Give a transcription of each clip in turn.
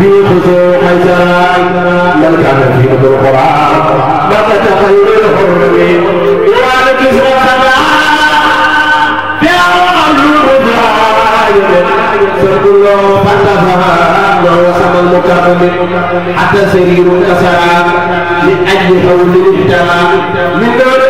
Ada seri rumah sakit di Aji Hawi Jalan, di Dodo.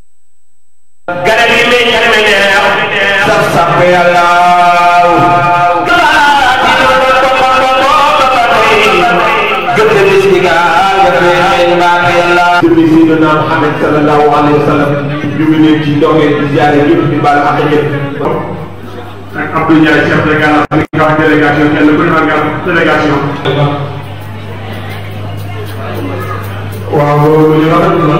Seydina Muhammad sallallahu alayhi wa sallam ñu ngi leen ci ndongee di jaare ñëpp di baal ak ñëpp. ak Abdou Ndiaye chef de gare ak nga wax délégation kenn ku ne ak délégation. waaw loolu ñu rafetlu la.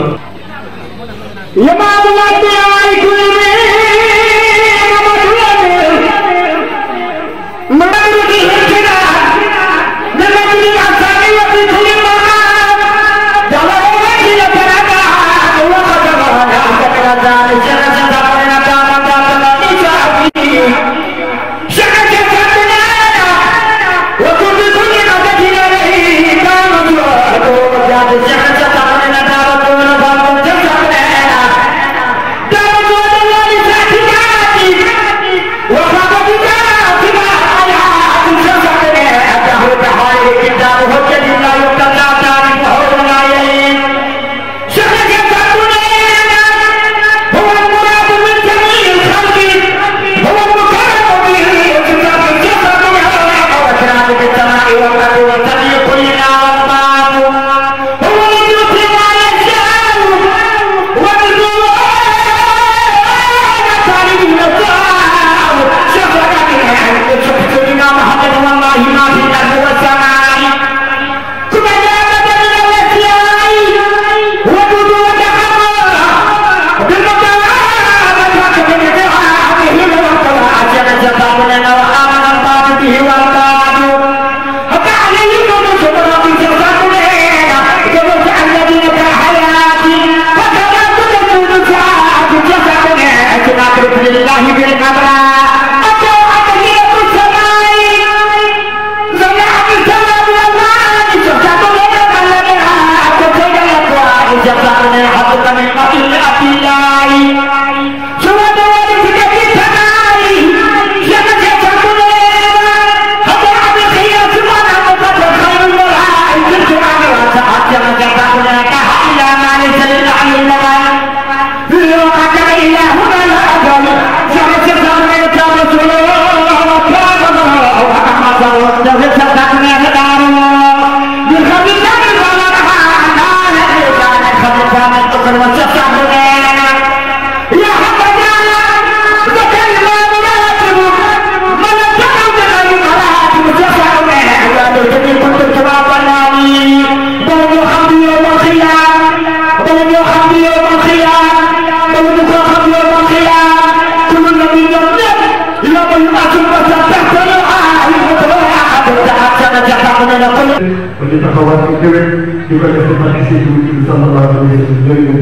ci julli sallallahu alayhi wa sallam jërëjëf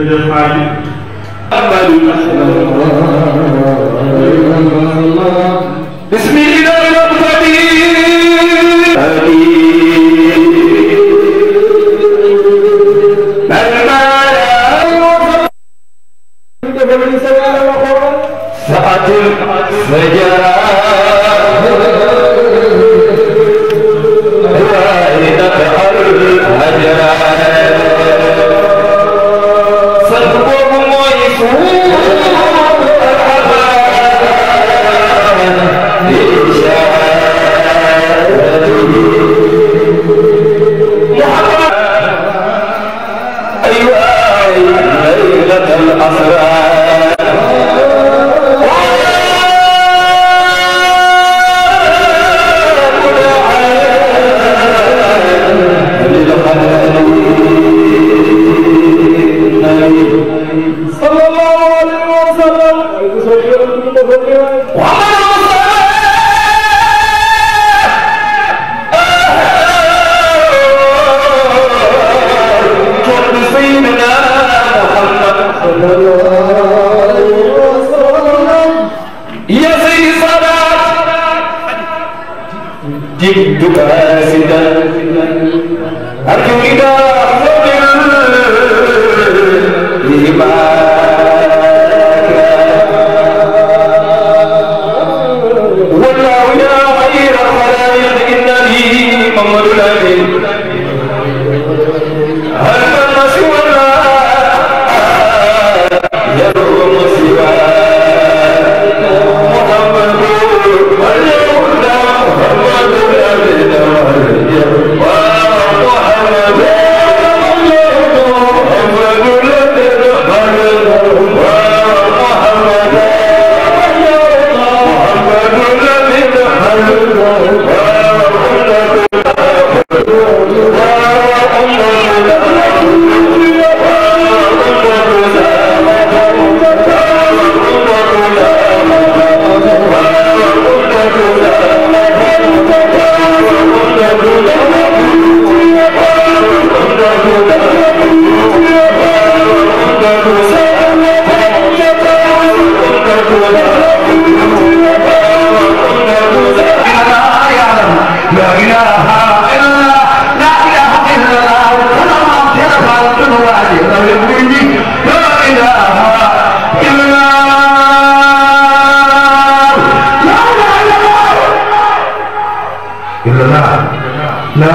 jërëjëf Xaali بسم الله سأتم سجرا एक दुकान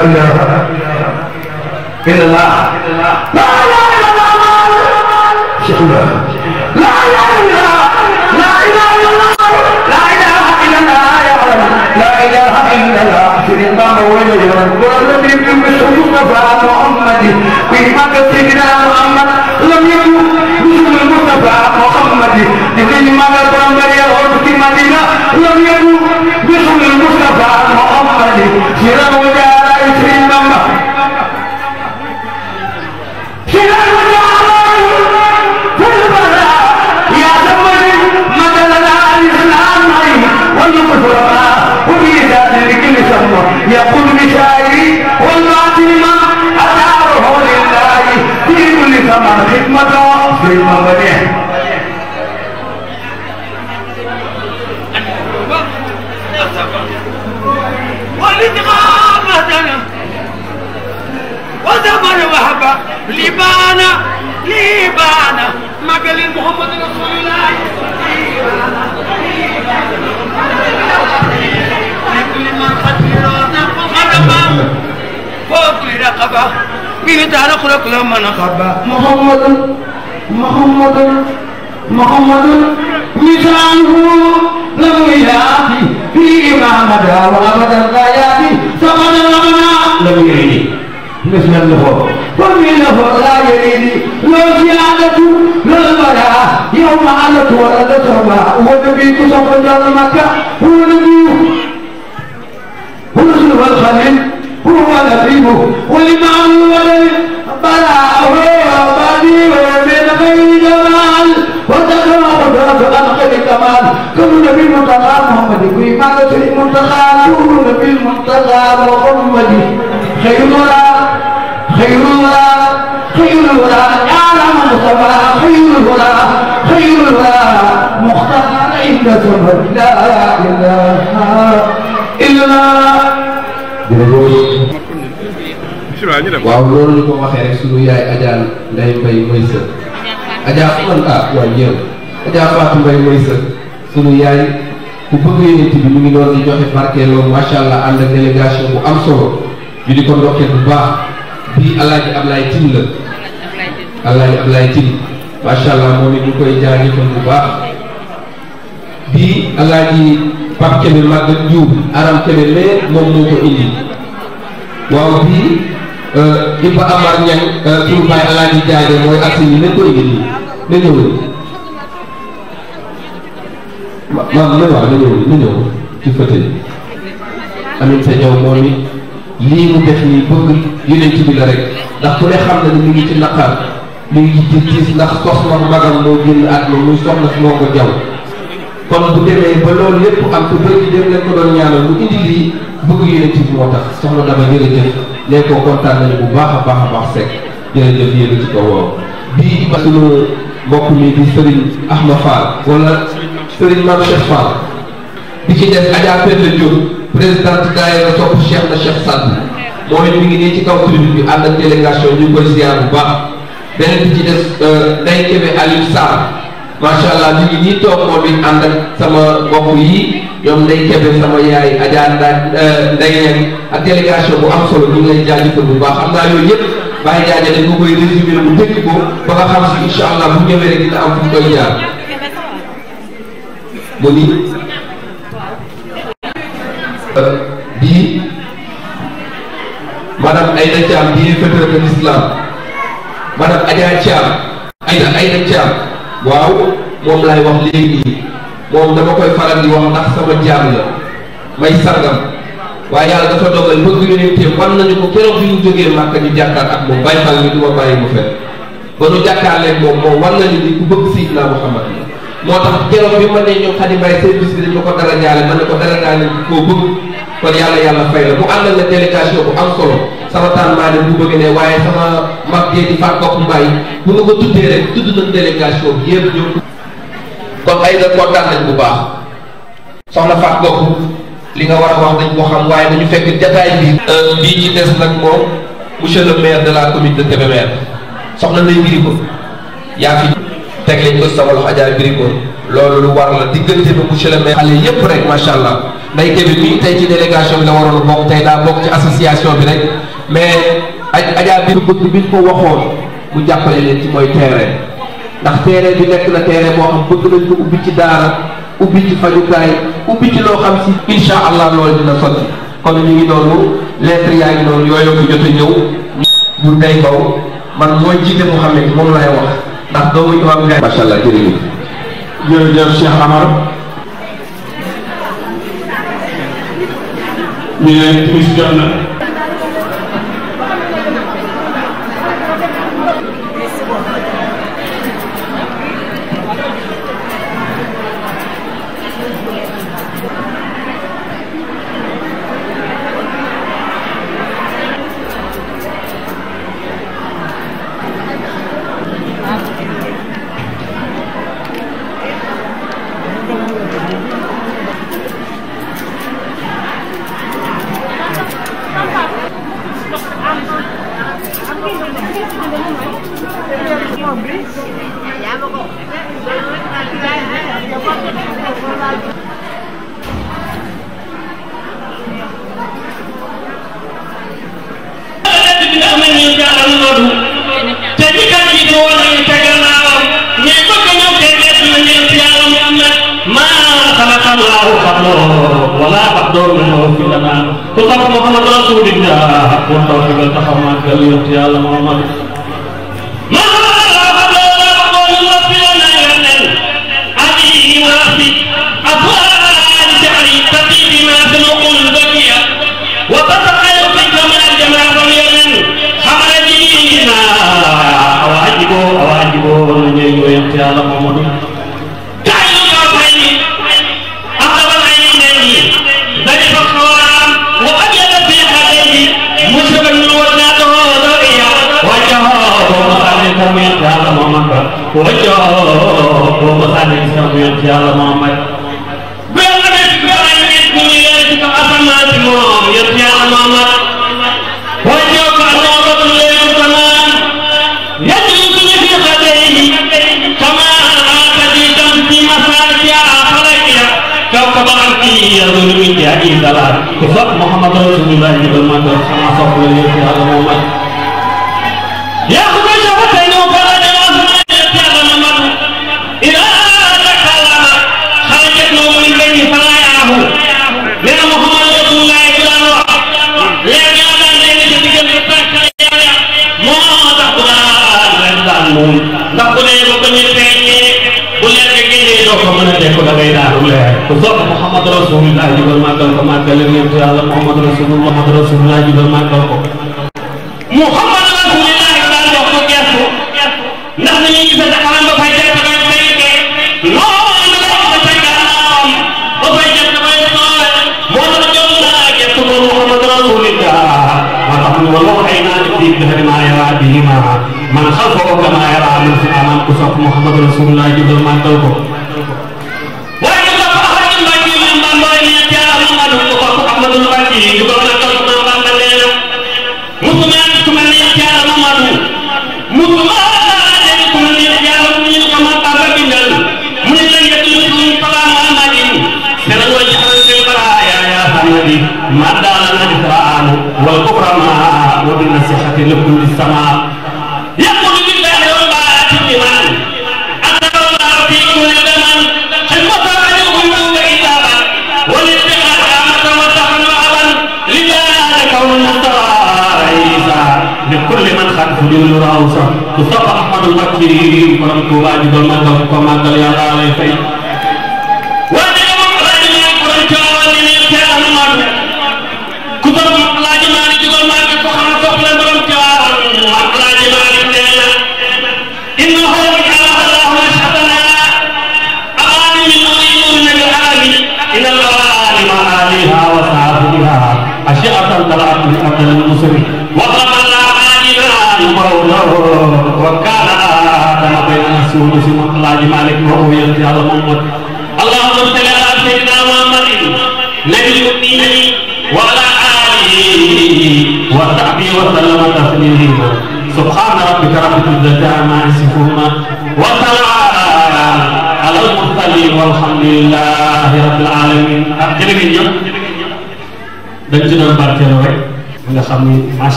إله لا إله إلا الله لا إله إلا الله لا إله إلا الله لا إله إلا الله في الإمام وجل ولم يكن بسعود على محمد في حق محمد لم يكن بسعود المصطفى محمد لكي ما لا لم يكن بسعود المصطفى محمد bii daal xulóog la mën a xaba. Muhammadun Muhammadun Muhammadun misaaluhu lam yaati fii Muhammad wa abadan la yaati sabana ramana lam yuridi mis na la fo fa mi la fo la yuridi loo ziyaadatu loo baraa yow ma alatu wala la soba wa nabi ku soxla jàll Makka bil muntaqa Muhammad kuy magal Serigne Muntaqa tuul bil muntaqa Muhammad khayrul wara khayrul alam mustafa khayrul wara mukhtar inda sabr la ilaha illa waaw loolu ñu ko waxee rek sunu yaay ajaan Ndeye Mbaye mooy sër Adja mooy sër suñu yaay ku bëgg yonent bi mu ngi doon di joxe barkeeloo macha allah ànd ak délégation bu am solo ñu di ko ndokkee bu baax bii alaaji Ablaye Tine la alaaji Ablaye allah moom it ñu koy jaajëfal bu baax bii alaaji Pape Kébé Maguette Diouf aram Kébé mais moom moo ko indi waaw bii euh, Iba Amar Niang suñu euh, baay alaaji Diagne mooy assi yi nañ ko indi nii na ñëw ma ma may wax na ñëw na ñëw ci fëtëy amin sa ñëw moom it lii mu def nii bëgg yonent bi la rek ndax ku ne xam na ni mu ngi ci naqar mu ngi ci tiis ndax soxna magam moo génn àdduna muy soxna si moo ko jaww kon bu demee ba loolu lépp am te bëri dem lañ ko doon ñaanal mu indi lii bëgg yonent bi moo tax soxna dama jërëjëf nee ko kontaan nañu bu baax a baax a baax sekk jërëjëf yéen ci ko woow bii ba sunu mbokk mi di Serigne Ahma Fall Serigne Mame Cheikh Fall bi ci def Adja Penda Diop présidente a topp Cheikh na Cheikh Sadou moom it mi ngi nii ci kaw tribune bi ànd ak délégation ñu koy ziar bu baax beneen bi ci des euh, Ndeye Kébé Aliou Sarr allah mi ngi nii toog moom it ànd ak sama mbokk yi ñoom Ndeye Kébé sama yaay Adja euh, Ndeye Niang ak délégation bu am solo ñu ngi lay jaajëfal bu baax xam naa yooyu yëpp bàyyi jaajëf dañ ko koy résumé mu dëkk ko ba nga xam si incha allah bu ñëwee rek dina am fu ñu mu euh, bii madame Aïda Thiam bii fêteur de l'islam madame Adja Thiam Aïda Aïda Thiam waaw moom laay wax léegi nii moom dama koy faral di wax ndax sama jaam la may sargam waaye yàlla dafa dogal bëgg yonenteem wan nañu ko keroog bi ñu jógee màkk ñu jàkkaar ak moom bàyyi xel ñu du bàyyi mu fen ba nu jàkkaar moom moom wan nañu ni ku bëgg Seydina Muhammad la moo tax keroog bi ma ne ñoom Xadi Mbaye service bi dañ ma ko dara jaale man ne ko dara jaale koo bëgg kon yàlla yàlla fay la mu àndal la délégation bu am solo sama taan maa ne bu bëgg ne waaye sama mag jee di fàq kopp mbay bu nga ko tuddee rek tudd nañ délégation bi yëpp ñëw kon ay da kontaan nañ bu baax soxla fàq kopp li nga war a wax dañ ko xam waaye dañu fekk jataay bi euh, bii ci des nag moom monsieur le maire de la commune de Kébémer soxna nañ ngiri teg lañ ko sawal xajaa birigo loolu lu war la diggante bi monsieur le maire xale yépp rek macha allah nday Kébé mii tey ci délégation bi la waroon bokk tey daa bokk ci association bi rek mais ajaa birigo bi biñ ko waxoon mu jàppale leen ci mooy terrain ndax terrain bi nekk na terrain boo xam bëgg nañ ko ubbi ci daara ubbi ci fajukaay ubbi ci loo xam si incha allah loolu dina sotti kon ñu ngi noonu lettre yaa ngi noonu yooyu ko jot a ñëw. bu day baw man mooy jiite moom laay wax. ndax doomu imaam nga macha allah jërëjëf jërëjëf Cheikh Amar ñu ne timis jot na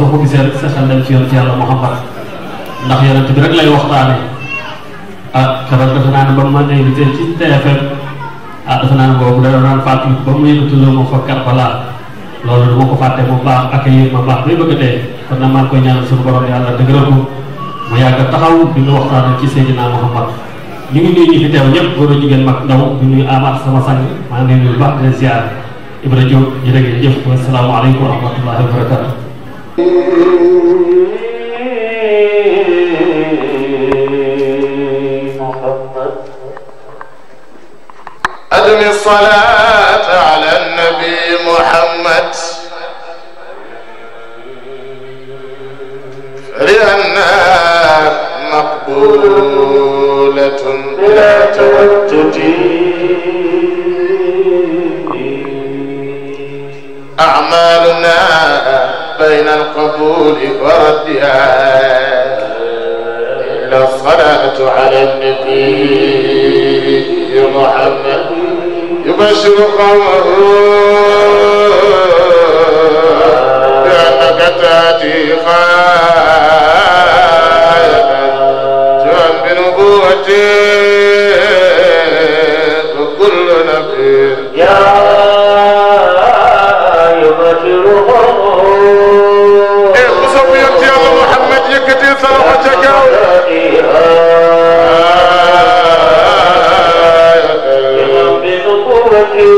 boo ko rek sa xel ci muhammad ndax yonent bi rek lay waxtaane ah keroog dafa naan ba ma invité ci TFM ah dafa naan boobu da naan fàttali ba mu yëkkatuloo ma fa Karbala loolu dama ko fàtte mu baax ak yéen ma baax bay bëgg dee kon nag maa ngi suñu borom dëgëral ko mu taxaw di ñu waxtaane ci Seydina Muhammad ñu ngi ñi fi teew ñëpp góor jigéen mag ndaw sama sang maa ngi nuyu baax ziar Ibra Diop alaykum wa rahmatullahi wa barakatuh أدم الصلاة على النبي محمد لأنها مقبولة بلا توجد أعمالنا بين القبول وردها إلا الصلاة على النبي محمد يبشر قومه بأنك تأتي خائفا جوعا بنبوته وكل نبي يا loxo ca kaw imam bi nubuwati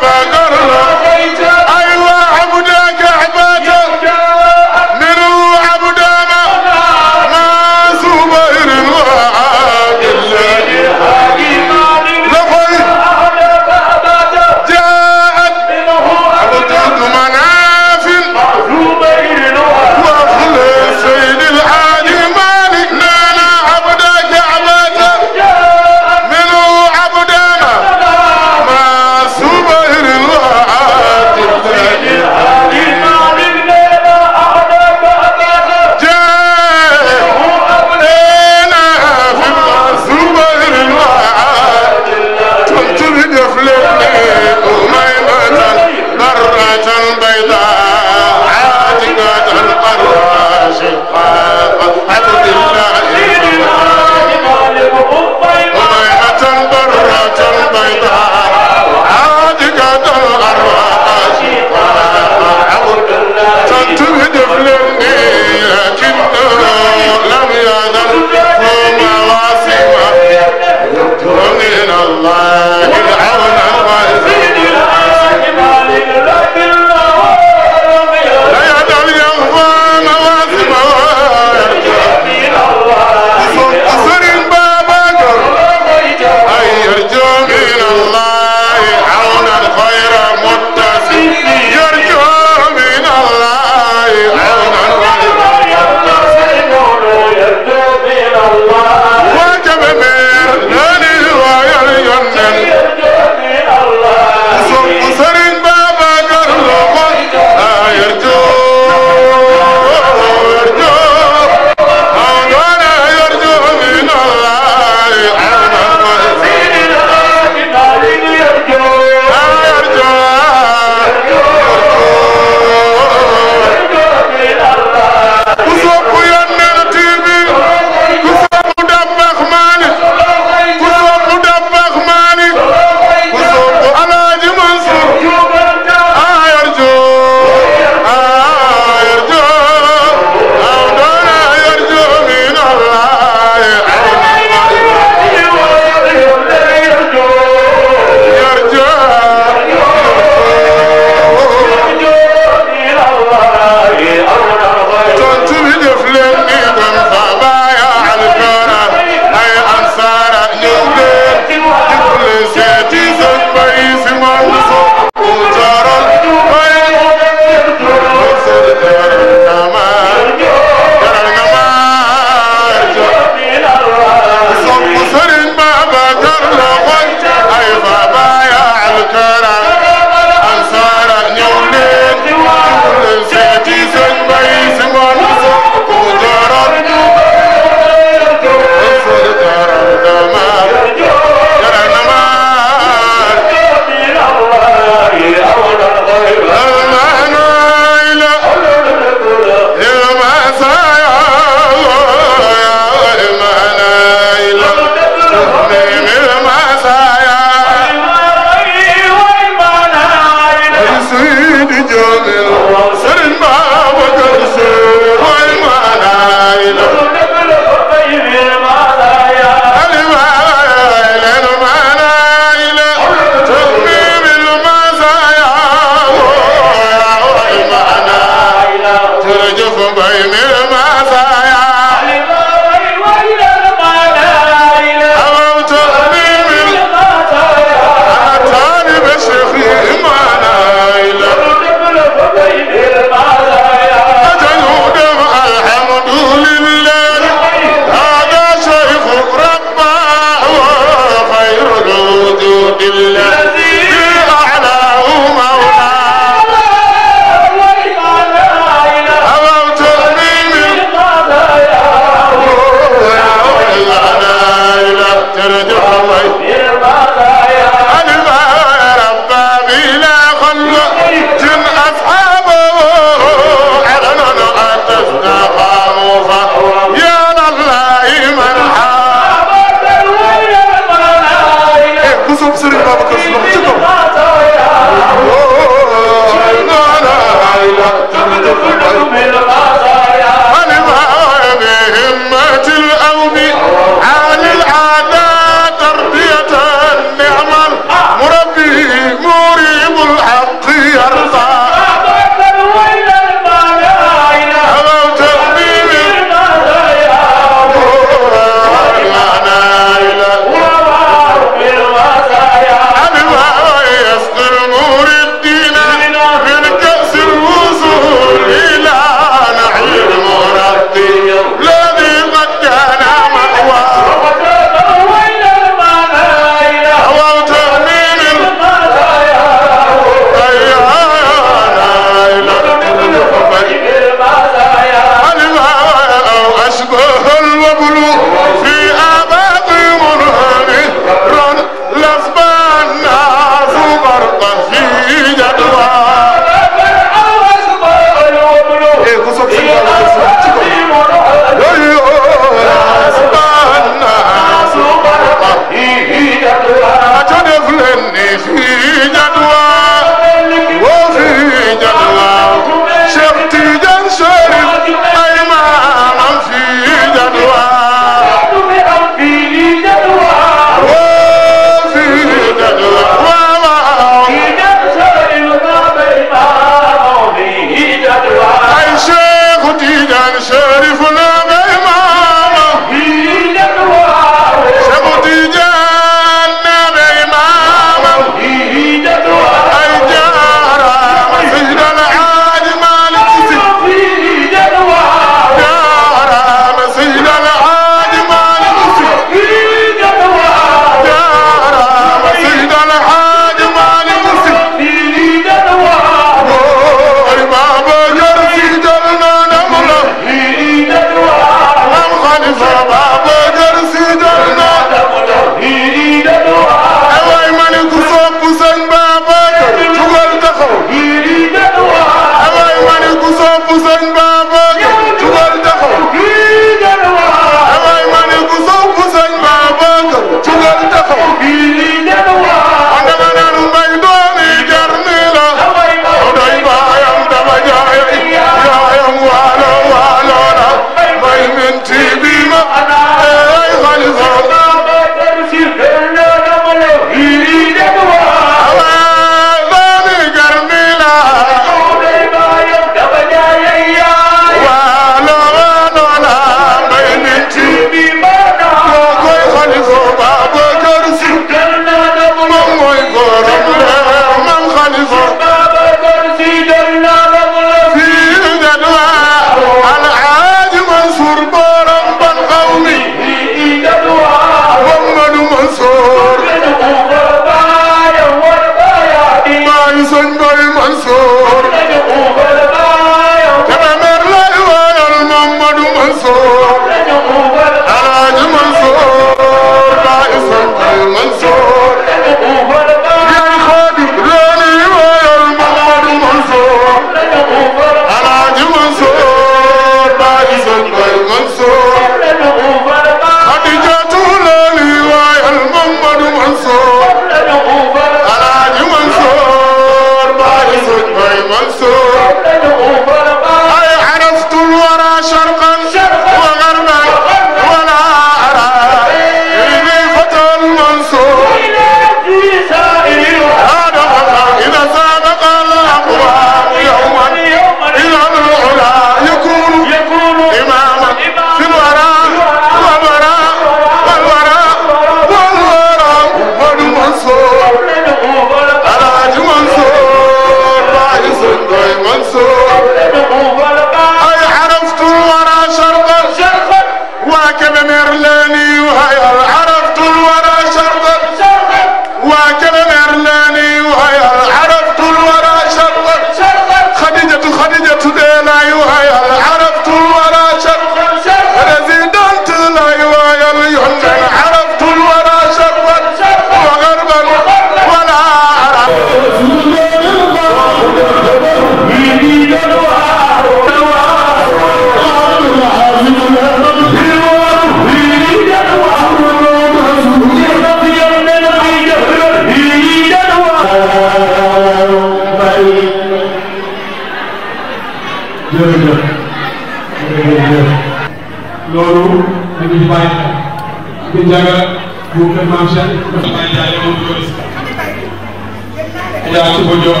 Demba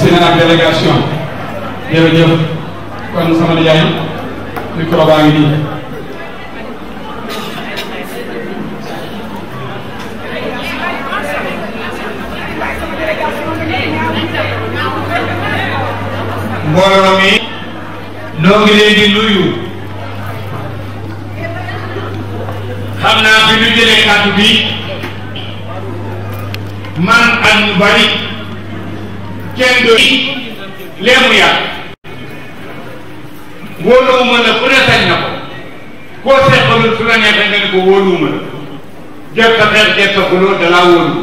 Diop délégation jërëjëf kon sama ya. nijaay micro baa ngi mbooloo mi noo ngi leen di nuyu xam naa jëlee kàddu bi man ak ñu bari yooyu leemu yàlla wóoluwuma la ku ne sañ ko koo seqalul su la neexee nga ne ko wóoluwuma la jot sa xeex jot sa xuloo wóolu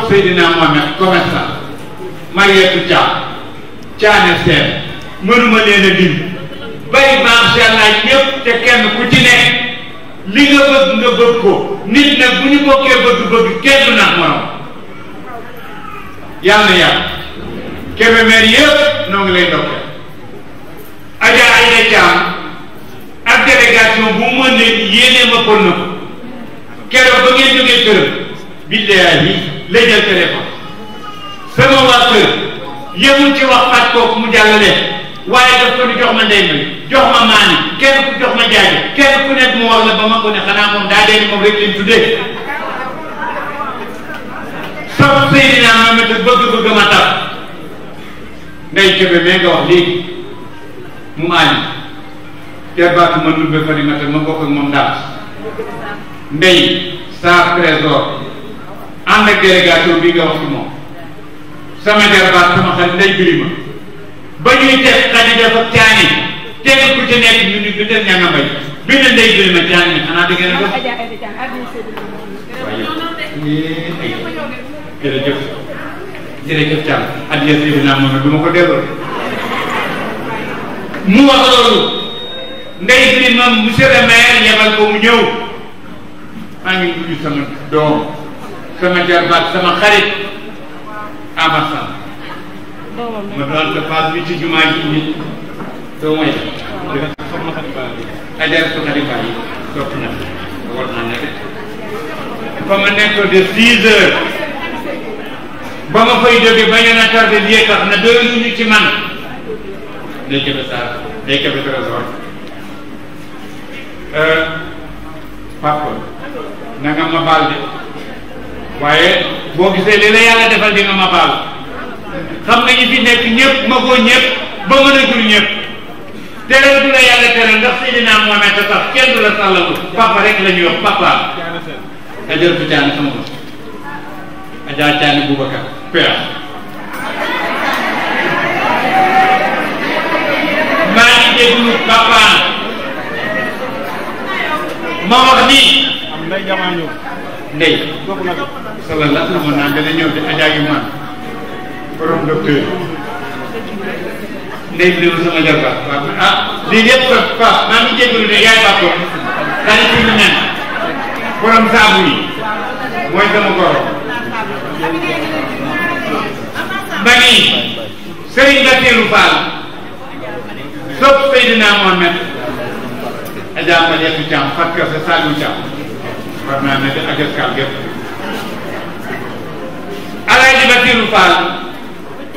moom Seydina Mohamed commerçant Mariette Dia Thiané Sène mënuma leen a dim bay marché laaj ñëpp te kenn ku ci ne li nga bëgg nga bëgg ko nit nag bu ñu bokkee bëgg-bëgg kenn du nax yàlla na yàlla yëpp noo ngi lay ndokkee Adja Aïda Thiam ak délégation bu mu mën ne yéenee ma kon na ko keroog ba ngeen jógee këram billaahi lay telepon. téléphone sama waa kër yëmul ci wax fat kooku mu jàllale waaye daf ko ni jox ma ndey mi jox ma maani kenn ku jox ma jaaji kenn ku nekk mu war la ba ma ko ne xanaa moom daa dee ni moom rek leen tuddee sama Seydina Mohamed bëgg bëgg ma tax ndey cëbe mais nga wax léegi mu aani jarbaatu ma nubbe fa ni ma te ma bokk ak moom daal ndey saa trésor ande delegation bi nga wax mom moom sama jarbaat sama xel ndey birima ba ñuy def xadi ak caani kenn ku ci nekk ñu ñu def ñanga bi ne ndey birima caani ni xanaa da ngeen def waaye jërëjëf jërëjëf Thiam adiya sëñ naa moom du ma ko delloo mu wax loolu ndey birima monsieur le maire yebal ko mu ñëw maa ngi nuyu sama doom sama jarbaat sama xarit abasal ma doon la paas bi ci jumaa ji nit doo mooy ajar su xalifa yi topp na war na ne fa ma nekk de six heures ba ma fay jóge bañu na tardé bie tax na doylu ñu ci man day kebe saa day kebe trésor euh, papa na nga ma baal de waaye boo gisee li la yàlla defal di nga ma baal xam nga ñi fi nekk ma ko ñëpp ba mën a jur ñëpp du la yàlla teral ndax Seydina Mohamed a tax kenn du la sàllamu papa rek caan xam nga maa ngi déglu papa ma wax ni ndey sala la amoon naa dana ñëw di ajaagi maan borom docteur ndey bi sama jarbaat waaw ah lii lépp ko paa maa ngi jégalu ne yaay bàttoon daañu fi ñu nen borom saabu yi mooy sama goro ma ni sëriñ Basiru Faal sopp Seydina Mohamed ajaa ma jeexu caam parce que c'est Saliou Caam war naa ne ak escale gépp Alaaji Basiru Fall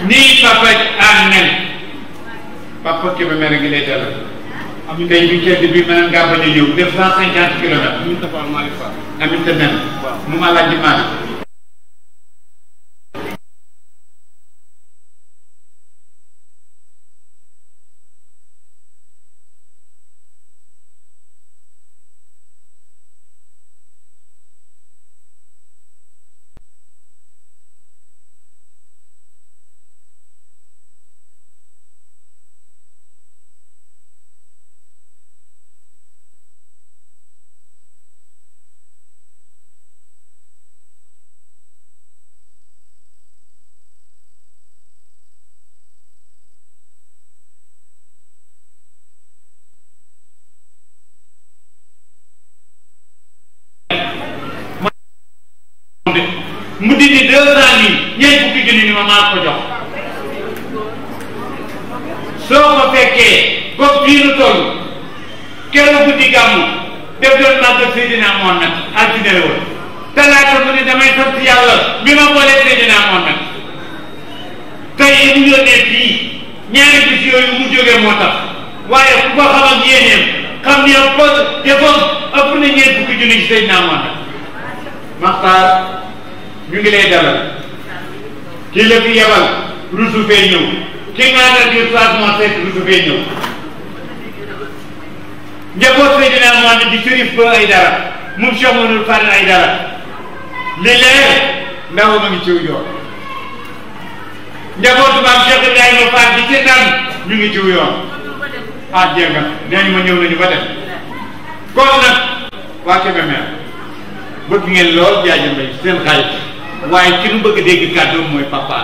nii papa aan nen papa Kébémer gi lay dalal tey ñu cedd bi mën ngaa bañ a ñëw deux cent cinquante kilomètres amin ta mu ma laaj ji keroog guddi gàmmu def doon màggal Seydina moon nag altine la woon talaata mu ne damay sant yàlla bi ma boolee Seydina moon nag tey mu yónnee fii ñaari bis yooyu mu jógee moo tax waaye ku ko xam ak yéeneem xam ne ak ko defoon ëpp na ñeent fukki junni ci Seydina moon nag Maxtaar ñu ngi lay dalal kii la fi yebal rusu ñëw ki nga àndal di Oustaz Mor Seck rusu ñëw njaboot Seydina Muhammad di Cherif Ba Aïdara moom Cheikh Mouhamadou Fadel Aïdara li leer ndaw ma ngi ciw yoon njabootu maam Cheikh mo Fall di ci nan ñu ngi ciw yoon a jénga neñu ma ñew nañu ba def kon nag waa Kébémer bëgg ngeen lool jaaja mbay seen xal waye ki nu bëgg dégg kàddoom moy papa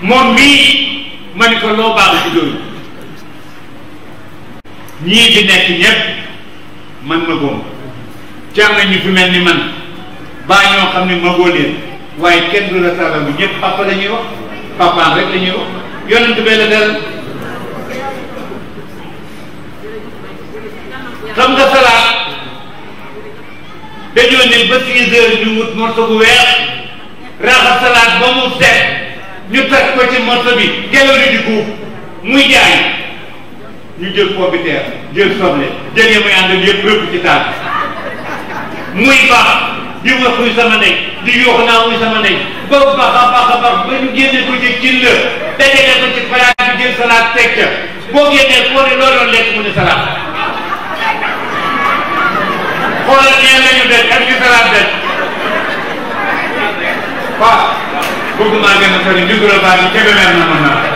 mom mi ma ni ko baax ci doon ñii fi nekk ñëpp man magóom ci am fi mel ni man baa ñoo xam ne magoo leen waaye kenn du la sala bu ñëpp la ñuy wax papaan rek la ñuy wax yonent bee la dal xam nga salaat dañoo ne ba six heures ñu morso bu weex raxas ba mu set ñu toj ko ci morso bi ngelaw li di guub muy jaay ñu jël pompiteer jël soble jël ya may àndal yëpp rëbb ci taal muy baax di wax muy sama ndey di yoox naa muy sama ndey ba baax a baax ba ñu jël salaat teg boo génnee foo ne looloon lekk mu ne salaat xoolal nee lañu def ak ñu salaat def waaw bëgg gën a sori ndigal baa ngi ca na mën naa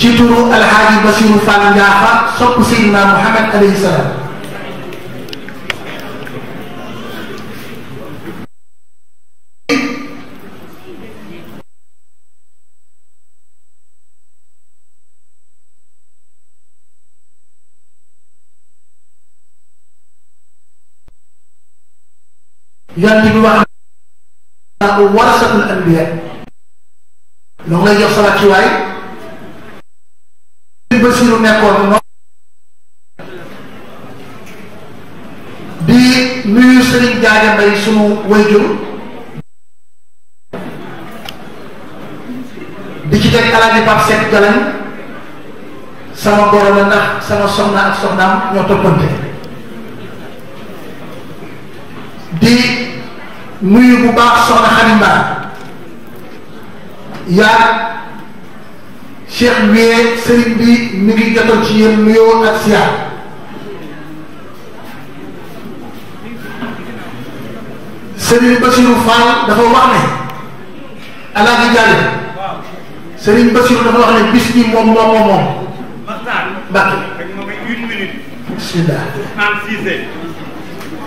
ci turu alhaji basiru fall njaafa sopp sayyidina muhammad alayhi Salam. yonent bi wax warasatul anbiya ñoo ngi lay jox sa wàccuwaay bi Basiru nekkoon noonu di nuyu sëriñ Mbay sunu wayjur di ci teg alaaji Pape Seck Galañ sama goro la ndax sama soxna ak soxnaam ñoo toppante di nuyu bu baax soxna Xadim Ba yaa cheikh wee sëriñ bi mi ngi jotal ci yéen nuyoo ak siyaar sëriñ Basiru Fall dafa wax ne alaaji Jaale sëriñ Basiru dafa wax ne bis bi moom moom moom moom Mbàkke bismillah Ousmane Cissé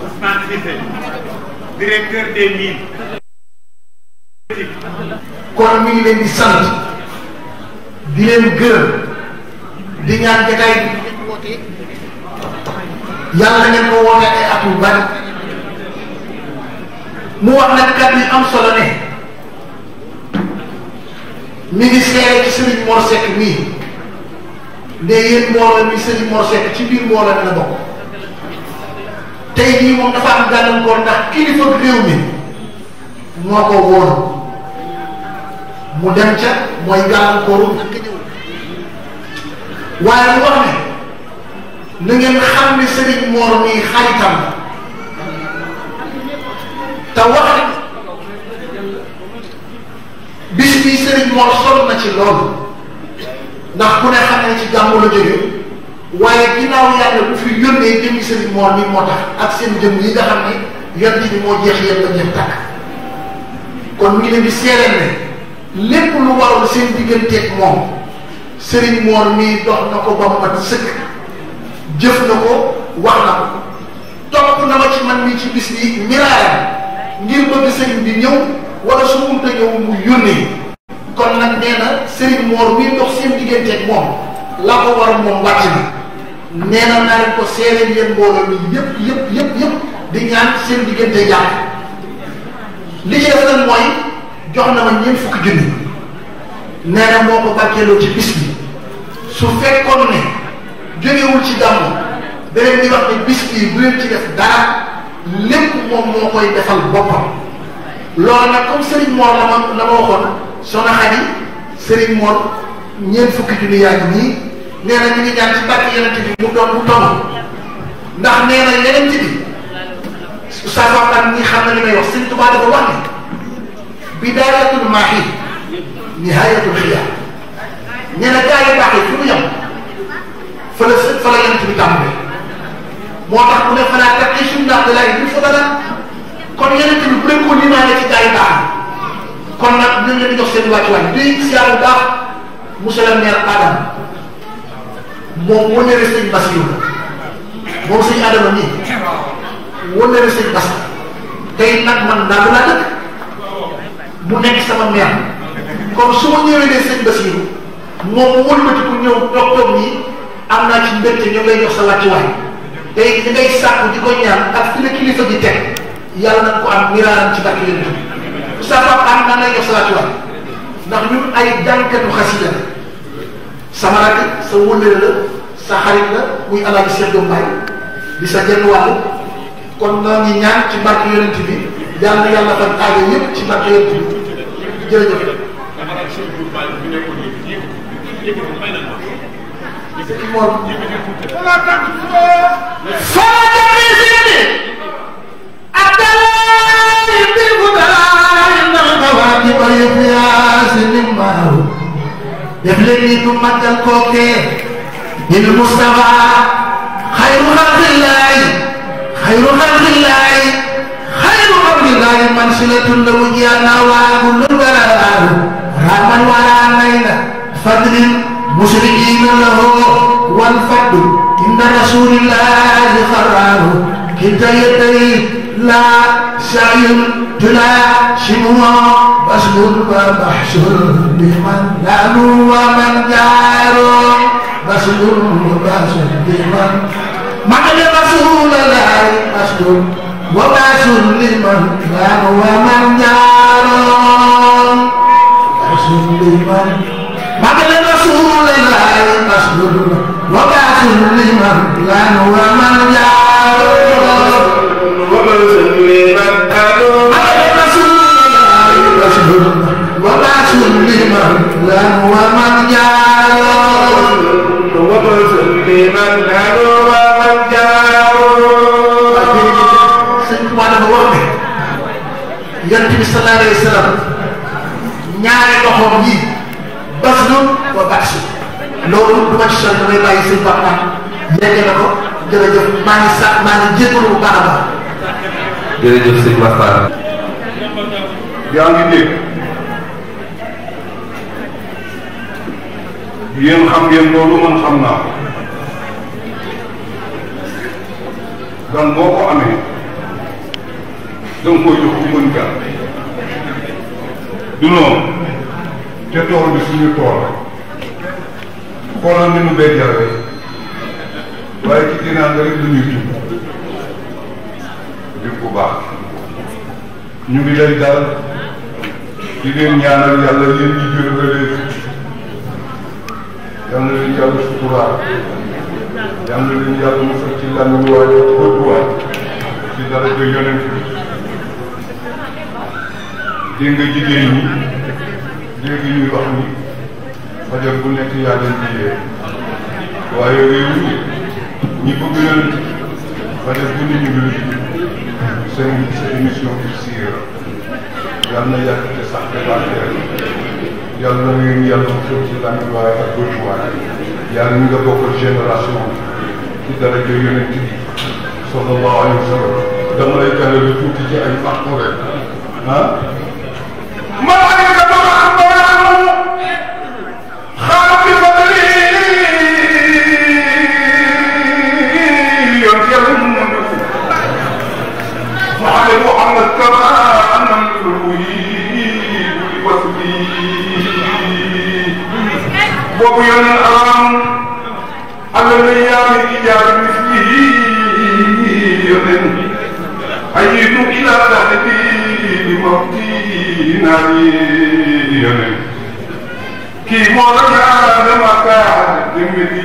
Ousmane Cissé directeur des mines kon mi ngi leen di sant di leen gërëm di ñaan jataay bi yàlla na ngeen ko woote ay yu bari mu wax nag kat yi am solo ne mi ngi seere ci Serigne Mor Seck mii ne yéen mbooloo mi Serigne Mor Seck ci biir mbooloo mi la bokk tey jii moom dafa am gàllankoor ndax kilifa réew mi moo ko wóor. mu dem ca mooy gàllankooru ak ñëw waaye mu wax ne na ngeen xam ne Serigne Mor mii xaritam te wax bis bii Serigne Mor sol na ci loolu ndax ku ne xam ne ci gàmmu la jógee waaye ginnaaw yàlla bu fi yónnee jëmmi Serigne Mor mii moo tax ak seen jëm yi nga xam ne yan bi moo jeex yéen la ngeen takk kon mu ngi leen di seereen ne. lépp lu waroon seen digganteeg moom Serigne Mor mii dox na ko ba mu mat sëkk jëf na ko wax na ko topp na ma ci man mii ci bis yi miraayam ngir bëgg Serigne bi ñëw wala su munta ñëw mu yónnee kon nag nee na Serigne Mor mii dox seen digganteeg moom la ko war moom wàcc na nee na naa leen ko seereen yéen mbooloo mi yëpp yëpp di ñaan seen diggante jàpp li ci nag mooy. jox na ma ñeent fukki junni nee moo ko barkeeloo ci bis bi su fekkoon ne jógewul ci gàmmu beneen di wax ne bis bii bu leen ci def dara lépp moom moo koy defal boppam loolu nag comme Serigne Mor la ma la ma waxoon soxna Xadi Serigne Mor ñeent fukki junni yaa nii nee ñu ngi ñaan ci barke yonent bi mu doon bu toll ndax nee na yeneen ci bi saa waxtaan ñi xam na li may wax Serigne Touba dafa wax ne bidaayatul maaxi nihaayatul xiyaar ñu ne gaa yu baax yi fu ñu yem fa la fa la yent bi tàmbalee moo tax mu ne fa laa taqi suñu ndax dalay ñu fa dara kon yeneen tamit bu dee ko nii naa ne ci gaa yu baax kon nag ñu ngi leen di jox seen wàccuwaay di siyaar bu baax monsieur le maire Adama moom moo ñëwee sëñ Bas yi moom sëñ Adama nii moo ñëwee sëñ Bas tey nag man ndax laa dëkk. mu nekk sama neex kon su ma ñëwee ne sëñ Basiru moom mu wëlbati ku ñëw toog nii am naa ci mbégte ñoom lay jox sa wàccuwaay tey li ngay sàkku di ko ñaan ak fi kilifa ji teg yàlla na ko am miraaram ci barke leen bi sa papa am naa lay ndax ñun ay jànkatu xasida la sama rakk sa wëllëre la sa xarit la muy alaaji Seex Jóob kon noo ngi ñaan ci barke yonent bi yàlla na yàlla fan aajo yëpp ci barke yonent bi jërëjëf dafa daan sëñ Diouf Baye bi nekkoon yëpp yëpp yëpp may nañ ma yëkkati moom yëkkati tuuti la tànk soo jëmee sini abdalay dirbu daay ndax dawaa di ba yëpp yaa sini mbaaru def leen ni nu màggal kookee dil Mustafa xayru xalqillaay xayru xalqillaay lahi mansilatun lahu jiyana wa agundul galalahu rahman wa anayna fadlin musri'ina lahu wal fadlu inna rasulillahi kharrahu kita yadai la sa'yun tula shimwa basmun wa bahshur liman lalu wa man jaru basmun wa basmun liman ma'ala rasulillahi basmun وباس لمن كان ومن يرى باس لمن بعد رسول الله مسجد وباس لمن كان ومن يرى وباس لمن كان وباس لمن كان ومن يرى وباس لمن كان yonent bi sallallahu alayhi wa sallam ñaari loxoom yi baslun wa basu loolu ma ci sol damay bàyyi sëñ Pape Ndaa yegg na ko jërëjëf maa ngi sax maa yaa ngi dégg yéen xam ngeen xam naa ko. gan ko amee. danga koy jox bu mën gaa du noonu te tool bi suñu tool xoolal ni mu béy jawe waaye ci ginnaaw nga rek lu ñuy dund di bu baax ñu ngi lay dal di leen ñaanal yàlla yéen ñi jël relève yal na leen yàlla suturaal yal na leen yàlla musal ci làmmiñ waaye ci bët waaye ci dara jël yonent bi dégg nga jigéen ñi léegi ñuy wax ni fajar bu nekk yaa leen di yee waaye réew mi ñi bëgg leen bu ne ñu ngi leen seen sa émission bi siira yàlla na yàgg te sax te barkeel yàlla na ngeen yàlla xëy ci làmmiñ waaye ak bëri waaye yàlla ñu nga bokk génération ci dara jël yonent bi sallallahu alayhi wa dama lay tëral tuuti ci ay fàq rek ah. Mother Maria, chi vuole andare a mancare, dimmi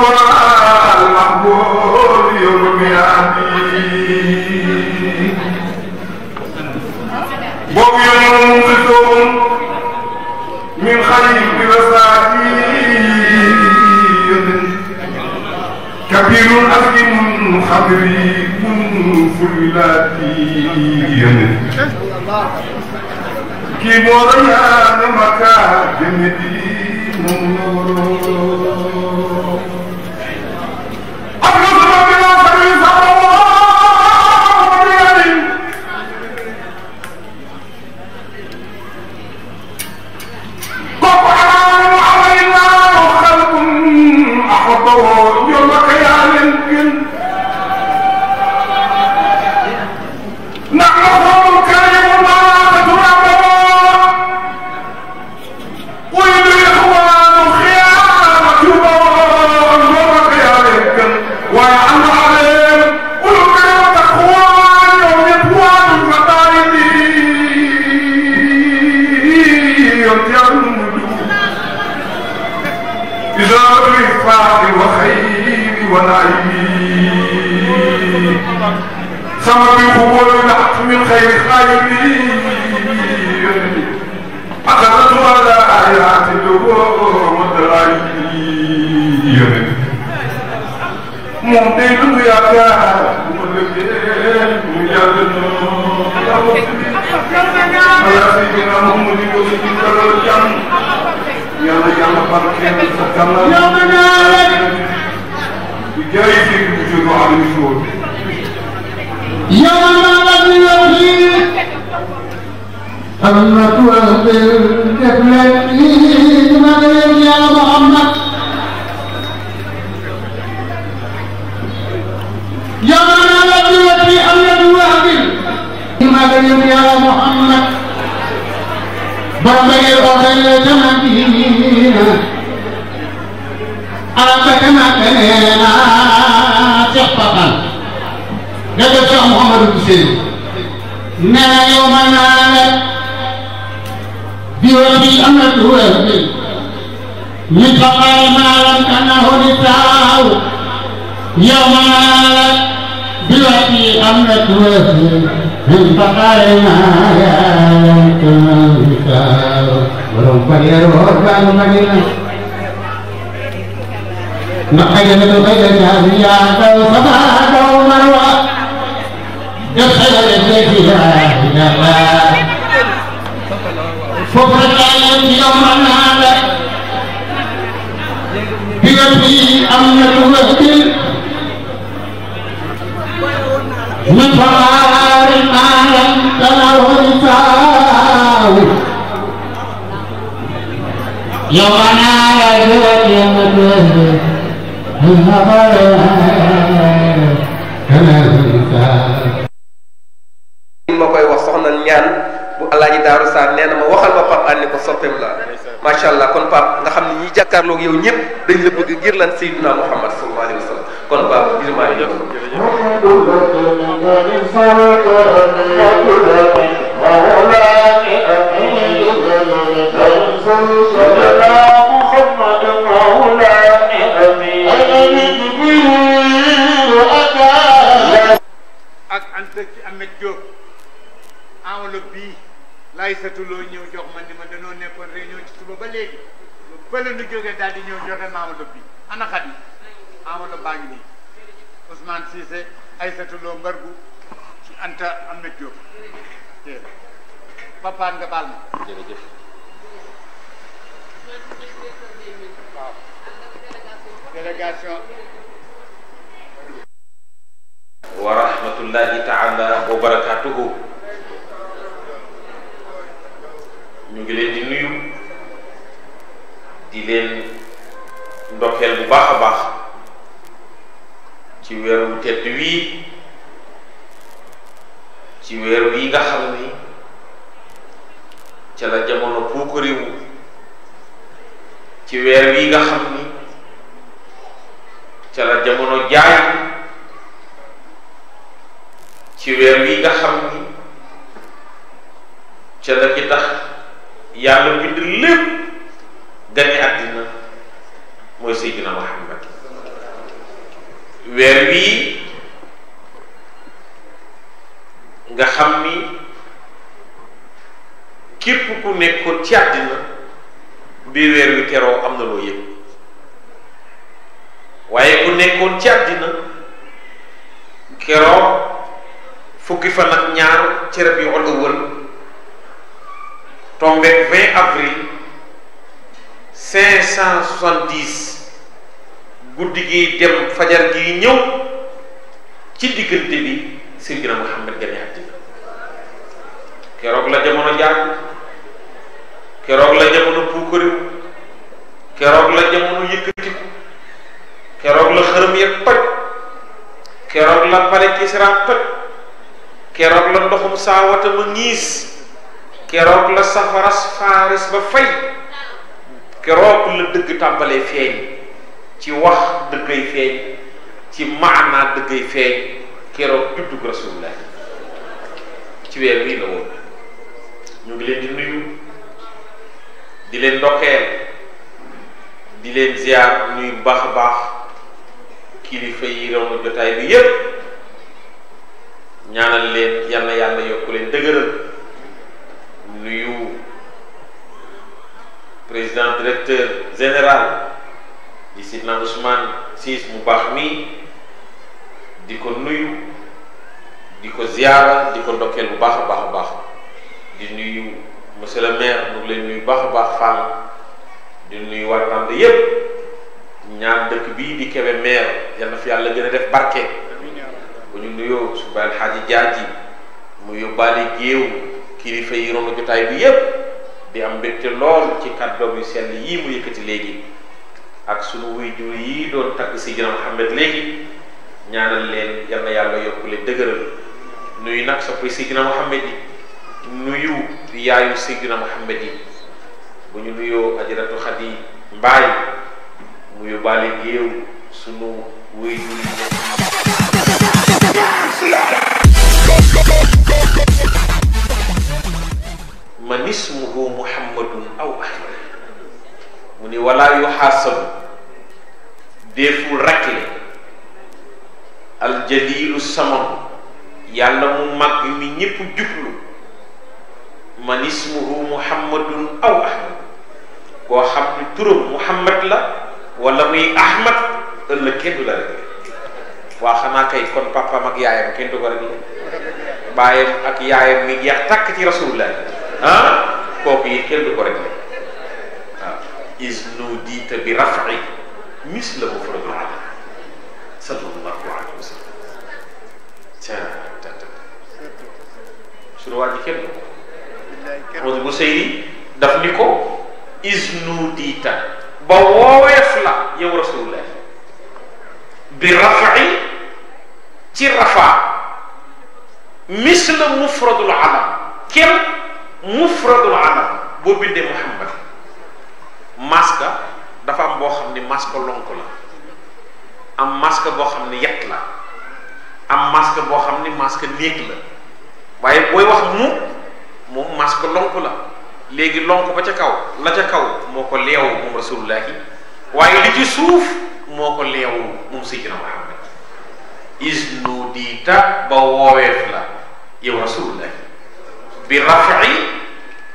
الورى المقبول يرمي عني بوب من خليف بوسائل كبير أزم خبري من فلاتي كي موريان مكان جندي سيدنا محمد يوسف جل الجم يا يا بارك الله يا منال بجاي في وجود على المشهور يا منال الذي أمة أهل الكفل من ¿Qué le bi weer wi teroo am na loo yëg waaye bu nekkoon ci àddina keroo fukki fan ak ñaar ci rab yu ëllëwal tombeeg 20 avril 570 guddi gi dem fajar gi ñëw ci diggante bi Seydina Muhammad gane àddina keroog la jamono jàng keroog la jamono puukariw kérok la jamono ko kérok la xërëm yëk ya toj kérok la pare sira toj kérok la ndoxum saawata ma ngiss kérok la safaras faris ba fay kérok la dëgg tambalé feñ ci wax dëggay feñ ci maana dëggay feñ kérok tuddu rasulullah ci wér wii la woon ñu ngi leen di nuyu di leen di leen ziar ñuy baax a baax kilifa yi ronu jotaay bi yépp ñaanal leen yal na yàlla yokku leen dëgëral nuyu président directeur général di sidna Ousmane Siis mu baax mi di ko nuyu di ko ziara di ko ndokkeel bu baax a baax a baax di nuyu monsieur le maire mu leen nuyu baax a baax Fall di nuyu waa Ndande yépp ñaan dëkk bii di Kébémer yal na fi yàlla gën a def barke bu ñu nuyoo su bàyyi xaaji jaar ji mu yóbbaale géew kilifa yi romb jotaay bi yépp di am mbégte lool ci kàddoom yu sell yii mu yëkkati léegi ak sunu waajur yi doon tagg Seydina Muhammad léegi ñaanal leen yal na yàlla yokk leen dëgëral nuyu nag soppay Seydina Muhammad yi nuyu yaayu Seydina Muhammad yi bu ñu nuyoo ajaratu Xadi Mbaay mu yóbbaale géew sunu wéy man ismuhu muhammadun aw ahmad mu ni walaa yuxaasabu déeful rakle aljalilu samam yàlla mu mag mi ñépp jublu من اسمه محمد أو أحمد وحمد ترم محمد لا ولا مي أحمد إلا كندو لرجع وأخنا كي يكون بابا مجيء كندو قرني باي أكيا مجيء تك كتير رسول الله ها كوبي كندو قرني إز نودي تبي رفعي مثل مفرد العالم صلى الله عليه وسلم تا تا تا شروع كندو moom Busayri daf ni ko isnu diita ba wooweef la yow rasulullah bi rafaci ci rafa misla mufradul alam kenn mufradul alam boo bindee muhammad maska dafa am boo xam ne maska lonk la am maska boo xam ne yet la am maska boo xam ni maska néeg la waaye booy wax mu moom masque lonku la léegi lonk ba ca kaw la ca kaw moo ko leewu moom rasulullahi waaye li ci suuf moo ko leewu sayyidina Muhammad isnu diita ba wooweef la yow rasulullahi bi rafi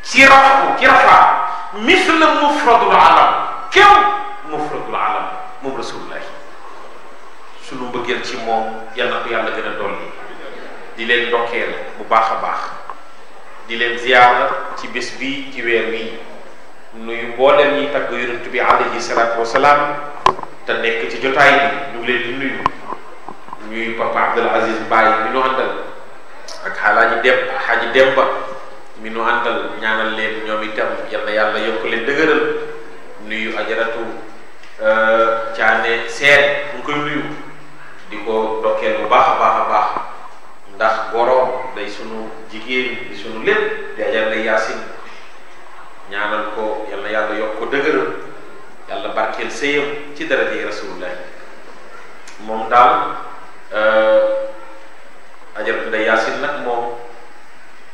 ci rafu ci rafa misla mufradul alam kew mufradul alam moom rasulullahi sunu mbëggeel ci moom yal na ko yàlla gën a dolli di leen bu baax di leen ziyaara ci bis bi ci weer wii nuyu mboolem ñi tagg yonent bi alayhi salaatu wasalaam te nekk ci jotaay bi ñu ngi leen di nuyu ñuy papa Abdul Aziz Baye mi nu àndal ak xaalaaji dem xaaji dem ba mi nu àndal ñaanal leen ñoom itam yal na yàlla yokk leen dëgëral nuyu ajaratu euh, caane seen mu ngi koy nuyu di ko dokkeel bu baax a baax a baax ndax goroom day sunu jigéen di sunu lépp di ajal na yaasin ñaanal ko yal na yàlla yokk ko dëgëral yàlla barkeel sëyam ci daraje rasulullah moom daal euh, ajaratu da yaasin nag moom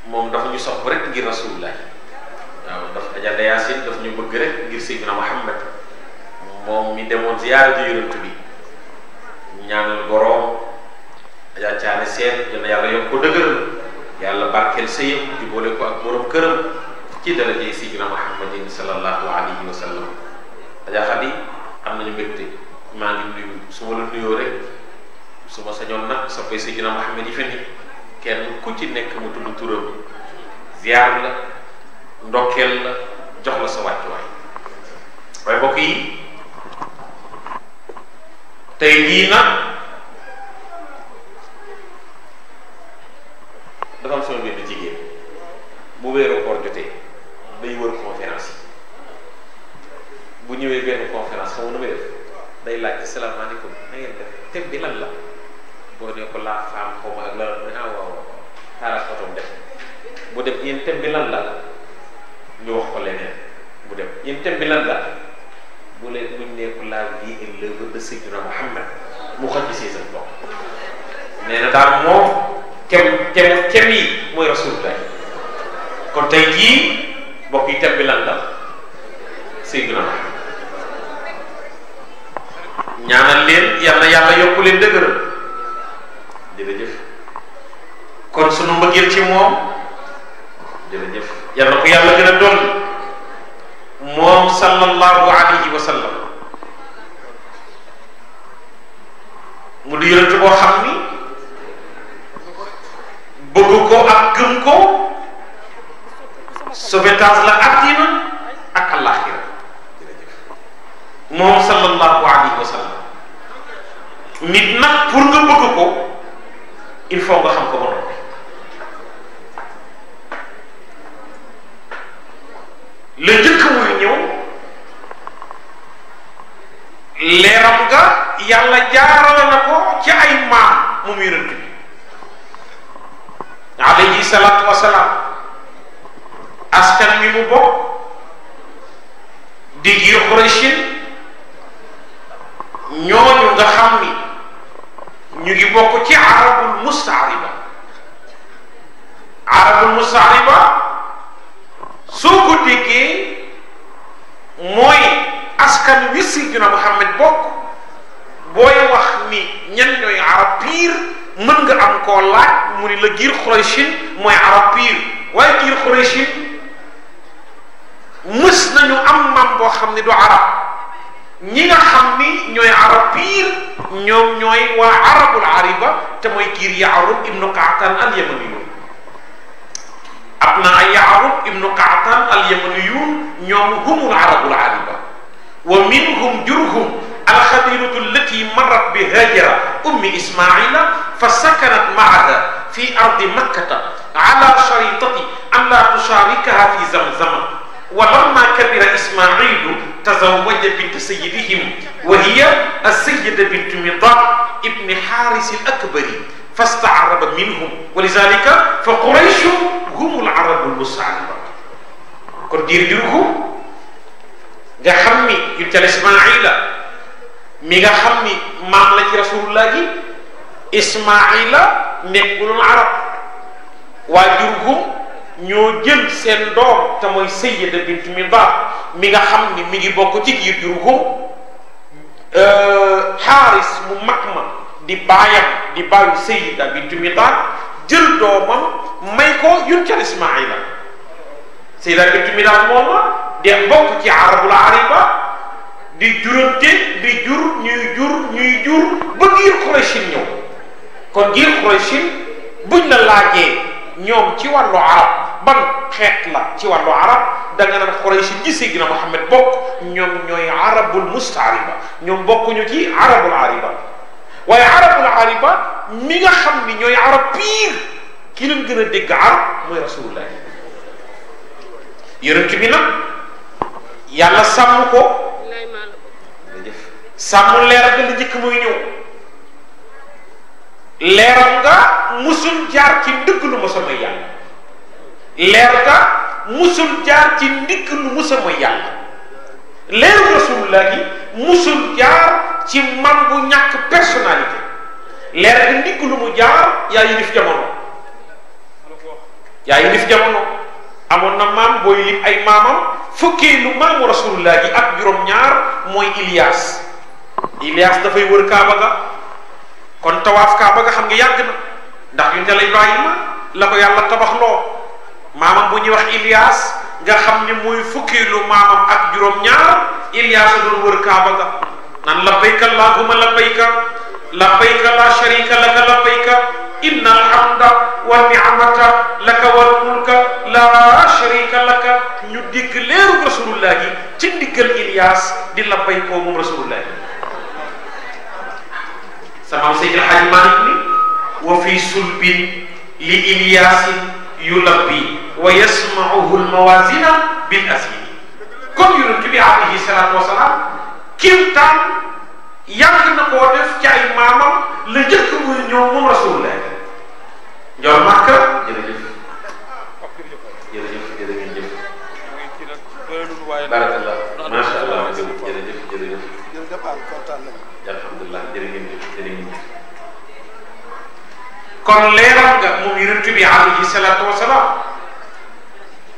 moom dafa ñu sopp rek ngir rasulullah waaw dafa ajal da yaasin dafa ñu bëgg rek ngir sayyidina Muhammad moom mi demoon ziyaara ji yonent bi ñaanal goroom ajaa caane seen yal na yàlla yokk ko dëgëral yàlla barkeel sëyam boole ko ak borom këram ci daraje sidina muhammadin sallallahu alayhi wa sallam ajaa xadi am nañu mbégte maa ngi nuyu su ma la nuyoo rek su ma sañoon nag soppay sidina muhammad yi fenni kenn ku ci nekk mu tudd turam ziar la ndokkeel la jox la sa wàccuwaay waaye mbokk yi tey lii nag سيدهم وهي السيدة بنت مضاء ابن حارس الأكبري فاستعرب منهم ولذلك فقريش هم العرب المستعربة kon diir jurugu nga xam ni yun cal ismaila mi nga xam ni maam la ci rasulullah gi ismaila nekkul arab waa jurgum ñu jël seen doom te mooy sayyida bint minba mi nga xam ni mi ngi bokk ci kiir jur eh, ko xaaris mu mag ma di baayam di baayu sayyida bint minba jël doomam may ko yuntal Ismaila sayyida bint minba mooma de bokk ci arabul ariba di jurante di jur ñuy jur ñuy jur ba giir Qurayshin ñëw kon giir Qurayshin buñ la laajee ñoom ci wàllu arab ban xeet la ci wàllu arab da nga naan Quraysh gi Seydina Muhammad bokk ñoom ñooy arabul mustaariba ñoom bokkuñu ci arabul ariba waaye arabul ariba mi nga xam ni ñooy arab pire ki gën a dégg arab mooy rasulullah yonent bi nag yàlla sàmm ko sàmm leer ak la njëkk mooy ñëw leeram nga musul jaar ci ndigg lu musa mooy yàlla leer nga musul jaar ci ndigg lu musa mooy yàlla leeru rasulullah gi musul jaar ci man bu ñàkk personnalité leer gi ndigg lu mu jaar yaa yilif jamono yaa yilif jamono amoon na maam booy lim ay maamam fukkee lu maamu rasulullah gi ak juróom-ñaar mooy Ilias Ilias dafay wër Kaaba ga kon tawaaf kaaba nga xam nga yàgg na ndax yu ne la Ibrahima la ko yàlla maamam bu ñuy wax Ilias nga xam ni muy fukkilu maamam ak juróom-ñaar Ilias a doon wër kaaba nga nan labbayka allahumma labbayka labbayka la sharika laka labbayka inna alhamda wa ni'mata laka wal mulka la sharika laka ñu digg leeru rasulullah yi ci ndiggal Ilias di labbaykoo moom سما سيد الحاج مالك وفي سلب لإلياس يلبي ويسمعه الموازين بالأسئلة كم يقول كبي عليه الصلاة والسلام كم تان يمكن نقول في أي مام لجك من يوم رسول الله جل مكة جل جل جل جل جل kon leeral nga moom yonent bi alayhi salaatu wasalaam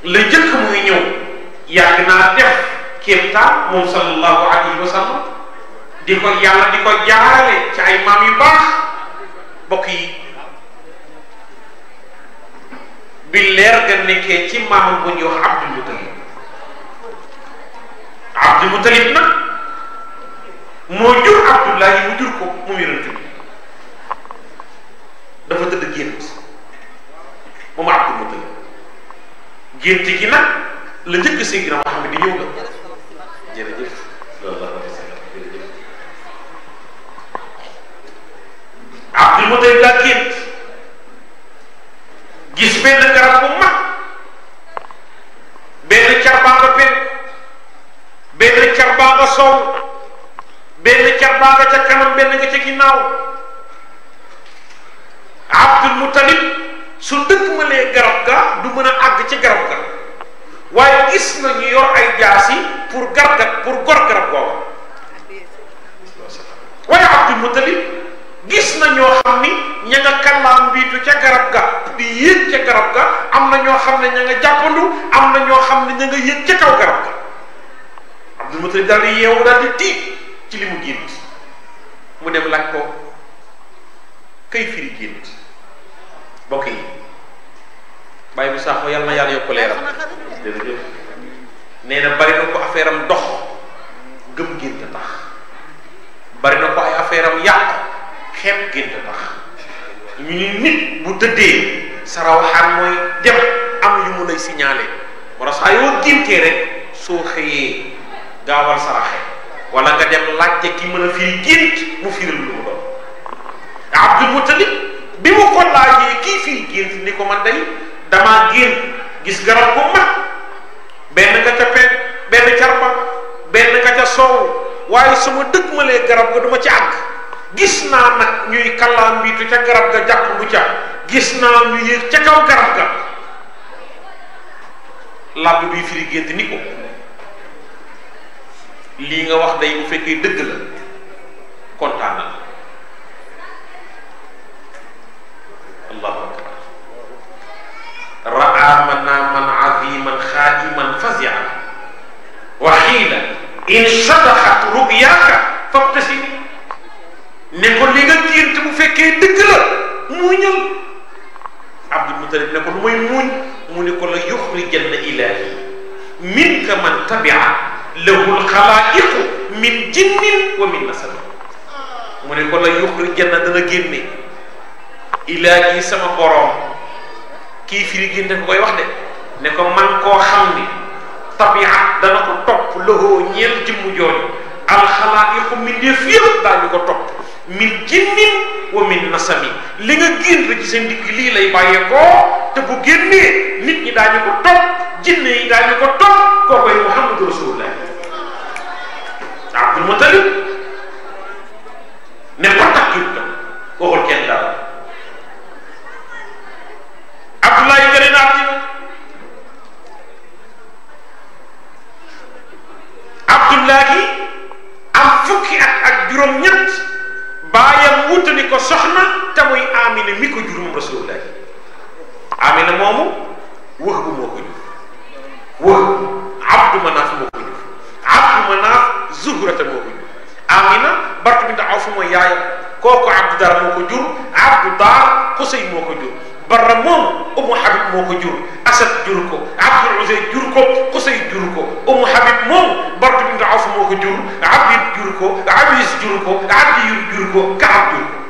la jëkk muy ñëw yàgg naa def kéemtaan moom sallallahu alayhi wa sallam di ko yàlla di ko jaarale ci ay maam yu baax mbokk yi bi leer nga nekkee ci maamam bu ñuy wax Abdullahi mu jur ko moom dafa tëdd gént moom Abdul Mutalib gént gi nag la njëkk Seydina Muhammad di ñëw nga jërëjëf loolu jërëjëf Abdul Mutalib laa gént gis benn garab bu mag benn car baa nga pen benn car baa nga sow benn car baa nga ca kanam benn nga ca ginnaaw abdul mutalib su dëkk ma garab ga du mën a àgg ci garab ga waaye gis nañu yor ay jaas yi pour garab pour gor garab googu waaye abdul mutalib gis na ñoo xam ni ña nga kàllaam mbiitu ca garab ga di yéeg ca garab ga am na ñoo xam ne ña nga jàppandu am na ñoo xam ne ña nga yéeg ca kaw garab ga abdul mutalib daal di yeewu daal di tiit ci li mu gént mu dem laaj ko kay firi gént mbokk yi bàyyi bu saxo yalla yalla yàlla yokk leeram jërëjëf nee bari na ko affaire am dox gëm gént tax bari na ko ay affaire am yàqu ya. xeeb gént tax ñu ni nit bu tëddee saraw xam moy dem am yu mu lay signaler. wala saa yoo géntee rek soo xëyee gaawal saraxe wala nga dem laccé ki mën fi firi mu firul lu do. Abdul Mutalib bi mu ko laajee ki fi gir ni ko man day dama gir gis garab ko ma ben ka ca pen benn carba ben ka ca soow waaye suma dëkk ma le garab ko duma ci àgg gis na nak ñuy bi tu ca garab ga bu ca gis na ñu yéeg ca kaw garab ga bi firi gént ni ko li nga wax day bu fekke deug la contane آمنا من عظيما خائما فزعا وحيلا إن شدخت رؤياك فابتسمي نقول لك أنت أنت مفكي دقل مونيل عبد المطلب نقول موي موني موني كل يخرجن إلهي منك من تبع له الخلائق من جن ومن نسب موني كل يخرجن دنا جني إلهي سما بروم kii firi ko koy wax de ne ko man koo xam ni tabiat dana ko topp loxoo ñeel jëmm jooju alxalaayiqu mbindeef yëpp daañu ko topp min jinnin wa min nasami li nga gént ci seen digg lii lay bàyyeekoo te bu génnee nit ñi daañu ko topp jinne yi daañu ko topp koo muhammadu rasulullah abdul mutalib ne ko takkit ko waxul kenn dara Abdoulaye gën na àddina Abdoulaye am fukki at ak juróom-ñett baayam wutali ko soxna te muy Amina mi ko jur moom Rasulullah Amina moomu wax bu moo ko jur wax Abdou Manaf moo ko jur Abdou Manaf Zuhrata moo ko jur Amina Bartu bint Awf mooy yaayam kooku Abdou Dar moo ko jur Abdou Dar Xusay moo ko jur. Barra moom Umu Habib moo ko jur Asad jur ko Abdul Uzay jur ko Qusay jur ko Umu Habib moom Bartu bint Awf moo ko jur Abid jur ko Abis jur ko Adiyun jur ko Kaab jur ko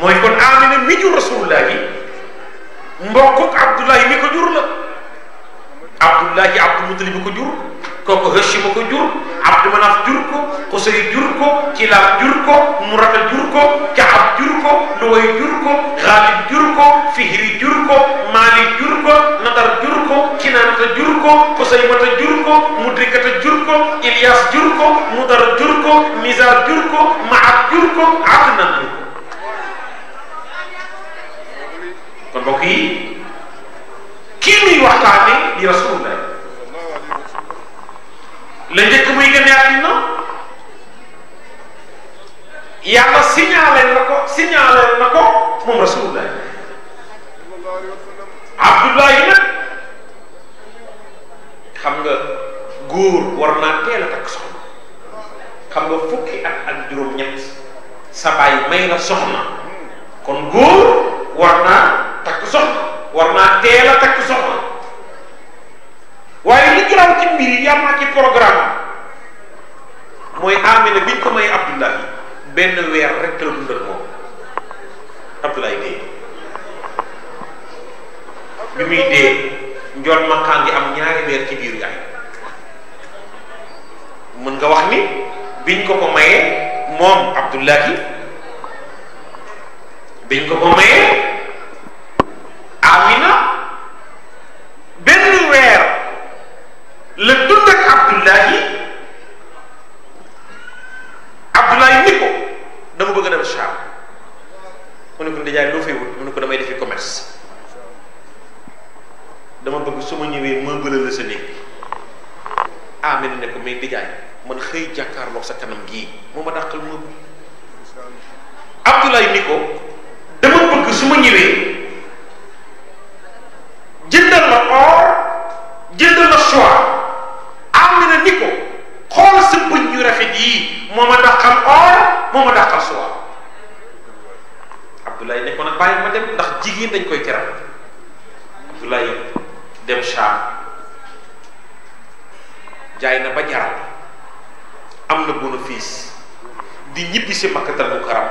mooy kon Amina mi jur Rasulullah yi mbokk ak Abdullahi mi ko jur la Abdullahi Abdul Mutalib ko jur kooku Hashim a ko jur Abdu Manaf jur ko Xusay jur ko Kilaab jur ko Murata jur ko Kaab jur ko Luway jur ko Xaalib jur ko Fihri jur ko Maalik jur ko Nadar jur ko Kinaanata jur ko Xusaymata jur ko Mudrikata jur ko Ilyaas jur ko Mudar jur ko Misaar jur ko Maat jur ko Adnan jur ko Lanjut njëkk muy gën yaatin na ya yàlla signalé na ko signalé na ko moom rasulullah abdullahi nag kan xam nga góor war naa teel a takk soxna xam nga fukki at ak juróom-ñett sa baay may la soxna kon war soxna war soxna waaye li garaaw ci mbir yi ci programme mooy Amina biñ ko may Abdullahi benn weer rek la dundal moom Abdullahi bi muy dee njool makkaan gi am ñaari weer ci biir yaay mën nga wax ni biñ ko ko mayee moom Abdullahi biñ ko ko mayee Amina benn weer. la dund ak Abdullahi Abdullahi ni ko dama bëgg dem Cham mu ne ko damay defi commerce dama bëgg su ma ñëwee ma bëla la sa néeg bi ah, amee ne ko mais ndijaay man xëy jàkkaarloo sa kanam gii moo ma dàqal ma Abdoulaye ni ko dama bëgg su ma ñëwee jëndal ma or jëndal ma choix yàlla ko xol sa bëñ ñu rafet yi moma ma or moma ma dàqal Abdoulaye ne ko nak baye ma dem ndax jigeen dañ koy Abdoulaye dem sha jaay na ba jaral amna bonu fils di ñibbi ci makkatal mu karam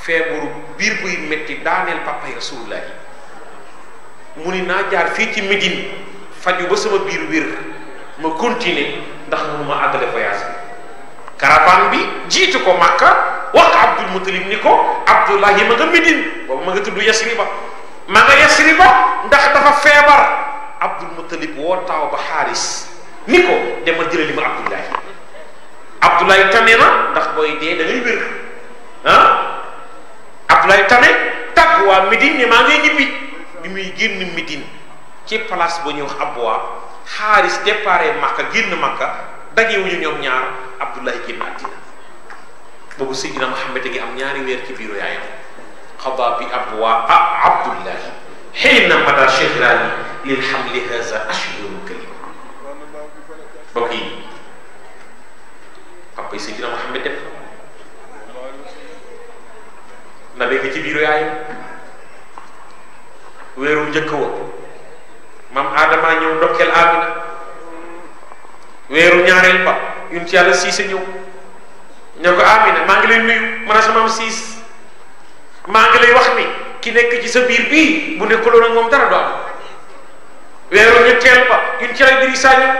feebaru bir buy metti daaneel papa rasulullah Muni na jaar fi ci medine faju ba sama bir wir ma continuer ndax ma àggale voyage bi caravane bi jitu ko makka wax abdul mutalib niko ko abdullahi ma nga medine boobu ma nga tuddu yasriba ma nga yasriba ndax dafa febar abdul mutalib wo taw ba haris ni ko demal li ma abdullah abdullah tamena ndax boy de da ngay wer ah abdullah tamé tàgg waa medine ma ngay bi muy genn medine ci place ñu wax xaaris déparé Makka génn Makka dajewuñu ñoom ñaar Abdullahi génn àddina boobu Seydina Muhammad a ngi am ñaari weer ci biiru yaayam bi ab waa ah Abdullahi xëy na mada chehrani lil xamli haza ashhurun kalima mbokk yi papa yi Seydina na nga ci biiru yaayam weeru wa mam adama ñew ndokkel amina wéru ñaarel ba yun ci yalla sisse ñew ñako amina ma ngi lay nuyu mana sama mam sis ma ngi lay wax ni ki nekk ci sa bir bi bu nekkul nak mom dara do am wéru ñettel ba yun ci yalla dirisa ñew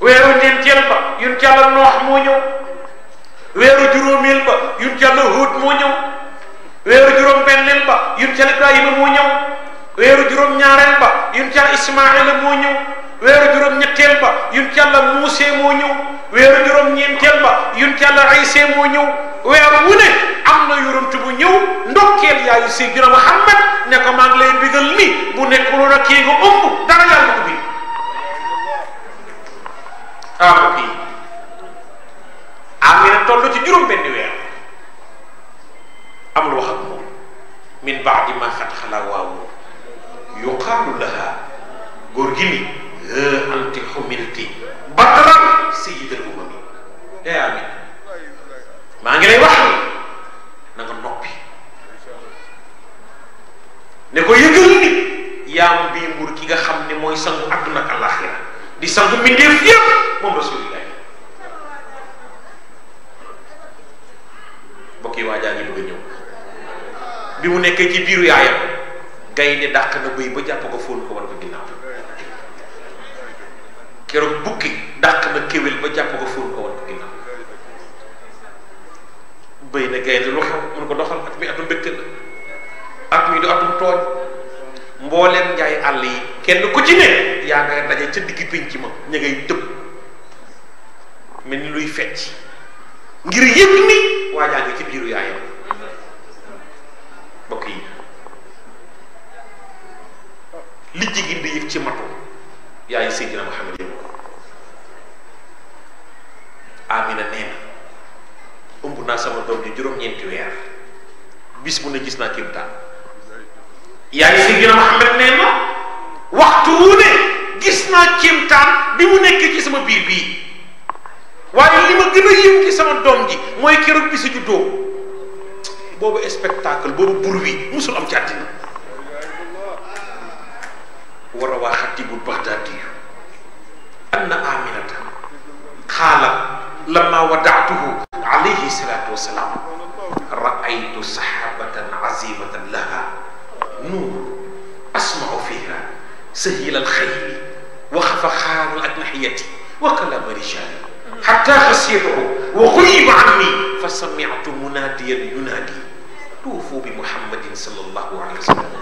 wéru ñettel ba yun ci yalla noox mo ñew wéru juroomel ba yun ci yalla hut mo ñew wéru jurom bennel ba yun ci yalla ibrahim mo ñew weeru juróom-ñaareel ba yun ci yàlla moo ñëw weeru juróom-ñetteel ba yun ci yàlla Muuse moo ñëw weeru juróom-ñeenteel ba yun ci yàlla Iisa moo ñëw weer wu ne am na yurumtu bu ñëw ndokkeel yaayu Seydina Muhammad ne ko maa lay digal ni bu nekkuloon ak kii nga ëmb dara yàlla ko bi ah ok Amina wax ak moom min baadi ma xat xalaa waawu yuqalu laha góor gi ha anti humilti batran sayyidul umami ya amin ma ngi lay wax na nga noppi ne ko yëgal ni yaam bi mbur ki nga xamne moy sangu aduna ak alakhirah di sangu minde yëpp mom rasulullah bokki yi bëgg ñew bi mu nekk ci biiru yaayam gaynde dàq na bëy ba jàpp ko fóon ko war ko ginnaaw keroog bukki dàq na kéwél ba jàpp ko fóon ko war ko ginnaaw bëy na gaynde lu xew mun ko doxal at mi atum mbégte la at mi atum tooñ mbooleem njaay àll yi kenn ku ci ne yaa ngay daje ca digg pénc ma ña tëb mel ni luy fecc ngir yëg ni waajaa ngi ci biiru yaayam mbokk yi li jigéen di ci matu yaay Seydina Muhammad yëg ko Amina nee na ëmb naa sama doom ji juróom-ñeenti weer bis bu ne gis naa kéemtaan yaay Seydina Muhammad nee na waxtu wu ne gis naa kéemtaan bi mu nekk ci sama biir bii waaye li ma gën a ci sama doom ji mooy keroog bisu juddoo boobu spectacle boobu bur musul am ci àddina وروى خطيب البغدادي أن آمنة قال لما ودعته عليه الصلاة والسلام رأيت سحابة عزيمة لها نور أسمع فيها سهيل الخيل وخفخان الأجنحية وكلام الرجال حتى خسيره وغيب عني فسمعت مناديا ينادي توفوا بمحمد صلى الله عليه وسلم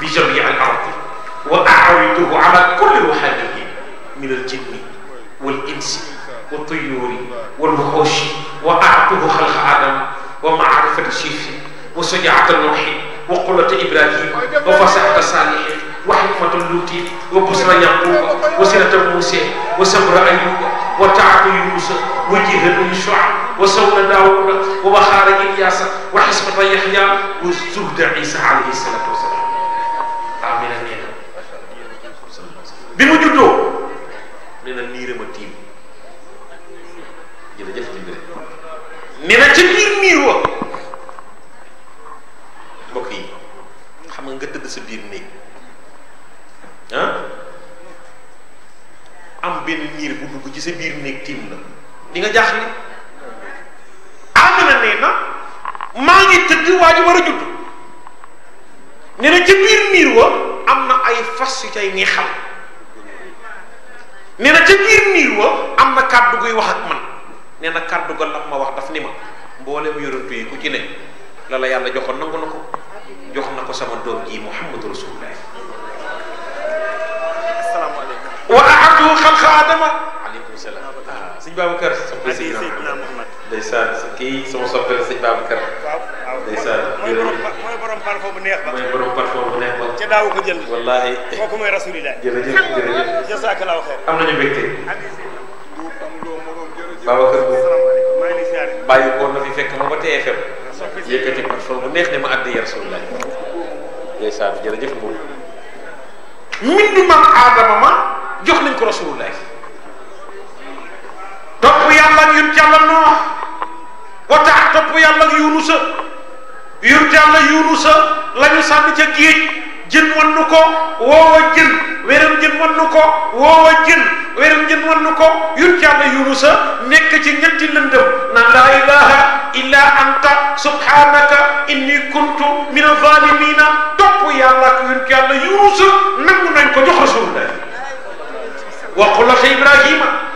بجميع الأرض وأعرضه على كل روحانيين من الجن والإنس والطيور والوحوش وأعطه خلق آدم ومعرفة الشيخ وشجاعة النوح وقلة إبراهيم وفصاحة صالح وحكمة اللوط وبصرى يعقوب وسنة موسى وسمر أيوب وتعب يوسف وجهد يشوع وصون داوود وبخار إلياس وحسبة يحيى والزهد عيسى عليه الصلاة والسلام bi mu juddoo nee na niire ma tiim ci jibril ne na ci biir niir wa mbokk yi xam nga nga tëdd sa biir néeg ah am benn niir bu dugg ci sa biir néeg tiim la di nga jaaxle amina nee na maa ngi tëdd waa ji war a judd ne na ci biir niir wa am na ay fas yu cay ni xam nee na ca biir niir wa am na kàddu guy wax ak man nee na kàddu ga lam ma wax daf ni ma mboole mboolem yorantu yi ku ci ne la la yàlla joxoon nangu na ko jox na ko sama doom ji muhammadu rasulullah asalaamaaleykum wa ahadu xalqa adama aleykum salaam ah, sëñ Babacar sa kii sama soppeel sëñ Babacar mooy borom mooy borom parfum bu neex ba. mooy borom parfum bu fi fekk ma ba TFM. yëkkati parfum bu neex ne ma addi ya rasulillah. ndeysaan jërëjëf moom. mbindu maam aadama ma jox nañ ko rasulillah. topp yunusa yur yàlla yunusa la ñu sànni ca géej jën wan nu ko woowa jën weram jën wan nu ko woowa jën weram jën wan nu ko yur yàlla yunusa nekk ci ñetti lëndëm naan laa ilaha illa anta subhanaka inni kuntu min azalimina topp yàlla ak yur yàlla yunusa nangu nañ ko jox rasulullah wa qulata ibrahima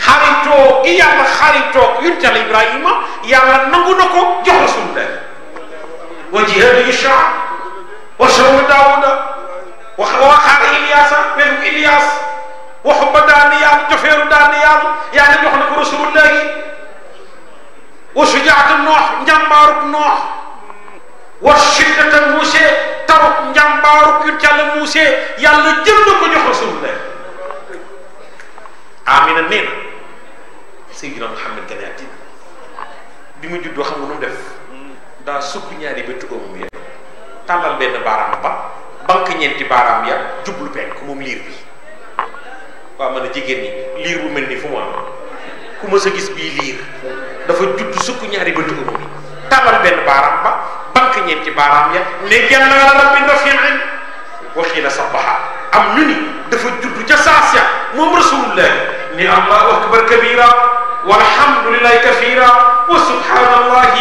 خارتو إيا الله خارتو كيرت على إبراهيم يا الله نعونكو جه رسوله وجهه يشاع وشوم داود وخوخار إلياس من إلياس وحب دانيال جفير دانيال يعني جه نكو رسول الله وشجاعة نوح جمبار نوح وشدة موسى ترك جمبار كيرت على موسى يا الله جلدكو جه رسوله آمين النينا Seydina Muhammad gane àddina bi mu juddoo xam nga nu mu def daa sukk ñaari bëtu oomam ya tàllal benn baaraam ba banque ñeenti baaraam ya jublu penk moom liir bi waa jigéen ñi liir mel ni fu mu gis bii liir dafa judd sukk ñaari bëtu oomam benn baaraam ba banque ñeenti baaraam ya ne waxii la sabaha am ñu ni dafa judd ca saas ya moom rasulullah الله أكبر كبيرا والحمد لله كثيرا وسبحان الله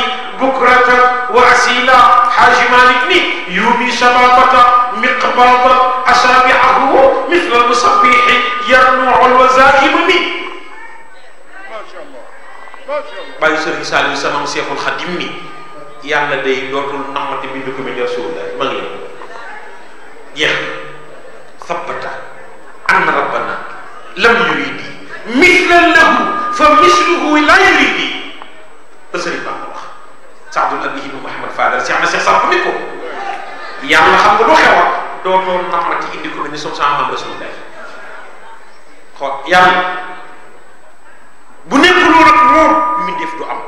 بكرة وعسيلا حاج مالك يومي شبابك مقباض أسابعه مثل المصبيح يرنوع الوزائم ما شاء الله ما شاء الله رسالة سلام سيخ الخدم يعني لدي دور النعمة بيدك من رسول الله مغير يخ ثبت أن ربنا لم يريد mislan lahu fa misluhu laa yuriidi ba sëriñ baa ko wax saadul abihi ba Mouhamad Fadal Cheikh na Cheikh Sarko mi ko yàlla xam nga lu xewoon doo toon naxmati indi ko ni som sama am rasulullah xool yàlla bu nekkul woon ak moom mbindeef du am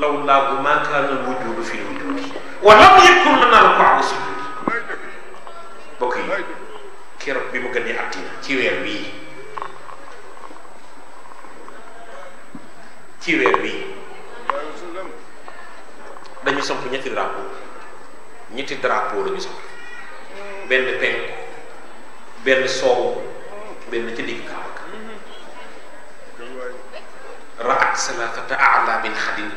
law laa bu maa kaana al-wujuudu fi al-wujuudi wa lam yakun lanaa al-qa'u sujudi mbokk yi keroog bi mu gënee àddina ci weer bii ci weer wi dañu samp ñetti drapeau ñetti drapeau la ñu samp benn penk benn soow benn ci digg kaaba ga raat salaatata alamin xadim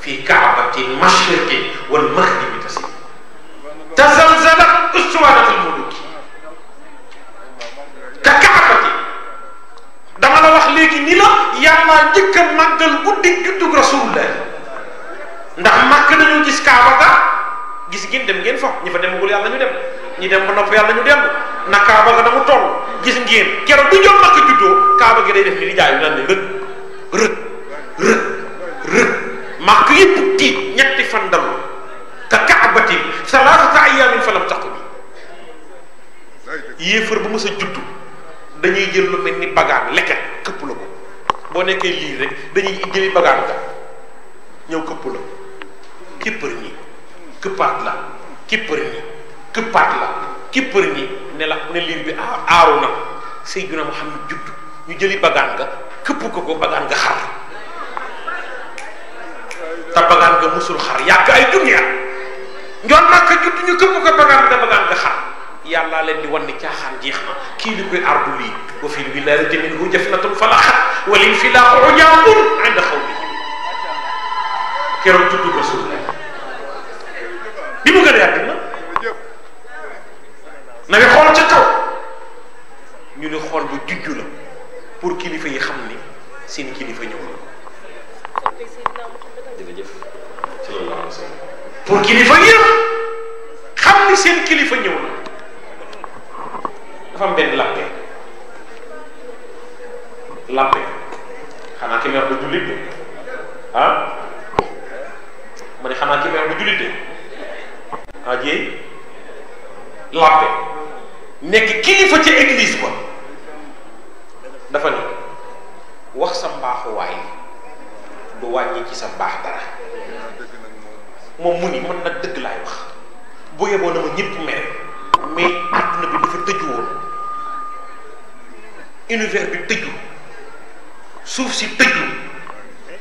fi kaabatin mashriqi wal maghribi tasila tazalzalat ustuwaratul muluki ka kaabati dama la wax legi ni la yaa maa njëkk a màggal guddi juddug rasulullah ndax màkk nañu gis kaaba ga gis ngeen dem ngeen fa ñi fa gul yalla ñu dem ñi dem ba nopp yalla ñu dem na kaaba ga dama toll gis ngeen keroog du jom màkk juddo kaaba gi day def li jaay lan rek rek rek rek rëg yi yëpp ñetti fan dal ka kaabati salaasata ayyamin fa lam bu juddu dañuy jël lu melni bagan leket këpp la ko bo nekké li rek dañuy jël bagan ta ñew kepp lu kippër ñi këppaat la kippër ñi këppaat la kippër ñi ne la ne lire bi aaruna na sayyidina muhammad judd ñu jël bagan ga kepp ko ko bagan nga xar ta bagan nga musul xar yak ay dunya ñoon naka judd ñu kepp ko bagan ga bagan nga xar yalla len di wan ni caaxaan jeex na kii li koy ardu lii wa fil wilaayati minhu jafnatun falah wal infilaaxu ujaabun inda khawfi kero tuddu ko bi mu gën a na nga xol ci taw ñu ni xol bu jujju la pour kilifa yi xamni seen kilifa ñëw na pour kilifa yi xamni seen kilifa ñëw na dafa am benn lappe lappe xanaa ki mer du jullit ah ma ne xanaa ki mer du jullit de ah jéey nekk kilifa ca église ba dafa ne wax sa mbaaxuwaay du wàññi ci sa mbaax dara moom mu ni man nag dëgg laay wax bu yeboo na ma ñëpp mere mais àdduna bi dafa tëju woon univers bi tëju suuf si tëju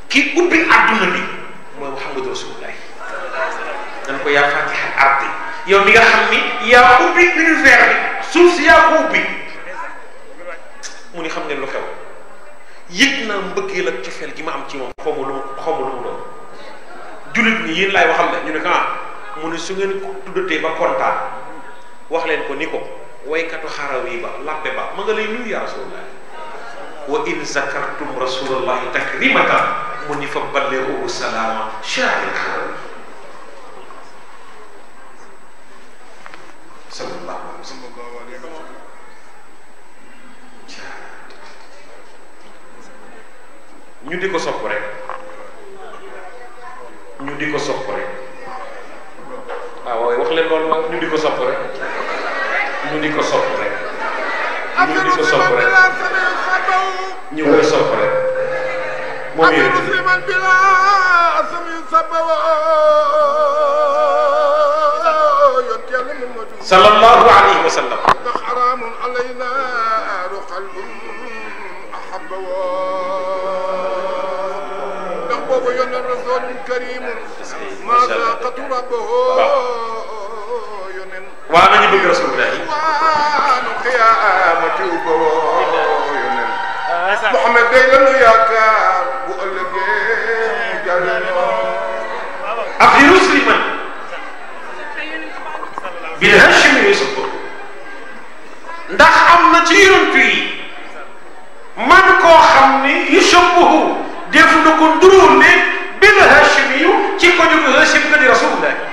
ki ubbi àdduna bi mooy Muhammadu Rasulullah dañ ko yaa fatiha ardi yow mi nga xam ni yaa ubbi univers bi suuf si yaa ko ubbi mu ni xam ngeen lu xew yëg naa mbëggeel ak cofeel gi ma am ci moom xaw ma lu xaw ma lu mu doon jullit ni yéen laay waxal ne ñu ne ah mu ne su ngeen tuddatee ba kontaan wax leen ko ni ko waykatu xarawi ba labbe ba ma nga lay nuyu yaa rasulallah wa in zakartum rasulallahi takrimatan mu ni fa balliruhu salaama shaa'ir xarawi ñu di ko sopp rek ñu di ko sopp rek waaw wax leen loolu ma ñu di ko sopp rek ñu di ko sopp rek ñu di ko sopp rek ñu koy sopp rek sallallahu alayhi wa sallam bëgg eh, rasulullah maanu xiyaamu tiw ba woo yoneen Muhammad day lanu yaakaar bu ëllëgee mu jariñoo axiru sliman bil hashim yusuf ndax am na ci yonentu yi man koo xam ni yushabahu def na ko nduróo ne bil hashim yu ci ko jóg hashim ka di rasulullah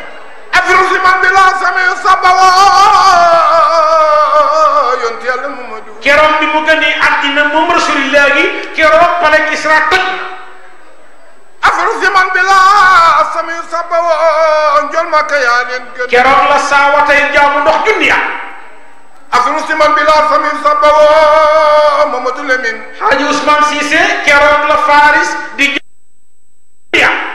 afirus liman bi laa sabawa yonti yàlla Muhammadu keroog bi mu gënee àddina moom rasulillah gi keroog palek isra tëj na afirus sabawa njol maka yaa leen gën keroog la saawatay jaamu ndox junni at afirus liman bi laa sabawa Mamadou Lamine Haji Usman Cissé keroog la Faris di junni at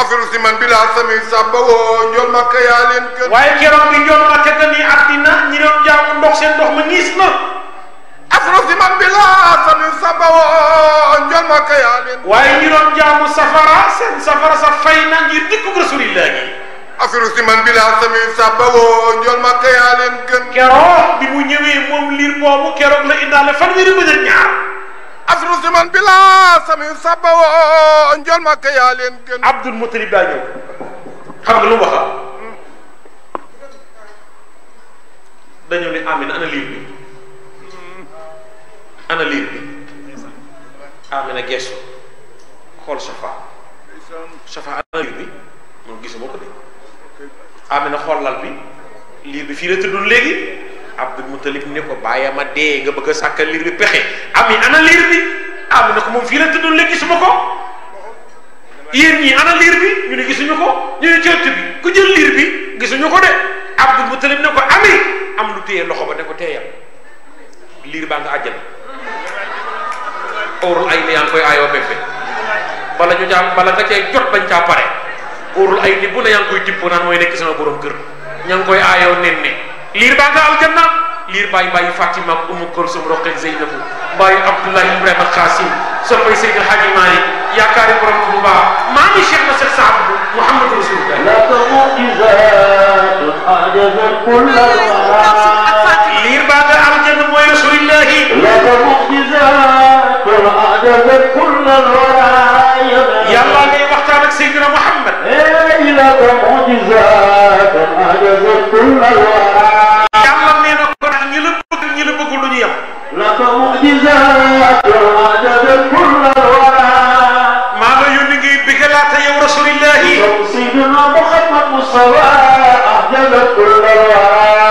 afiru si man bi laa sami sàbba woo njool makka yaa gën waaye keroog bi njool makka tamit àddina ñi doon jaamu ndox seen ndox ma niis na afiru si man bi laa sami sàbba woo njool makka yaa sa fay na ngir dikku rasulillah gi afiru si man bi laa sami sàbba woo njool makka yaa leen gën keroog bi mu ñëwee moom liir boobu asru si man bilaa samay sabbawoo njol ma ka yaa gën. Abdul Mutalib daa ñëw xam nga lu mu dañu ne Amina ana liir bi ana liir bi Amina geesu xool Safa Safa ana liir bi moom gisuma ko de Amina xool lal bi liir bi fii la tëddul léegi. abdul Mutalib ne ko baye ma de nga bëgg sakal sàkkal bi pexe ami ana liir bi am mu ne ko moom fii la tëddoon léegi gisuma ko yeen iya ñii ana liir bi ñu ne gisunu ko ñu ne ciot bi ku jël liir bi gisunu ko de abdul Mutalib ne ko ami am lu teye loxo ba ne ko teeyam liir ba nga àjjana orul ay ne yang koy ayo bebe bala ñu jam bala nga cey jot bañ ca paré eh. orul ay ni bu ne yang koy tipp nan moy nek sama borom kër ñang koy ayo nenne lire ba nga aljanna lire bay bay fatima um kursum roqi zainab bay abdullah ibrahim qasim so bay sayyid alhaji mari yakar borom bu ba mami cheikh nasir saab muhammad rasulullah la tawu izat hajaz kullu wara lire ba nga الله لك مخزات أعجبت كل الورى يلا لي واختارك سيدنا محمد إيه لك معجزات أعجبت كل الورى يلا من أكون عن يلبك يلبك كل يوم لك معجزات أعجبت كل الورى ما لا ينجي بكلات يا رسول الله سيدنا محمد مصطفى أعجبت كل الورى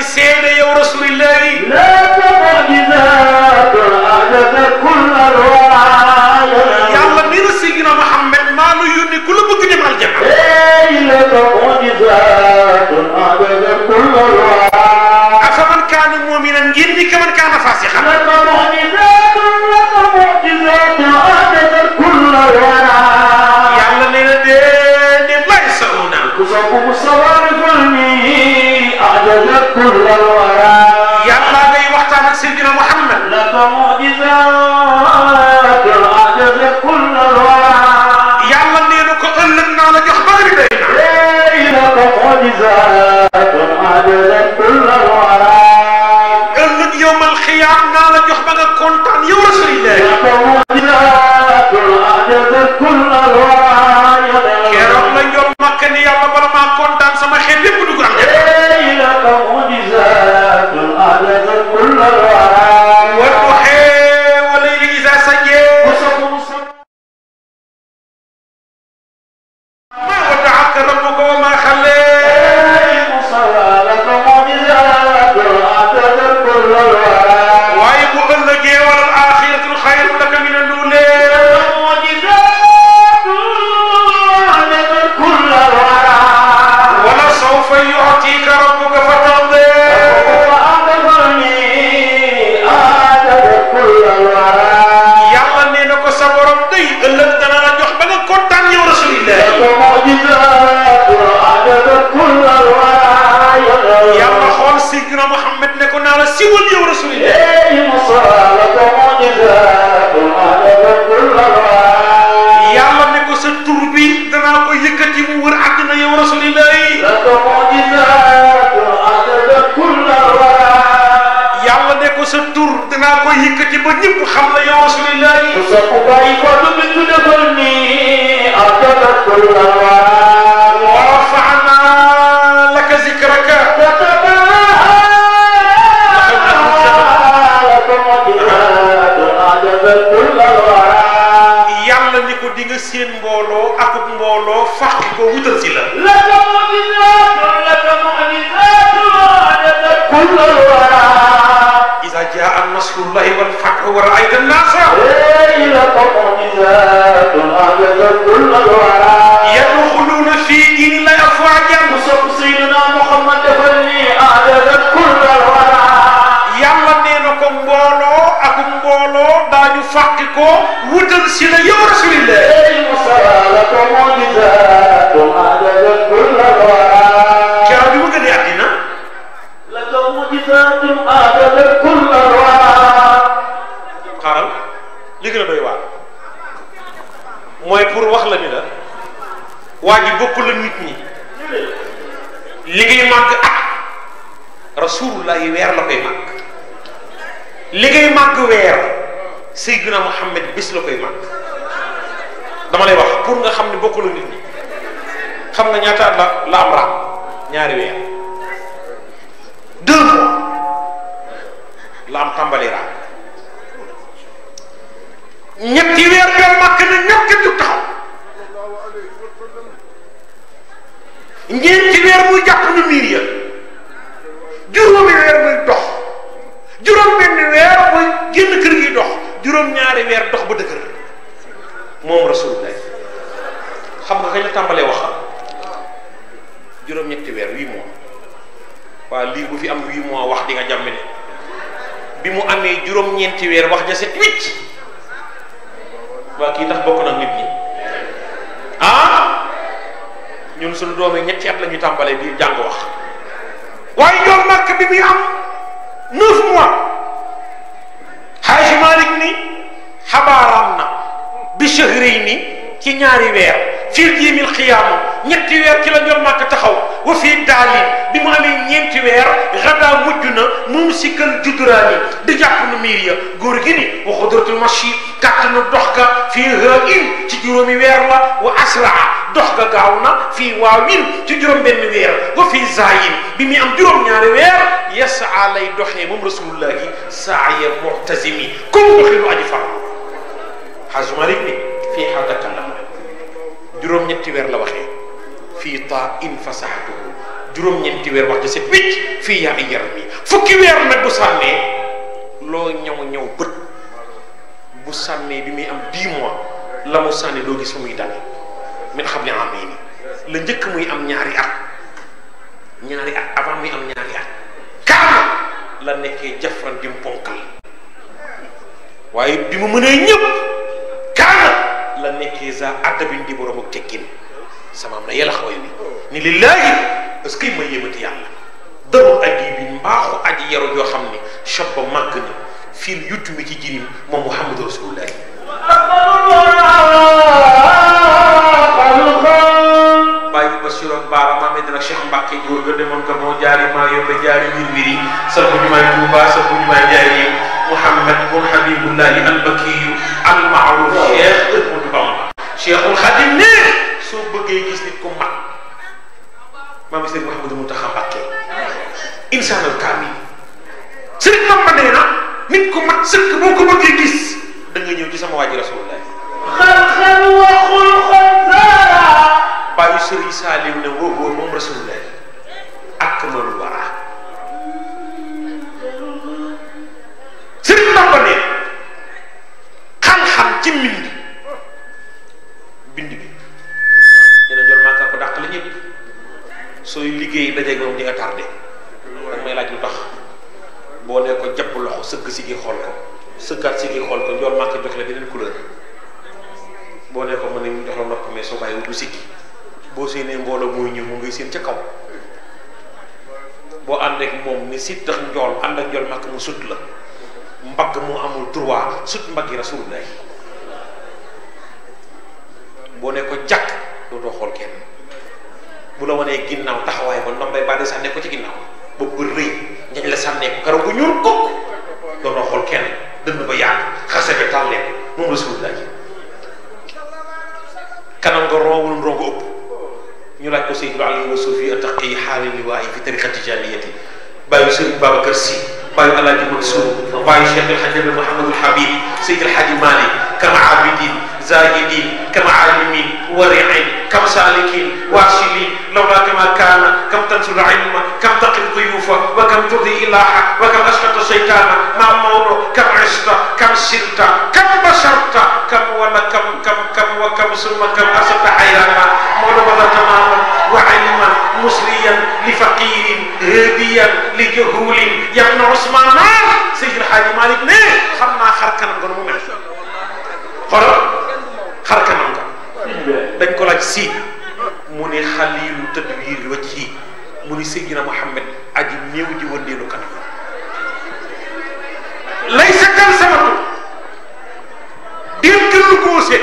يا رسول الله لا تقع إذا أعجب كل رواية يا الله نير سيدنا محمد ما له كل بكني مع الجمع الجماعة إيه لا تقع إذا أعجب كل رواية أفمن كان مؤمنا جني كمن كان فاسقا yàlla ngay waxtaan ak Seydina Muhammad yàlla nee na ko ëllëg naa la jox bëri day ëllëg yowmal xiyaam naa la jox ba nga kontaan yow la sëriñ keroog la ñoom makk ni yàlla bala maa kontaan sama xel lépp dugg am المعجزات عدد كل الرايات يلا خول سيدنا محمد ne ko naa la siwal yow رسول الله اي مصالك معجزات عدد كل الرايات yàlla ne ko sa tur bi danaa ko yëkkati mu wër sa tour dinaa ko yëkkati ba ñëpp xam la yow rasulillah yi sa ko bàyyi ko lu bi tudde ko ni abdana kullawa ورفعنا لك ذكرك yàlla ni ko di nga seen mbooloo ak mbooloo fàq ko wutal si la ورأيت الناس ليلة قومزات أعجزت كل الورى يدخلون في دين الله أفواجا وصف سيدنا محمد فلي أعجزت كل الورى يلا نينكم بولو أكم بولو دانيو فاقكو ودن سيدة يا رسول الله المصرى لكم معجزات أعجزت كل الورى كيف بيقولوا لي عدنا لكم معجزات أعجزت كل li gën a doy waar mooy pour wax lañu la waa ji bokk la nit ñi li ngay màgg ak rasulullah yi weer la koy màgg li ngay màgg weer Seydina Muhammad bis la koy màgg dama lay wax pour nga xam ne bokk la nit ñi xam nga ñaata la la am raam ñaari weer deux la am tàmbali raam ñetti weer yow màkk na ñëpp kenn weer muy jàpp lu miir ya juróomi weer muy dox juróom benn weer muy génn kër gi dox juróom ñaari weer dox ba dëgër moom rasulullah xam nga kañ la tàmbalee wax juróom ñetti weer huit mois waaw lii bu fi am huit mois wax di nga jàmm ne bi mu amee juróom ñeenti weer wax ja set wicc waa kii tax bokk nag nit ñi ah ñun suñu doomee ñetti at la ñuy tàmbalee biir jàng wax waaye ñoom màkk bi muy am neuf mois xaaji Malik ni na bi shahri ni ci ñaari weer fii jii mil xiyaama ñetti weer ci la ñol màkk taxaw wa fii daalin bi mu amee ñeenti weer xadaa mujj na moom si kal judduraani di jàpp nu miir ya góor gi ni wa xudratul mashi na dox ga fii in ci juróomi weer la wa asraa dox ga gaaw na fii waawin ci juróom benn weer wa fii zaayin bi muy am juróom-ñaari weer yasaa lay doxee moom rasulullahi saaya mu'tazimi comme doxinu aji farlu xaaju Malik ni fii xaw juróom-ñetti weer la waxee fii taa in fasaxatuhu juróom-ñetti weer wax ja set fii yaa ay yaram yi fukki weer nag bu sànnee loo ñëw ñëw bët bu sànnee bi muy am 10 mois la mu sànni loo gis fu muy dale min xam ne amee ni la njëkk muy am ñaari at ñaari at avant muy am ñaari at kaama la nekkee jafran di mu ponkal waaye bi mu mënee ñëpp kaama yàlla nekkee sa addabin di borom ak teggin sama am na yàlla xaw wi ni lillaahi parce que ma yéemati yàlla darul aji bi mbaaxu aji yaru yoo xam ne shabba màgg na fii yuttumi ci jirim moom muhammadu rasulullahi bàyyi ba siroon baara maame dina Cheikh Mbacke góor ga demoon ko moo jaari maa jaari wir wiri sa bu ñu may Tuuba sa bu ñu may jaari muhammad bun habibullahi al bakiyu al maaruf cheikh Syekhul Khadim ni soo beugé gis nit ko ma ma bi Sëriñ Mouhamadou Moutakha Mbacké insaanal kaamil sëriñ mam ma nee na nit ko ma seuk boo ko bëggee gis da nga ñew ci sama waaji rasulullah xalxal wa xulxal dara bàyyi sëriñ Saliw ne wo wo mom rasulullah ak lu wara sëriñ mam ma xam-xam ci min sooy liggéey dajeeg moom di nga tardé dag laaj lu tax boo ne ko jàpp loxo sëgg si gi xool ko sëggaat si gi xool ko njool màkk jox la beneen couleur boo ne ko mën nañu jox la nopp soo bàyyi du sikki boo séenee mbooloo mooy ñëw mu ngay séen ca kaw boo ànd ak moom ni si tax njool ànd ak njool màkk mu sut la mbagg mu amul droit sut mbagg yi rasulullah boo ne ko jàkk dootoo xool kenn bu la wanee ginnaaw taxawaay ba ndombay baa di sànnee ko ci ginnaaw bopp bu rëy ñañ la sànnee ko karaw bu ñuul kooku doonoo xool kenn dënn ba yaatu xase bi tàllee ko moom rasulullah ji kanam nga roowul ndoo ko ñu laaj ko Seydou Aliou wa Sufi attaqi xaali liwaayi fi tariqa tijaniyati bàyyi Sëriñ Babacar Sy bàyyi Alaaji Mansour bàyyi Cheikh El Hadj Mouhamadul Habib Seydi El Hadji Malick زاهدين كمعالمين ورعين سالكين واصلين لولا كما كان كم تنشر علم كم تقي الضيوف وكم ترضي إلاحة وكم أسقط شيطانا ما مور كم عشت كم سرت كم بشرت كم ولا كم كم كم وكم ثم كم أسقط حيانا مولودا تماما وعلما مسليا لفقير هاديا لجهول يا ابن عثمان سيد الحاج مالك ليه خلنا خركنا قرمونا خلاص xar kanam ka dañ si mu ni xaliilu tadwiir wajhi mu ni Seydina Muhammad aji ji wëndeelu kanam lay sekkal samatu déem gën lu góose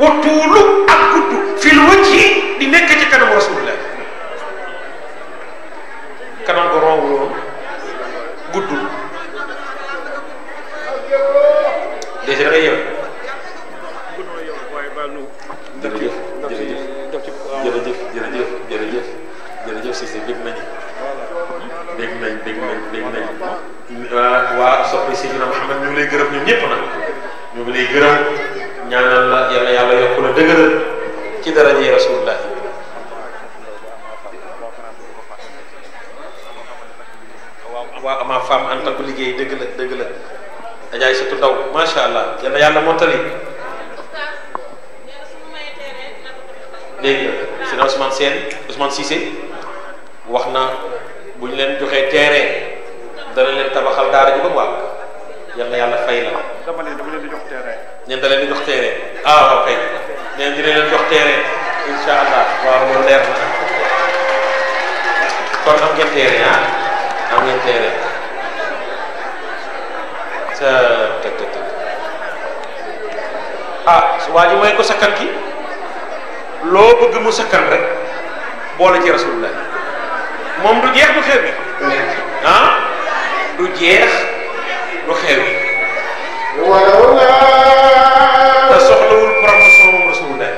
wa tuulu ak gudd fil wajhi di nekk ci kanam Wah soppe Seydina Muhammad ñu lay gërëm ñoom ñëpp nag ñu lay gërëm ñaanal la yàlla yàlla yokk la dëgëral ci daraje rasulullah waa ama femme antal ko dëgg la dëgg la ndaw allah yàlla yàlla mottali léegi sina Ousmane Sène Ousmane Cissé wax na bu ñu leen dana leen tabaxal daara ji ba mu wàgg yal na yàlla fay la. dama leen dama leen di jox teere. ñun da leen di jox teere ah ok ñun dina leen jox teere incha allah waaw loolu leer na kon am ngeen teere ah am ngeen teere sa tëg tëg tëg ah su waa ji mooy ko sakkan ki loo bëgg mu sakkan rek boole ci rasulullah moom du jeex du xeeb bi ah. du jeex du xew yi te soxlawul promotion moom rasulullah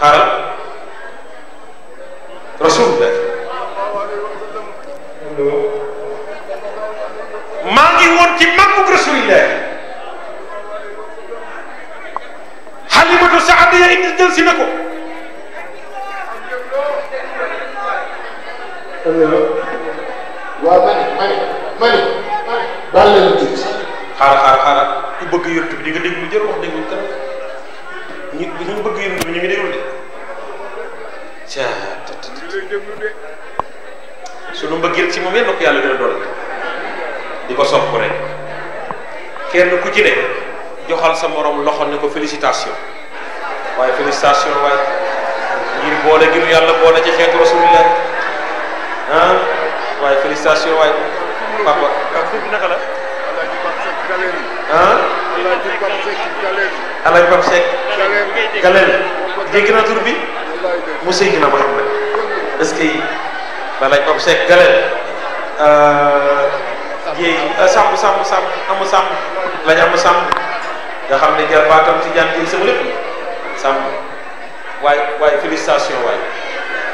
xaaral rasulullah maa ngi woon ci màggug rasulillah xalimatu saadiya indi jël si na ko waaw ma ni daal leen tuuti xaar xaar xaar ku bëgg yonent bi di nga déglu jël wax déglu kan ñi ñu bëgg yonent bi ñu ngi déglu de ca sunu mbëggeel ci moom yéen ko yàlla gën a di ko sopp rek kenn ku ci ne joxal sa morom loxo ne ko félicitation waaye félicitation waaye ngir boole gi nu yàlla boole ci xeetu rasulillah ah waaye félicitation waaye papa. naka la. Alaaji Pape Seck Galeen. ah. Alaaji Pape Seck Galeen. Alaaji Pape Seck. mu Seydina Muhammad est-ce que Alaaji Pape Seck Galeen. Euh, jéeg euh, sàmm sàmm sàmm amu sàmm lañ amu sàmm nga xam ne jarbaatam si jaan jéeg sama lépp sàmm waaye waaye félicitation waaye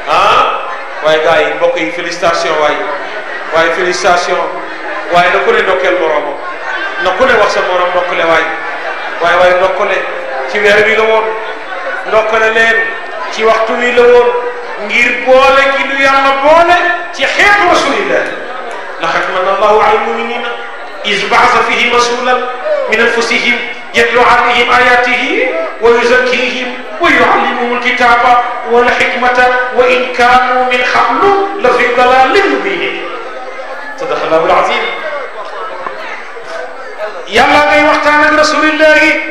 ah waaye gars yi mbokk yi félicitation waaye. waaye félicitation waaye na ku ne ndokkeel moroomam na ku ne wax sa moroom ndokkale waay waaye waaye ndokkale ci weer wi la woon ndokkale leen ci waxtu wi la woon ngir boole gi lu yàlla boole ci xeetu rasulillah laqad manna allahu ala almuminina iz baasa fihim rasulan min anfusihim yatlu alayhim ayatihi wa yuzakkihim wa yuallimuhum alkitaba walhikmata wa in kanu min qablu la fi dalalin mubinin صدقنا العظيم يلا غي وقت انا رسول الله يا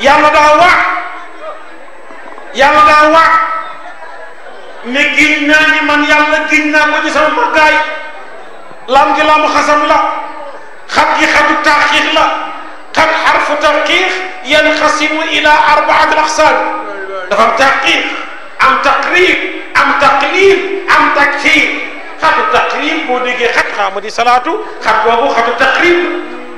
يلا دعوا يلا دعوا مجينا من يلا جينا مو جي سام باغاي لام جي لام لا خط جي تاخير لا كم حرف تاخير ينقسم الى اربعه اقسام دا فهم تاخير ام تقريب ام تقليل ام تكثير xatu taqrib boo déggee xat xaama di salaatu xat boobu xatu taqrib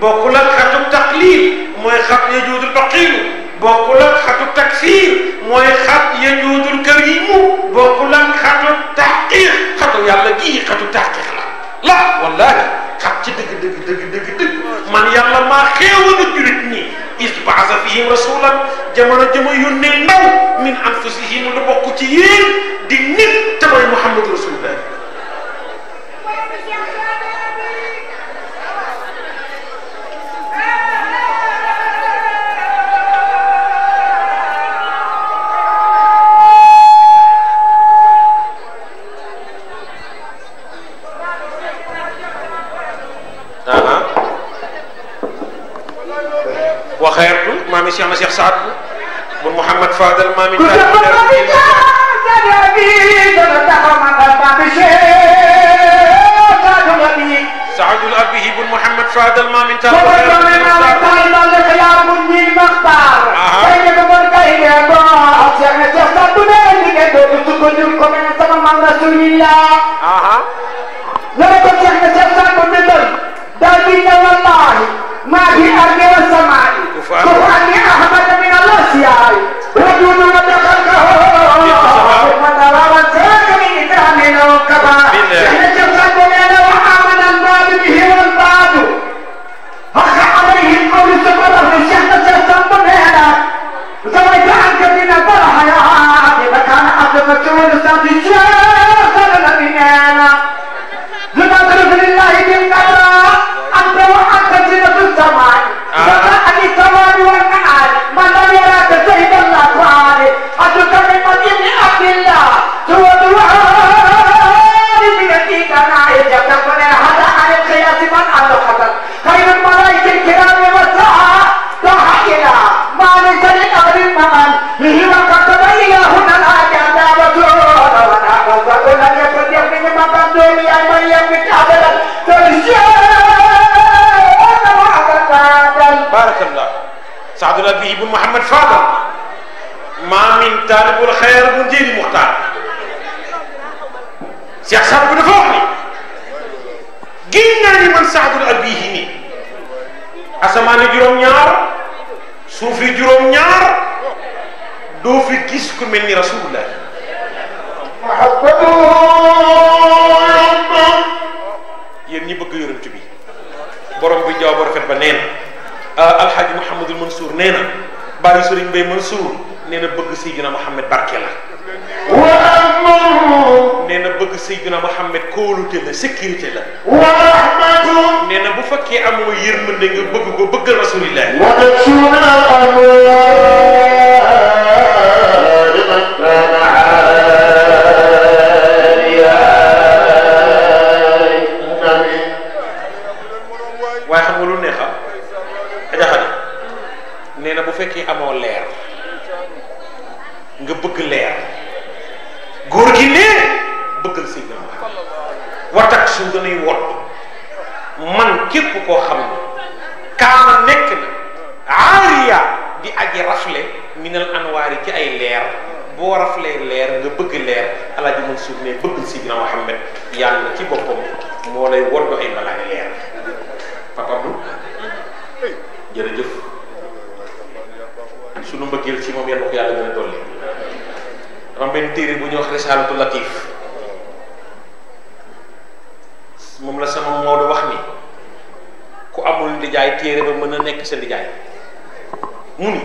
bokkul ak xatu taqlil mooy xat yajuudul baqilu bokkul ak xatu taksir mooy xat yajuudul karimu bokkul ak xatu taqiq xatu yàlla gii xatu taqiq la la wallahi xat ci dëgg dëgg dëgg dëgg dëgg man yàlla maa xéewal a jurit ñi is baasa fihim rasulan jamono jëma yónnee ndaw min anfusihim lu bokk ci yéen di nit te mooy muhammadu rasulullah maami Cheikh ma Cheikh Saad bu Mouhamad Fadal maami saadul abihi bun Mouhamad Fadal maami Talla Fadal maami Talla ن محمد tabarakallah saadullah bi ibu muhammad fadal ma min talibul khair bu njëri muxtaar cheikh sad bu dafa wax ni gin naa ni man saadul abihi ni asamaani juróom-ñaar suufi juróom-ñaar doo fi ni rasulullah bëgg yonent bi borom bi jaw bo rafet ba neen Euh, alxaaji Mouhamadul Mansour nee na bàyyi sëriñ Mbay Mansour nee na bëgg Seydina Mohamed barke la wa nee na bëgg Seydina Mohamed kóolute la sécurité la wa rahmatu nee na bu fekkee amoo yërmande nga bëgg ko bëgg rasulillah wa fekkee amoo leer nga bëgg leer góor gi ne bëggal Seydina watak su danuy wot man képp koo xam ne kaana nekk na aariya di aji rafle minal anwaari ci ay leer boo raflee leer nga bëgg leer alaaji Mansuur ne bëgg Seydina Muhammad yàlla ci boppam moo lay woddu ay malaay leer papa bu jërëjëf sunu mbëggeel ci moom yàlla ko yàlla gën dolli dafa benn téere bu ñuy wax risaalatu latif moom la sama Maodo wax ni ku amul ndijaay téere ba mën a nekk sa ndijaay mu ni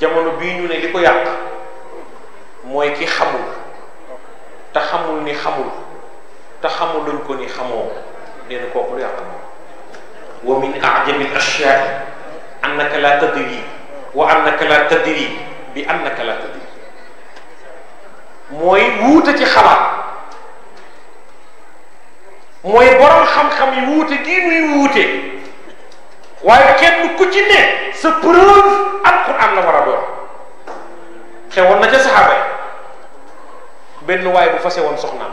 jamono bii ñu ne li ko yàq mooy ki xamul te xamul ni xamul te xamul ko ni xamoo nee na kooku lu yàq moom wa annaka la tadri bi annaka la tadri mooy wuute ci xalaat mooy borom xam-xam yi wuute gii muy wuute waaye kenn ku ci ne sa preuve alquran la war a doon xewoon na ca saxaaba yi benn waaye bu fase woon soxnaam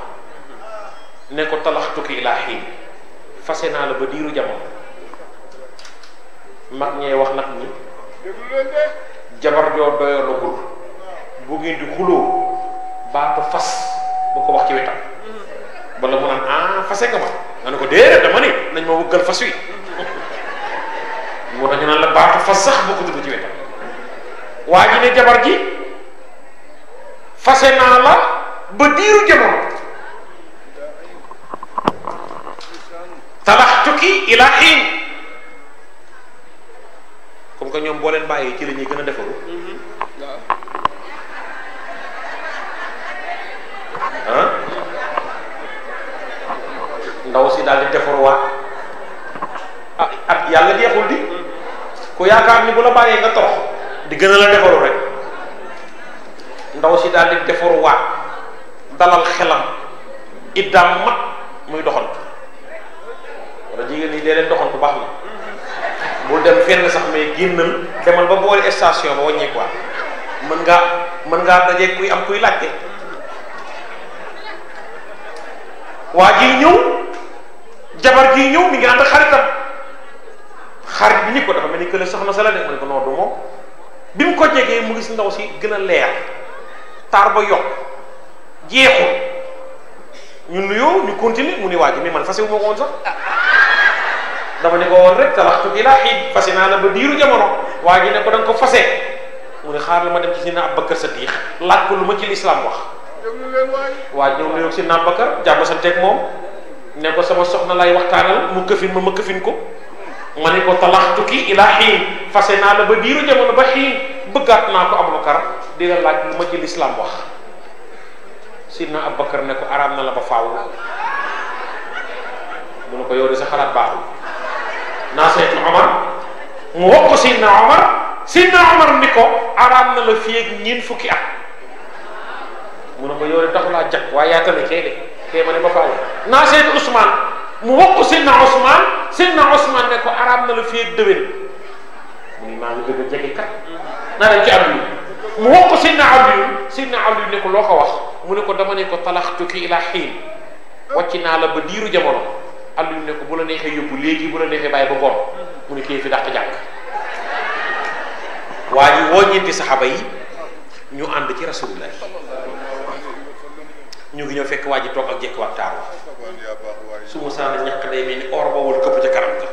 ne ko talaxtuki ilaa xiin fase naa la ba diiru jamono mag ñee wax nag ni jabar joo doyalagul bu ngeen di xuloo baatu fas bu ko wax ci wetam wala mu naan ah fase nga ma nga ko déedéet dama ni nañ ma wëggal fas wi moo tax naan la baatu fas sax boo ko tudd ci wetam waa ji ne jabar ji fase naa la ba diiru jamono talaxtuki ila xiin comme que ñom bo len bàyyi ci la gëna gën a defaru ndaw si dal di defaruwaat ah at yàlla jeexul di ko yaakaar ni bu la bàyyee nga torox di gëna la defaru rek ndaw si dal di wa dalal xelam idam mat muy doxal wala jigeen ni dee leen doxantu baax na bul dem fenn sax mais génnal demal ba boole estation ba wàññi quoi mën ngaa mën ngaa dajee kuy am kuy laajte waa ji ñëw jabar ji ñëw mi ngi ànd xaritam xarit bi ni ko dafa mel ni que soxna sa la de mu ne ko noo du moom bi mu ko jegee mu gis ndaw si gën a leer taar ba yokk jeexul ñu nuyoo ñu continuer mu ni waa ji mais man fase wu sax dama ni ko woon rek talaxtu ila xiin fase naa la ba diru jamono waji ne ko dang ko fasé mu ne xaar la ma dem ci sina Abubakar Sadiq laaj ko lu ci l'islam wax waa ji ñëw ñëw sina Abubakar sa tek mom ne ko sama soxna lay waxtanal mu kefin ma ma kefin ko ma ko talaxtu ki ila xiin fase la ba diru jamono ba xiin bëggaat naa ko Abubakar di la laaj lu ma ci l'islam wax sina abakar ne ko aram na la ba faaw mu ne ko yow sa xalat baaxul Nafi ibn Omar mu wax ko Seydina Omar Seydina Omar ni ko araam na la fii ak ñeent fukki at mu ne ko yow de taxu laa jag waaye yaa tamit kee de kee ma ne ba faaw Nafi ibn Ousmane mu wax ko Seydina Ousmane Seydina Ousmane ne ko araam na la fii ak déwén mu ne maa ngi bëgg a jege kat naa dem ci àll bi mu wax ko Seydina Aliyu Seydina Aliyu ne ko loo ko wax mu ne ko dama ne ko talaxtu ki ila xiin wàcc naa la ba diiru jamono. alluñ ne ko bu la neexee yóbbu léegi bu la neexee bàyyi ba ngoon mu ne kii fi dàq jàng waa woo ñeenti saxaaba yi ñu ànd ci rasulullah ñu ngi ñëw fekk waa ji toog ak jekk waa taaru su ma saana ñàkk day mel ni or ba wal këpp ca kanam nga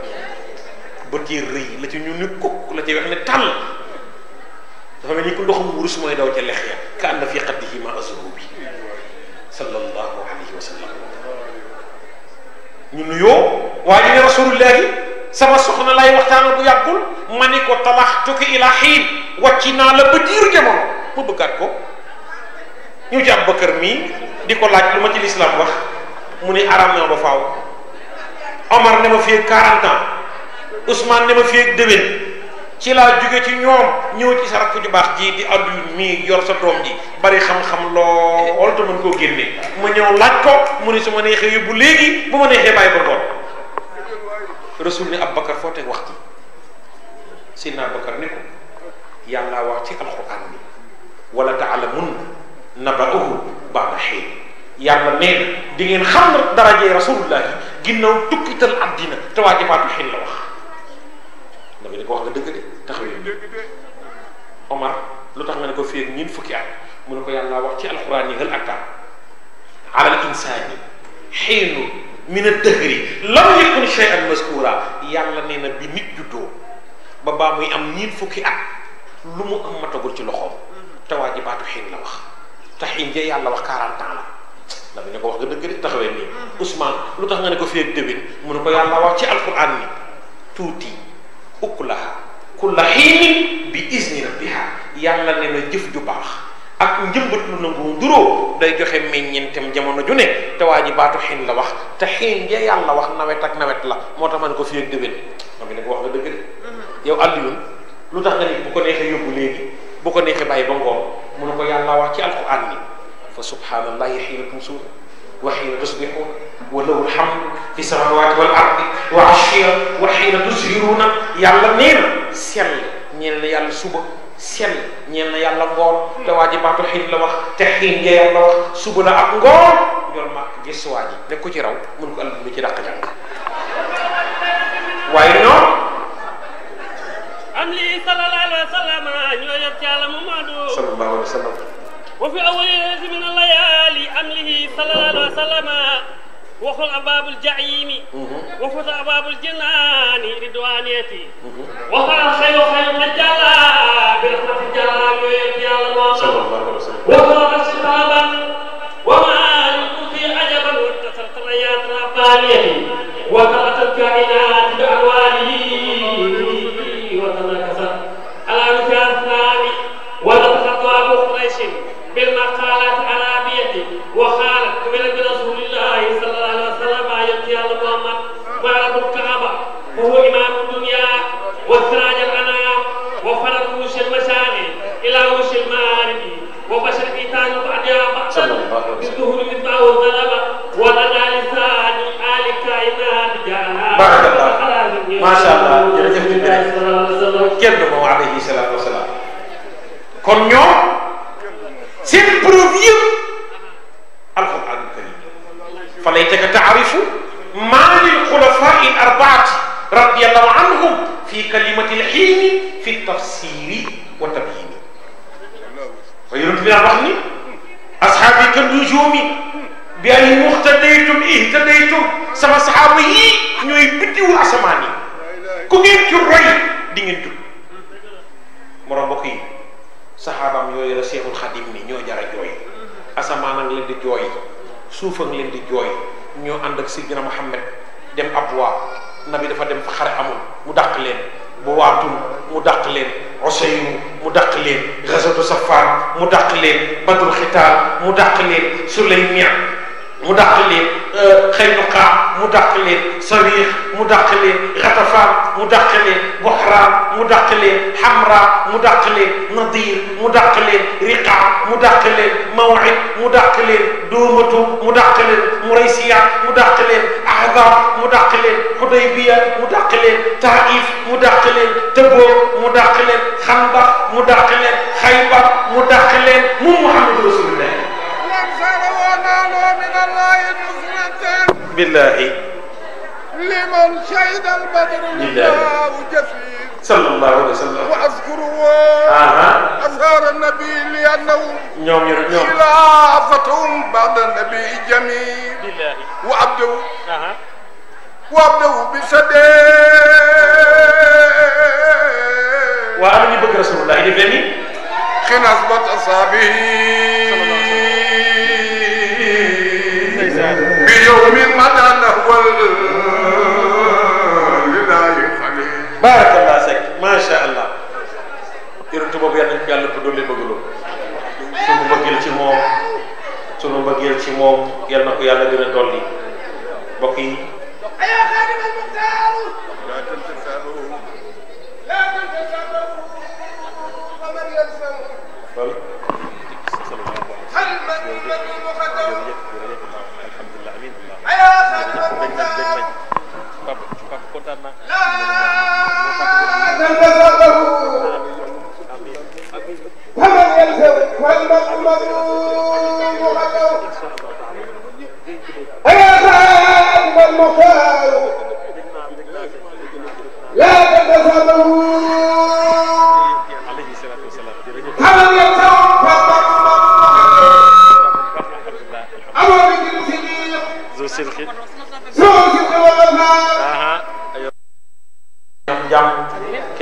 bët yi rëy la ci ñu ni kukk la ci wax ne tàll dafa mel ni ku ndoxum wurus mooy daw ca lex ka ànd fi xaddihi ma azrubi sallallahu alayhi wa sallam ñu nuyoo waa ñu ne rasulullahi sama soxna lay waxtaana bu yàggul ma ni ko talaxtuki ila xiin wàcci naa la ba diiru jamono ma bëggaat ko ñu jàpp ba kër mii di ko laaj lu ma ci lislaam wax mu ni aram na ba faaw Omar ne ma fii 40 ans Ousmane ne ma fii ci la jóge ci ñoom ñew ci sa rakku ju bax ji di addu mi yor sa doom ji bari xam-xam lool te mën ko génne ma ñew laaj ko mu ni suma ma neexee yóbbu léegi bu ma neexee bàyyi ba ngoon rasul ni abbakar foo teg wax ji sidna abbakar ne ko yàlla wax ci alquran ni wala taalamun naba'uhu ba'da xiin yàlla nee di ngeen xam dara rasulullah ginnaaw tukkital àddina te waa la wax ñu ne ko wax nga dëgg de taxaw Omar lu tax nga ne ko fii ak ñun fukki at mu ne ko yàlla wax ci alxuraan yi hal ata ala al insaani na bi ba baa muy am ñiin fukki at lu mu am matagul ci loxoom mm-hmm. te ji baatu xiin la wax te xiin yàlla wax 40 ans la ko wax nga dëgg de taxawee mm-hmm. lu tax nga ne ko fii ak mu ne ko yàlla wax ci alxuraan ni tuuti ku la la kulla xiinin bi izni rabbiha yàlla ne na jëf ju baax ak njëmbat lu nangu duróo day joxe meññeentem jamono ju ne te waa ji baatu xiin la wax te xiin ya yàlla wax nawet ak nawet la moo tax man ko fi ak déwén xam ne ko wax nga dëgg de mhm. yow Alioune lu tax nga ni bu ko neexee yóbbu léegi bu ko neexee bàyyi ba ngoon mu ne ko yàlla wax ci alquran ni fa subhanallahi xiina tum suura وحين تصبحون وله الحمد في السماوات والارض وعشيا وحين تسهرون yàlla nee na sell ñeel na yàlla suba sell ñeel na yàlla ngoon te waa ji baatu xiin la wax te xiin nga yàlla wax suba la ak ngoon ñool màkk gis waa ji ne ko ci raw mun ko ëllëg lu ci dàq jàng waaye noonu am li sallallahu alayhi wa sallam ñu la jot ci yàlla mu madu sallallahu alayhi wa sallam وفي أول ليلة من الليالي أمله صلى الله عليه وسلم وخل أباب الجعيم وفت أباب الجنان ردوانيتي وقال خير خير من جلا برحمة ويبني على الله وقال شتابا وما في عجبا واتصلت الآيات ربانيتي وقرأت الكائنات بأعوانه وقال من رسول الله صلى الله عليه وسلم يا الله محمد وعرب الكعبة وهو إمام الدنيا وسراج الأنام وفرد وش المشاري إلى وش المعارف وبشر إيتان الأدياء بعدا بالظهور مثله الظلمة ولنا لسان آل كائنات جاء بارك الله ما شاء الله jërëjëf kenn du moom alayhi salaatu wa salaam kon ñoom seen preuve yëpp فليتك تعرف ما للخلفاء الأربعة رضي الله عنهم في كلمة الحين في التفسير والتبيين فيرد من الرحم أصحابي كالنجوم بأن مختديتم اهتديتم سما صحابة يي نيوي بديو أسماني كوكين كروي دينين تب مرابقي صحابة يوي رسيخ الخديم نيو جارا جوي أسمانا لدي جوي suuf ak leen di jooy ñoo ànd ak Seydina Muhammad dem na bi dafa dem fa xare amul mu dàq leen bu waatul mu dàq leen Usayru mu dàq leen Ghazwatu Safar mu dàq leen Badul Xitaal mu dàq leen Sulaymia مدخلين خيمقا مدخلين صريخ مدخلين غطفان مدخلين بحرا مدخلين حمرا مدخلين نظير مدخلين رقع مدخلين موعد مدخلين دومتو مدخلين مريسيا مدخلين احزاب مدخلين حديبيه مدخلين تائف مدخلين تبو مدخلين خنبق مدخلين خيبر مدخلين مو محمد رسول الله بالله لمن شهد البدر لله جفير صلى الله عليه وسلم واذكروا آه. اثار النبي لانه نعم نعم خلافتهم بعد النبي جميل بالله وعبده اها وعبده بسد وعبده بك رسول الله صلى الله عليه وسلم ومن مدى نحو لله خليل بارك الله سك ما شاء الله يرنت بوب يانا يالا كو دولي بغلو سونو بغيل سي موم سونو بغيل سي موم يالا نكو يالا غنا دولي بوكي ايا خادم المختار لا تنتسبوا لا تنتسبوا فمن يلزم هل من من مختار لا تتسامحوا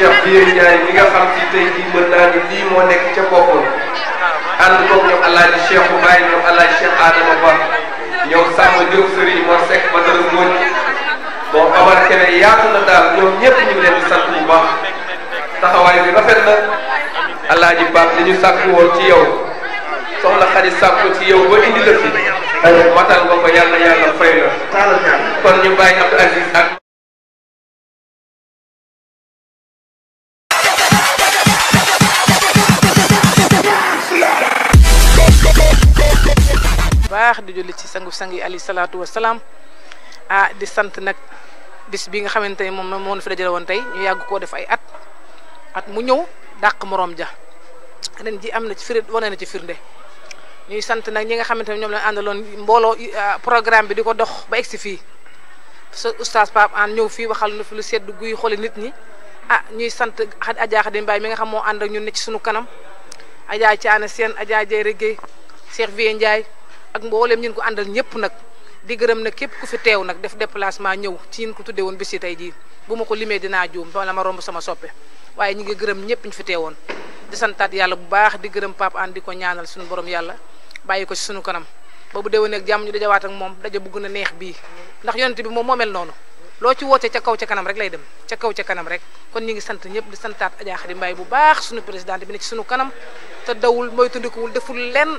Cheikh Biir Ndiaye mi nga xam si tey jii naa ni lii moo nekk ca boppam ànd koog ñoom alaaji Cheikh Baye ñoom alaaji Cheikh Adama Ba ñoom Samba Diop Serigne Mor ba dara mooñ moom Amar Kébé yaatu na daal ñoom ñëpp ñu ngi leen di sant bu baax taxawaay bi rafet na alaaji Pape li ñu sàkku woon ci yow soxla xarit sàkku ci yow ba indi la fi matal nga ko yàlla yàlla fay la kon ñu bàyyi Abdou Aziz ak baax di julli ci sangu sangi ali salatu wassalam a ah di sant nak bis bi nga xamanteni mom mo fi dajal won tay ñu yag ko def ay at at mu ñew dak morom ja dañ ji amna na ci firit wane na ci firnde ñuy sant nak ñi nga xamanteni ñom la andalon mbolo programme bi diko dox ba exi fi so oustaz pap an ñew fi waxal na fi lu sedd guy nit ñi ah ñuy sant Adja hadin bay mi nga xam mo and ak ñun ne ci sunu kanam Adja Thiané sen Adja jey Cheikh vie ndjay ak mboolem ñun ko andal ñepp nak di gërëm nag képp ku fi tew nak def déplacement ñew ci ñun ko tuddee woon bési tey jii bu ma ko limee dinaa juum wala ma romb sama soppe waye ñi ngi gërëm ñepp ñu fi teewoon di santat yalla bu baax di gërëm pap and di ko ñaanal suñu borom yalla bàyyi ko ci suñu kanam ba bu déwénee ak jàmm ñu dajawaat ak mom daja bu na neex bi ndax yonent bi mom mo mel nonu lo ci wote ca kaw ca kanam rek lay dem ca kaw ca kanam rek kon ñi ngi sant ñepp di santat Adja Khady Mbaye bu baax suñu président bi ne ci suñu kanam te dawul wul deful len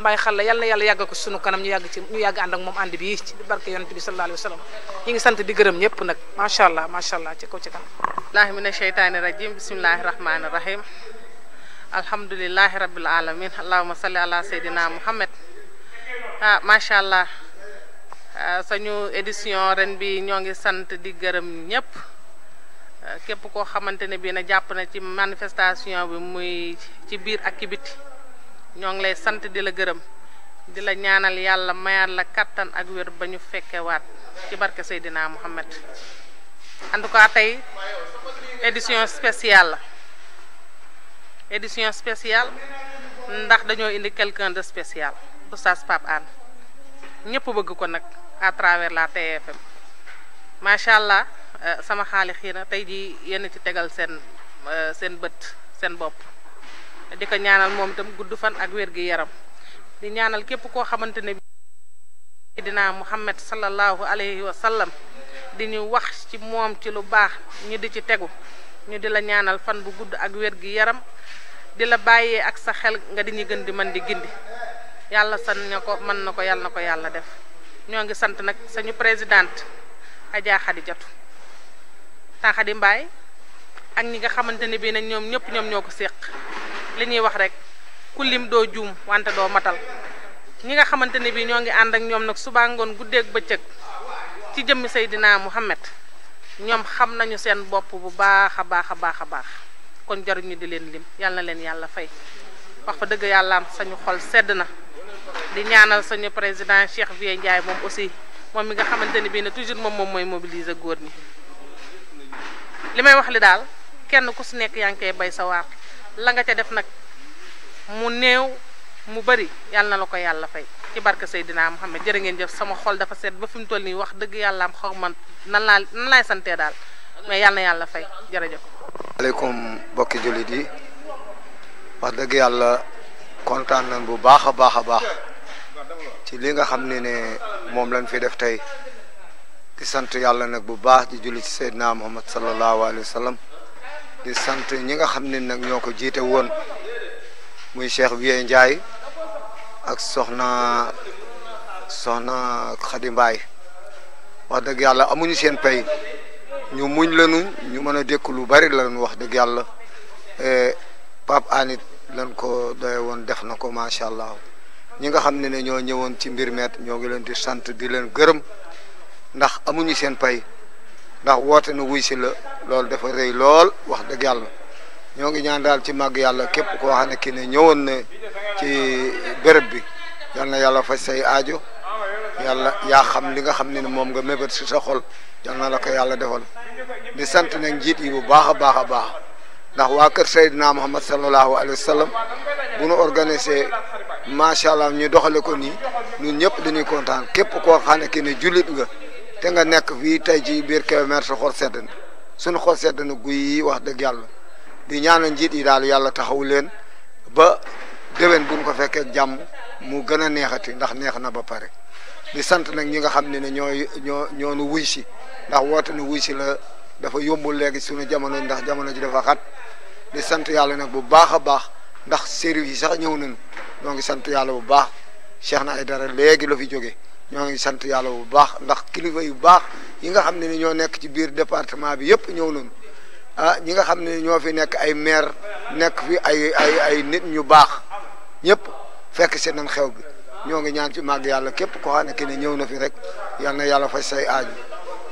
may xalla yalla yalla yàlla yàgg ko sunu kanam ñu yag ci ñu yag and ak mom and bi ci barke yonent bi sallallahu alayhi wasallam sallam ñi ngi sante di ñepp nak ma sha allah sha allah ci ko ci kanam lahi rajim bismillahir rahmanir rahim alhamdulillahi rabbil alamin allahumma salli ala sayidina muhammad ah sha allah ah, sañu édition ren bi ñoo ngi sant di gëreem ñepp ah, képp ko xamantene bi na japp na ci manifestation bi muy ci biir akibiti ñong lay sante di la gërëm di la ñaanal yàlla mayal la kattan ak wér bañu waat ci barke sayidina Muhammad en tout cas tey édition spéciale la édition spéciale ndax dañoo indi quelqu'un de spécial oustaz Pape an ñëpp bëgg ko nag à travers la TFM macha allah euh, sama xaalix yi na tey ji yenn ci tegal seen euh, seen bët seen bopp di ñaanal mom tam guddu fan ak yaram di ñaanal képp ko xamantene dina muhammad sallallahu alaihi wasallam di ñu wax ci mom ci lu baax ñu di ci tegu ñu di la ñaanal fan bu gudd ak yaram di la bàyyee ak sa xel nga di ñi gën di man di gindi yalla san ñako ko nako yalla nako yalla def ñoo ngi sant nak sañu présidente Adja khadijatu ta Taa Khady ak ñi nga xamante bi nak ñom ñoom ñom ñoko ñoo li ñuy wax rek ku lim doo juum wante matal ñi nga xamante bi ñoo ngi and ak ñom nak suba ngoon guddeeg bëccëg ci jëm sayidina Muhammad ñom xam nañu seen bop bu baaxa baaxa baaxa baax kon jaru kon di leen lim yalla na leen yalla fay wax fa dëgg am sañu xol sedd na di ñaanal sañu président Cheikh vie ndjay mom aussi mom mi nga xamante bi na toujours mom mom moy mobiliser goor ñi limay wax li dal kenn ku su nekk bay sa la nga ca def nag mu néew mu bari yàlla na la ko yàlla fay ci barke Seydina Muhammad jërë ngeen jëf sama xol dafa seet ba fi mu toll nii wax dëgg yàlla am xaw man nan laa nan laay santee daal mais yàlla fay jërëjëf. mbokki jullit yi wax dëgg yàlla kontaan nañ bu baax a baax a baax ci li nga xam ne ne moom lañ fi def tey di sant yàlla nag bu baax di julli ci Seydina Muhammad sallallahu alayhi wa sallam di sant ñi nga xam ne nag ñoo ko jiite woon muy Cheikh Vieux Ndiaye ak soxna soxna xadi Mbaye wax dëgg yàlla amuñu seen pay ñu muñ lanu ñu mën a dékk lu bari lañu wax dëgg yàlla e, Pape Anit lan ko doye woon def na ko macha allah ñi nga xam ne ne ñoo ñëwoon ci mbir meet ñoo ngi leen di sant di leen gërëm ndax amuñu seen pay ndax woote na wuy si la loolu dafa rëy lool wax dëgg yàlla ñoo ngi ñaan daal ci màgg yàlla képp ko xam ne kii na ci béréb bi yal na yàlla fa say aajo yàlla yaa xam li nga xam ni ne moom nga mébét si sa xol yal na la ko yàlla defal di sant nag njiit yi bu baax a baax a baax ndax waa kër Seydina Muhammad sallallahu alayhi wa sallam bu nu organisé macha allah ñu doxale ko nii ñun ñëpp dañuy kontaan képp koo xam ne kii nga. te nga nekk fii tey ci biir Kébémer su xol sedd na suñu xol sedd na guy wax dëgg yàlla di ñaanal njiit yi daal yàlla taxaw leen ba déwén buñ ko fekkee jàmm mu gën a neexati ndax neex na ba pare di sant nag ñi nga xam ne ne ñooy ñoo ñoonu wuy si ndax woote ne wuy si la dafa yombul léegi suñu jamono ndax jamono ji dafa xat di sant yàlla nag bu baax a baax ndax service yi sax ñëw nañu ñoo ngi sant yàlla bu baax Cheikh na ay dara léegi la fi jóge ñoo ngi sant yàlla bu baax ndax kilifa yu baax yi nga xam ne ni ñoo nekk ci biir département bi yëpp ñëw nañu ah ñi nga xam ne ñoo fi nekk ay maire nekk fi ay ay ay nit ñu baax ñëpp fekk seen nañ xew bi ñoo ngi ñaan ci màgg yàlla képp ko xam ne ki ne ñëw na fi rek yal na yàlla fay say aaju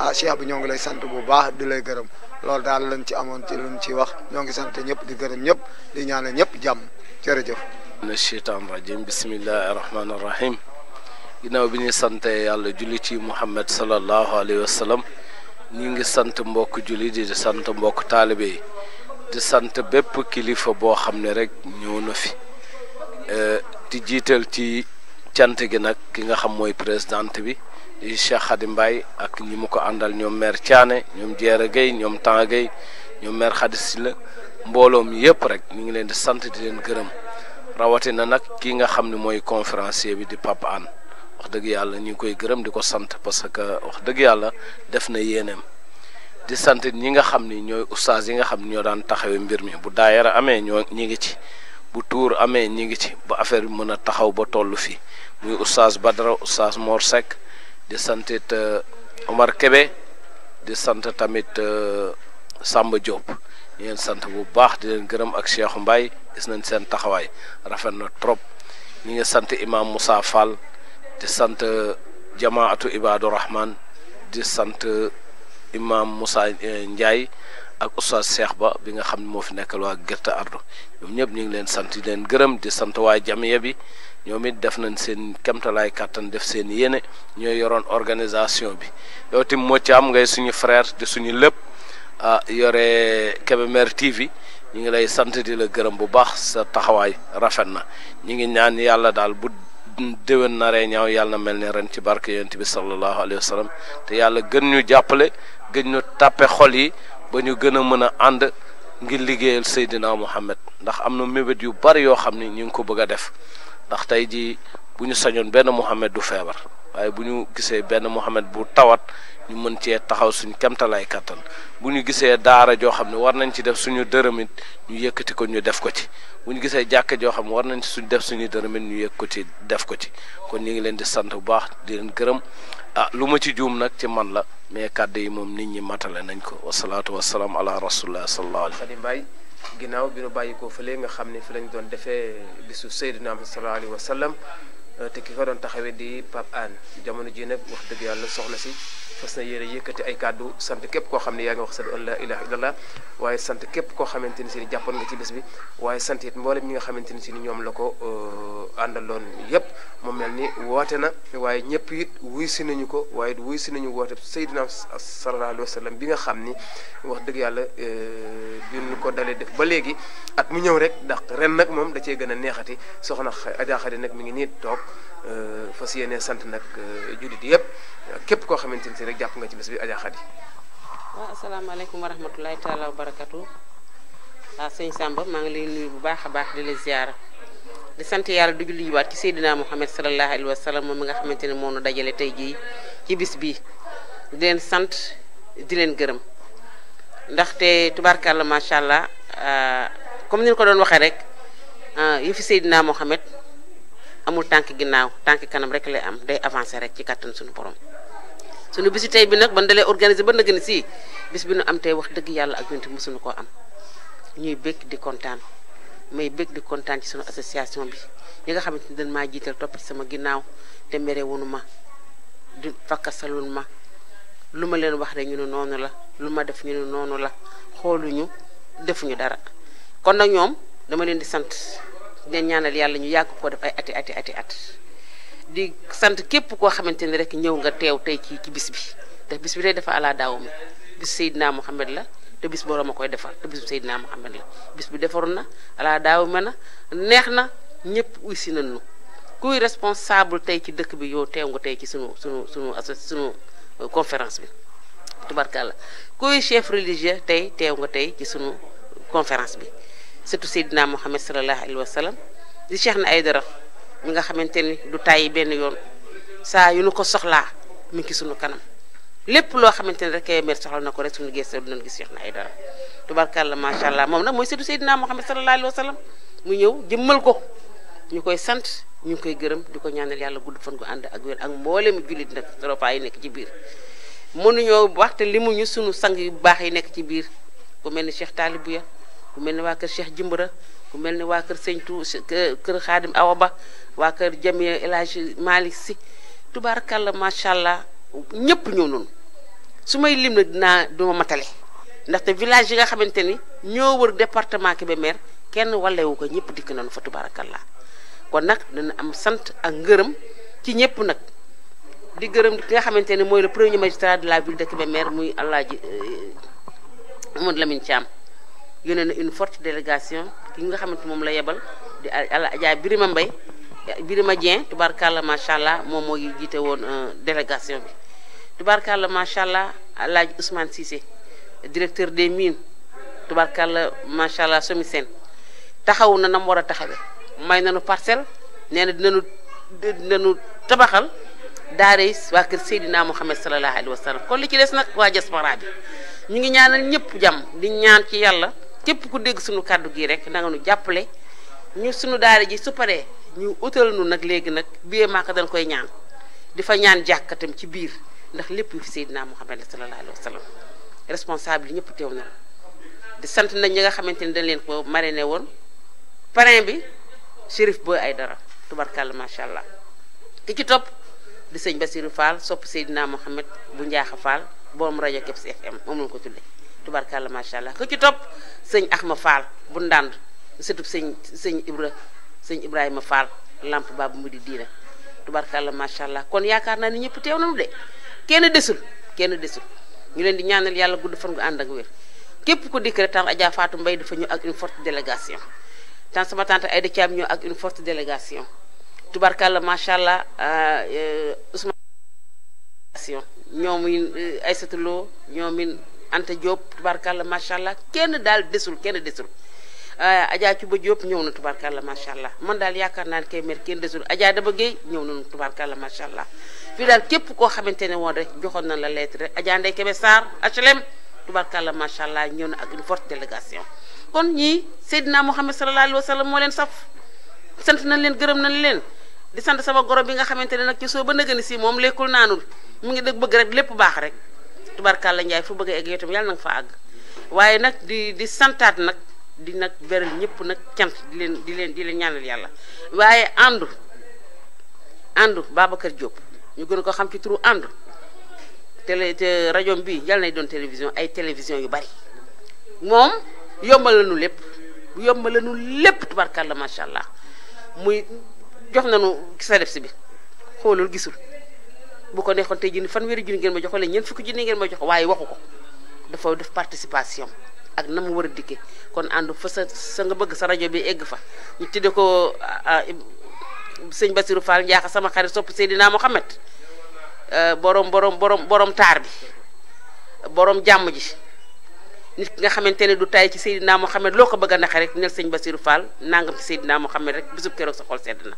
ah cheikh bi ñoo ngi lay sant bu baax di lay gërëm loolu daal lañ ci amoon ci luñ ci wax ñoo ngi sant ñëpp di gërëm ñëpp di ñaanal ñëpp jàmm jërëjëf. na cheikh rajim bismillahi rahmaani rahim ginaaw bi ñu santee yàlla julli ci Muhammad sallallahu alayhi wa sallam ñi ngi sant mbokk julli di sant mbokk taalibe yi di sant bépp kilifa boo xam ne rek ñëw na fi eh, di jiital ci cant gi nag ki nga xam mooy présidente bi di Cheikh Khady ak ñi mu ko àndal ñoom maire Thiané ñoom Diera Gueye ñoom temps Gueye ñoom maire Khady la mbooloo mi yëpp rek ñu ngi leen di sant di leen gërëm rawatina nag ki nga xam ne mooy conférencier bi di Pape Anne wax dëgg yàlla ñu ngi koy gërëm di ko sant parce que wax dëgg yàlla def na yéeneem di sant ñi nga xam ni ñooy ustaas yi nga xam ñoo daan taxawee mbir mi bu daayara amee ñoo ñi ngi ci bu tuur amee ñi ngi ci ba affaire mën a taxaw ba toll fii muy ustaas Badara usage Mor Seck di santit euh, Omar kebe di sant tamit euh, Samba Diop di leen sant bu baax di leen gërëm ak Cheikh Mbaye gis nañ seen taxawaay rafet na trop ñi ngi sant imaam Moussa Fall di sant atu Ibadu Rahman di sant imam Moussa eh, Ndiaye ak oustaz Cheikh Ba bi nga xam ne moo fi nekkal waa Gerte Ardo ñoom ñëpp ñu ngi leen sant di leen gërëm di sant waa jamiya bi ñoom it def nañ seen kemtalaay kàttan def seen yéene ñoo yoroon organisation bi yow tim moo ci am ngay suñu frère di suñu lépp ah yore Kebemer TV ñu ngi lay sant di la gërëm bu baax sa taxawaay rafet na ñu ngi ñaan yàlla daal déwén naree ñaaw yàlla na mel ni ren ci barke yonent bi sallallahu alayhi wa sallam te yàlla gën ñu jàppale gën ñu tàppe xol yi ba ñu gën a mën a ànd ngir liggéeyal Seydina Muhammad ndax am na mébét yu bari yoo xam ni ñu ngi ko bëgg a def ndax tey jii bu ñu sañoon benn Muhammad du feebar waaye bu ñu gisee benn Muhammad bu tawat ñu mën cee taxaw suñ kemtalaay kattan bu ñu gisee daara joo xam ne war nañ ci def suñu dërëmit ñu yëkkati ko ñu def ko ci bu ñu gisee jàkk joo xam ne war nañ ci suñ def suñu dërëmit ñu yëkk ko ci def ko ci kon ñu ngi leen di sant bu baax di leen gërëm ah lu ma ci juum nag ci man la mais kàdd yi moom nit ñi matale nañ ko wasalaatu wasalaam ala rasulillah sallallahu alayhi Xadim Mbaye ginnaaw bi nu bàyyi ko fële nga xam ne fi lañ doon defee bisu Seydina Muhammad sallallahu alayhi Euh, te ki ko doon taxawee di Pape Anne jamono ji nag wax dëgg yàlla soxna si fas na yéene yëkkati ay kàddu sant képp koo xam ne yaa ngi wax sadu an la ilaha illallah waaye sant képp koo xamante ni si ni jàppoon nga ci bés bi waaye sant it mboolem ñi nga xamante ni si ni ñoom la ko euh, àndaloon yépp moom mel ni woote na waaye ñëpp it wuy si nañu ko waaye it wuy si nañu woote Seydina sallallahu alayhi wa sallam bi nga xam ni wax dëgg yàlla duñu euh, ko dalee def ba léegi at mu ñëw rek ndax ren nag moom da cee gën a neexati soxna Adja Khady nag mi ngi nii toog Euh, fas yéene sant nag euh, jullit yëpp képp koo xamante ni rek jàpp nga ci bés bi Adja Khady. waaw asalaamaaleykum wa rahmatulahi taala wa barakatu waaw ah, sëñ Samba maa ngi leen nuyu bu baax a baax di la ziara di sant yàlla du julli waat ci Seydina Muhammad sallallahu alayhi wa sallam moom mi nga xamante ne moo nu dajale tey jii ci bis bii di leen sant di leen gërëm ndaxte la macha allah ah, comme ni ñu ko doon waxee rek ah, yëfi Seydina Muhammad amul tànk ginnaaw tànk kanam rek lay am day avancer rek ci kàttan suñu borom suñu bisu tey bi nag ban dalee organiser ba nag ni si bis bi nu am te wax dëgg yàlla ak yonte mosuñu koo am ñuy bëgg di kontaan may bëgg di kontaan ci suñu association bi ñi nga xamante ni dañ maa jiital topp ci sama ginnaaw te mere wunu ma di fakkasalun ma lu ma leen wax rek ñu ne noonu la lu ma def ñu ne noonu la xooluñu defuñu dara kon nag ñoom dama leen di sant di ñaanal yàlla ñu yàgg koo def ay ati ati ati at di sant képp koo xamante ni rek ñëw nga teew tey ci ci bis bi te bis bi tey dafa ala daaw mi bis la te bis borom a koy defar te bis Seydina Mohamed la bis bi defaru na ala daaw mi na neex na ñëpp uy si nu kuy responsable tey ci dëkk bi yow teew nga tey ci sunu sunu sunu sunu euh, conférence bi tubarkalla kuy chef religieux tey teew nga tey ci sunu conférence bi surtout Seydina Muhammad sallallahu alayhi wa sallam di Cheikh na Aydara mi nga xamante ni du tàyyi benn yoon saa yu nu ko soxlaa mi ngi suñu kanam lépp loo xamante ni rek Kébémer soxla na ko rek suñu gëstu dinañ gis seex na Aydara la macha allah moom nag mooy surtout Seydina Muhammad sallallahu alayhi wa sallam mu ñëw jëmmal ko ñu koy sant ñu ngi koy gërëm di ko ñaanal yàlla gudd fan gu ànd ak wér ak mboolem jullit nag tropaa yi nekk ci biir mënuñoo wax te limuñu sunu sang yu baax yi nekk ci biir ku mel ni Cheikh Talibouya ku mel ni waa kër Cheikh Jimbira ku mel ni waa kër Sëñ Tou kër Xaadim Awa waa kër Jamia El Hadj Malick Sy tubaarkàlla macha allah ñëpp ñëw noonu su may lim nag dinaa duma matale ndaxte village yi nga xamante ni ñoo wër département Kébémer kenn wallewu ko ñëpp dikk nañu fa tubaarkàlla kon nag dana am sant ak ngërëm ci ñëpp nag di gërëm ki nga xamante ni mooy le premier magistrat de la ville de Kébémer muy Alaaji euh, Mamadou Lamine Thiam yónnee na une forte délégation ki nga xamante moom la yebal di ala Adja Birima Mbaye Birima Dieng tubaarkàlla macha allah moom mooy jiite woon euh, délégation bi tubaarkàlla macha allah Alaaji Ousmane Cissé directeur des mines tubaarkàlla macha allah Somisen taxawu na nam war a taxawe may nañu parcelle nee na dina nu tabaxal daaray waa kër naa moo sallallahu alayhi wa sallam kon li ci des nag waa diaspora bi ñu ngi ñaanal ñëpp jàmm di ñaan ci yàlla. képp ku dégg suñu kàddu gi rek na nu jàppale ñu suñu daara ji su paree ñu utal nu nag léegi nag biyee Màkka dañ koy ñaan di fa ñaan jàkkatam ci biir ndax lépp yu fi Seydina Muhammad sallallahu alayhi wa sallam responsable yi ñëpp teew na di sant nañ ñi nga xamante ni dañ leen ko marraine woon parrain bi Chérif Boy Aïdara tubarkàlla macha allah ki ci topp di sëñ Basirou Fall sopp Seydina Mohamed bu Njaaxa Fall borom rajo Kebs FM moom lañ ko tuddee. tubarkalla macha allah ku ci topp sëñ Axma Fall bu ndànd surtout sëñ sëñ Ibra sëñ mu di diina tubarkalla macha allah kon yaakaar naa ni ñëpp teew nañu de kenn desul ñu leen di ñaanal yàlla gudd fan gu ànd ku dikk rek tant Adja Fatou Mbaye dafa ñëw ak une forte délégation tant sama tante Aïda Thiam ñëw ak une forte délégation euh, euh, ñoomin euh, Aïssatou Lo ñoomin Anta Diop tubarkalla macha allah kenn daal desul kenn desul. Euh, Adja Cuba Diop ñëw na la macha allah man daal yaakaar naa ne kay kenn desul Adja Daba Gueye ñëw na la macha allah fii daal képp koo xamante ne woon rek joxoon na la lettre rek Adja Ndeye a Sarr HLM tubarkalla macha allah ñëw na ak une forte délégation. kon ñii Seydina Mohamed sallallahu alayhi wa sallam moo leen saf sant nañ leen gërëm na leen di sant sama goro bi nga xamante ne nag ci soo ba nëgëni si moom lekkul naanul mu ngi dëgg bëgg rek lépp baax rek. tubarkàlla Njaay fu bëgg a egg yow itam fa àgg waaye nag di di santaat nag di nag beral ñëpp nag cant di leen di leen yàlla waaye àndu àndu Babacar Diop ñu gën ko xam ci turu àndu télé te rajo bi yàlla nay doon télévision ay télévision yu bari moom yombal nañu lépp yombal nañu lépp tubarkàlla macha allah muy jox nañu sa def si bi xoolul gisul. bu ko neexoon tey jii fanweeri junni ngeen ma jox wala ñeent fukki junni ngeen ma jox waaye waxu ko dafa def participation ak na mu war a dikkee kon ànd fa sa nga bëgg sa rajo bi egg fa ñu de ko sëñ Basirou Fall Ndiakha sama xarit sopp Seydina Mohamed euh, borom borom borom borom taar bi borom jàmm ji nit ki nga xamante ne du tay ci Seydina Mohamed loo ko bëgg a naxe rek nel sëñ Basirou Fall nangam ci Seydina Mohamed rek bisub keroog sa xol sedd na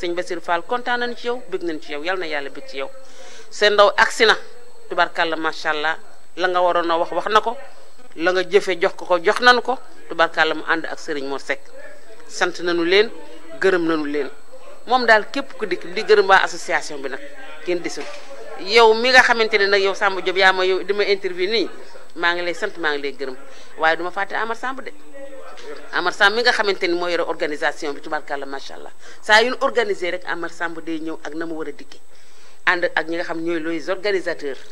sëñ Basir Fall kontaan nañ ci yow bëgg nañ ci yow yal na yàlla bëgg ci yow seen ndaw agsi na tubarkalla macha allah la nga waroon a wax wax na ko la nga jëfe jox ko ko jox nañu ko la mu ànd ak sëriñ moo sekk sant na nañu leen gërëm nañu leen moom daal képp ku dikk di gërëm waa association bi nag kenn desul yow mi nga xamante ne nag yow Samba Diop yaa ma yow di ma interview nii maa ngi lay sant maa ngi lay gërëm waaye duma fàtte Amar Samb Amar Samb mi nga xamante ni moo yore organisation bi la macha allah saa yu ñu organisé rek Amar Samb day ñëw ak na mu war a dikkee ànd ak ñi nga xam ñooy les organisateurs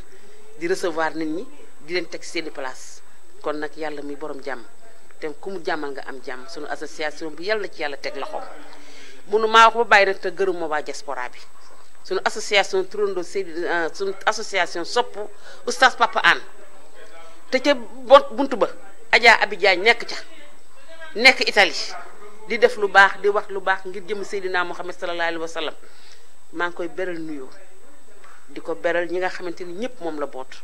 di recevoir nit ñi di leen teg seeni place kon nag yàlla mi borom jàmm te ku mu jàmmal nga am jàmm sunu association bi yàlla ci yàlla teg loxoom munu maa wax ba bàyyi nag te gërëmoo waa diaspora bi sunu association turandoo Seydi euh, sunu association sopp oustaz Papa Anne te ca ba Adja Abi nekk ca. nekk Italie di def lu baax di wax lu baax ngir jëm Seydina Muhammad sallallahu alayhi wa sallam maa ngi koy beral nuyoo di ko beral ñi nga xamante ni ñëpp moom la boot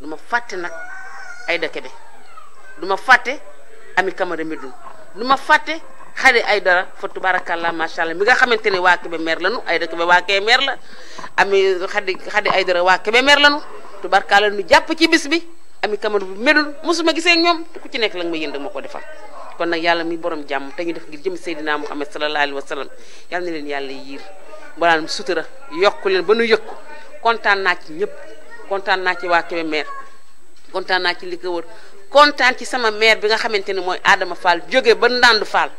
du ma fàtte nag Aïda Kébé du ma fàtte Ami Camara Médoune du ma fàtte xale ay dara fa tubaarakàllaa macha allah mi nga xamante ni waa Kébé meer lanu Aïda Kébé waa Kébé meer la ami xadi xadi ay dara waa Kébé meer lanu tubaarkàlla nu jàpp ci bis bi Ami Camara Médoune mosuma gisee ak ñoom ku ci nekk la nga ma yënd ma ko defal. kon nag yàlla muy borom jàmm te ñu def ngir jëm Seydina Muhammad sallallahu alayhi wa sallam yàlla na leen yàlla yiir mbalaanum sutura yokku leen ba nu yëg kontaan naa ñëpp kontaan naa ci waa Kébémer kontaan naa ci li ko wër kontaan ci sama maire bi nga xamante ne mooy Adama Fall jóge ba Ndande Fall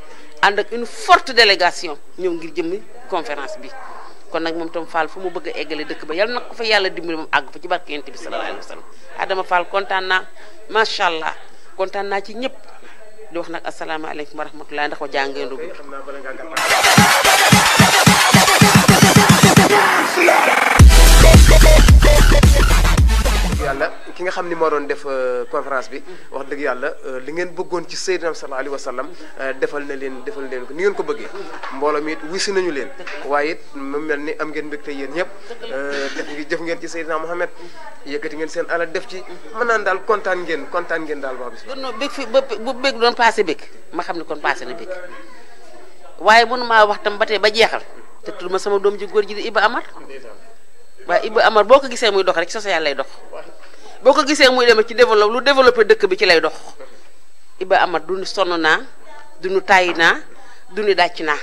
ànd ak une forte délégation ñëw ngir jëmmi conférence bi kon nag moom tam Fall fu mu bëgg a eggale dëkk ba yàlla na fa yàlla dimbali moom àgg fa ci barke Yonent bi sallallahu Adama Fall kontaan naa allah kontaan ci ñëpp. di wax nag asalaamaaleykum wa rahmatulah ndax wa jàngeen dugg bi yàlla ki nga ni moo doon def euh, conférence bi wax lingin yàlla euh, li ngeen bëggoon ci Seydina sallallahu euh, defal na leen defal leen ni ngeen ko bëggee mbooloo mi it wisi nañu leen waaye it mu mel ni am ngeen mbégte yéen ñëpp def ngi jëf ngeen ci Seydina Mohamed yëkkati ngeen seen alal def ci mën naan daal kontaan ngeen kontaan ngeen daal wax bis non bég fi bu doon passé ma xam kon passé na bég waaye wax tam ba te sama doom ji góor ji di Iba Amar Iba Amar boo ko gisee muy dox rek lay dox boo ko gisee muy demee ci développe lu développé dëkk bi ci lay dox Iba Amar du ñu sonn naa du ñu tàyyi naa du ñu dàcc naa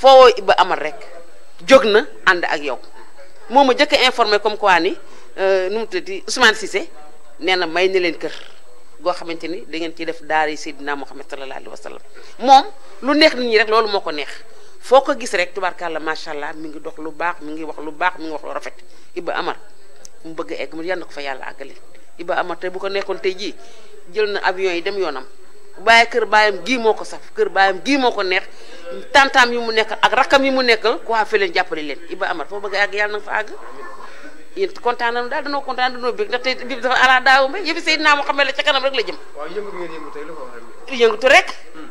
foo woo Iba Amar rek jóg na ànd ak yow moom a jëkk informé comme quoi ni euh, nu mu di Ousmane Cissé nee na may ni leen kër goo xamante ni da ngeen ciy def daara yi Seydina Muhammad sallallahu alayhi wa sallam moom lu neex nit ñi rek loolu moo ko neex foo ko gis rek tubaarkàlla macha allah mi ngi dox lu baax mi ngi wax lu baax mi ngi wax lu rafet Iba Amar. mu bëgg egg mu yal na ko fa yàlla àggale Iba Amar tey bu ko nekkoon tey jii jël na avion yi dem yoonam bàyyi kër baayam gii moo ko saf kër baayam gii moo ko neex tantaam yi mu nekk ak rakkam yi mu nekkal ku waa fi leen jàppale leen Iba Amar foo bëgg a àgg yàlla na fa àgg yéen kontaan nañu daal danoo kontaan danoo bég ndax tey bi dafa ala daaw ba yëfi Seydina la ca rek la jëm. yëngutu rek. Hmm.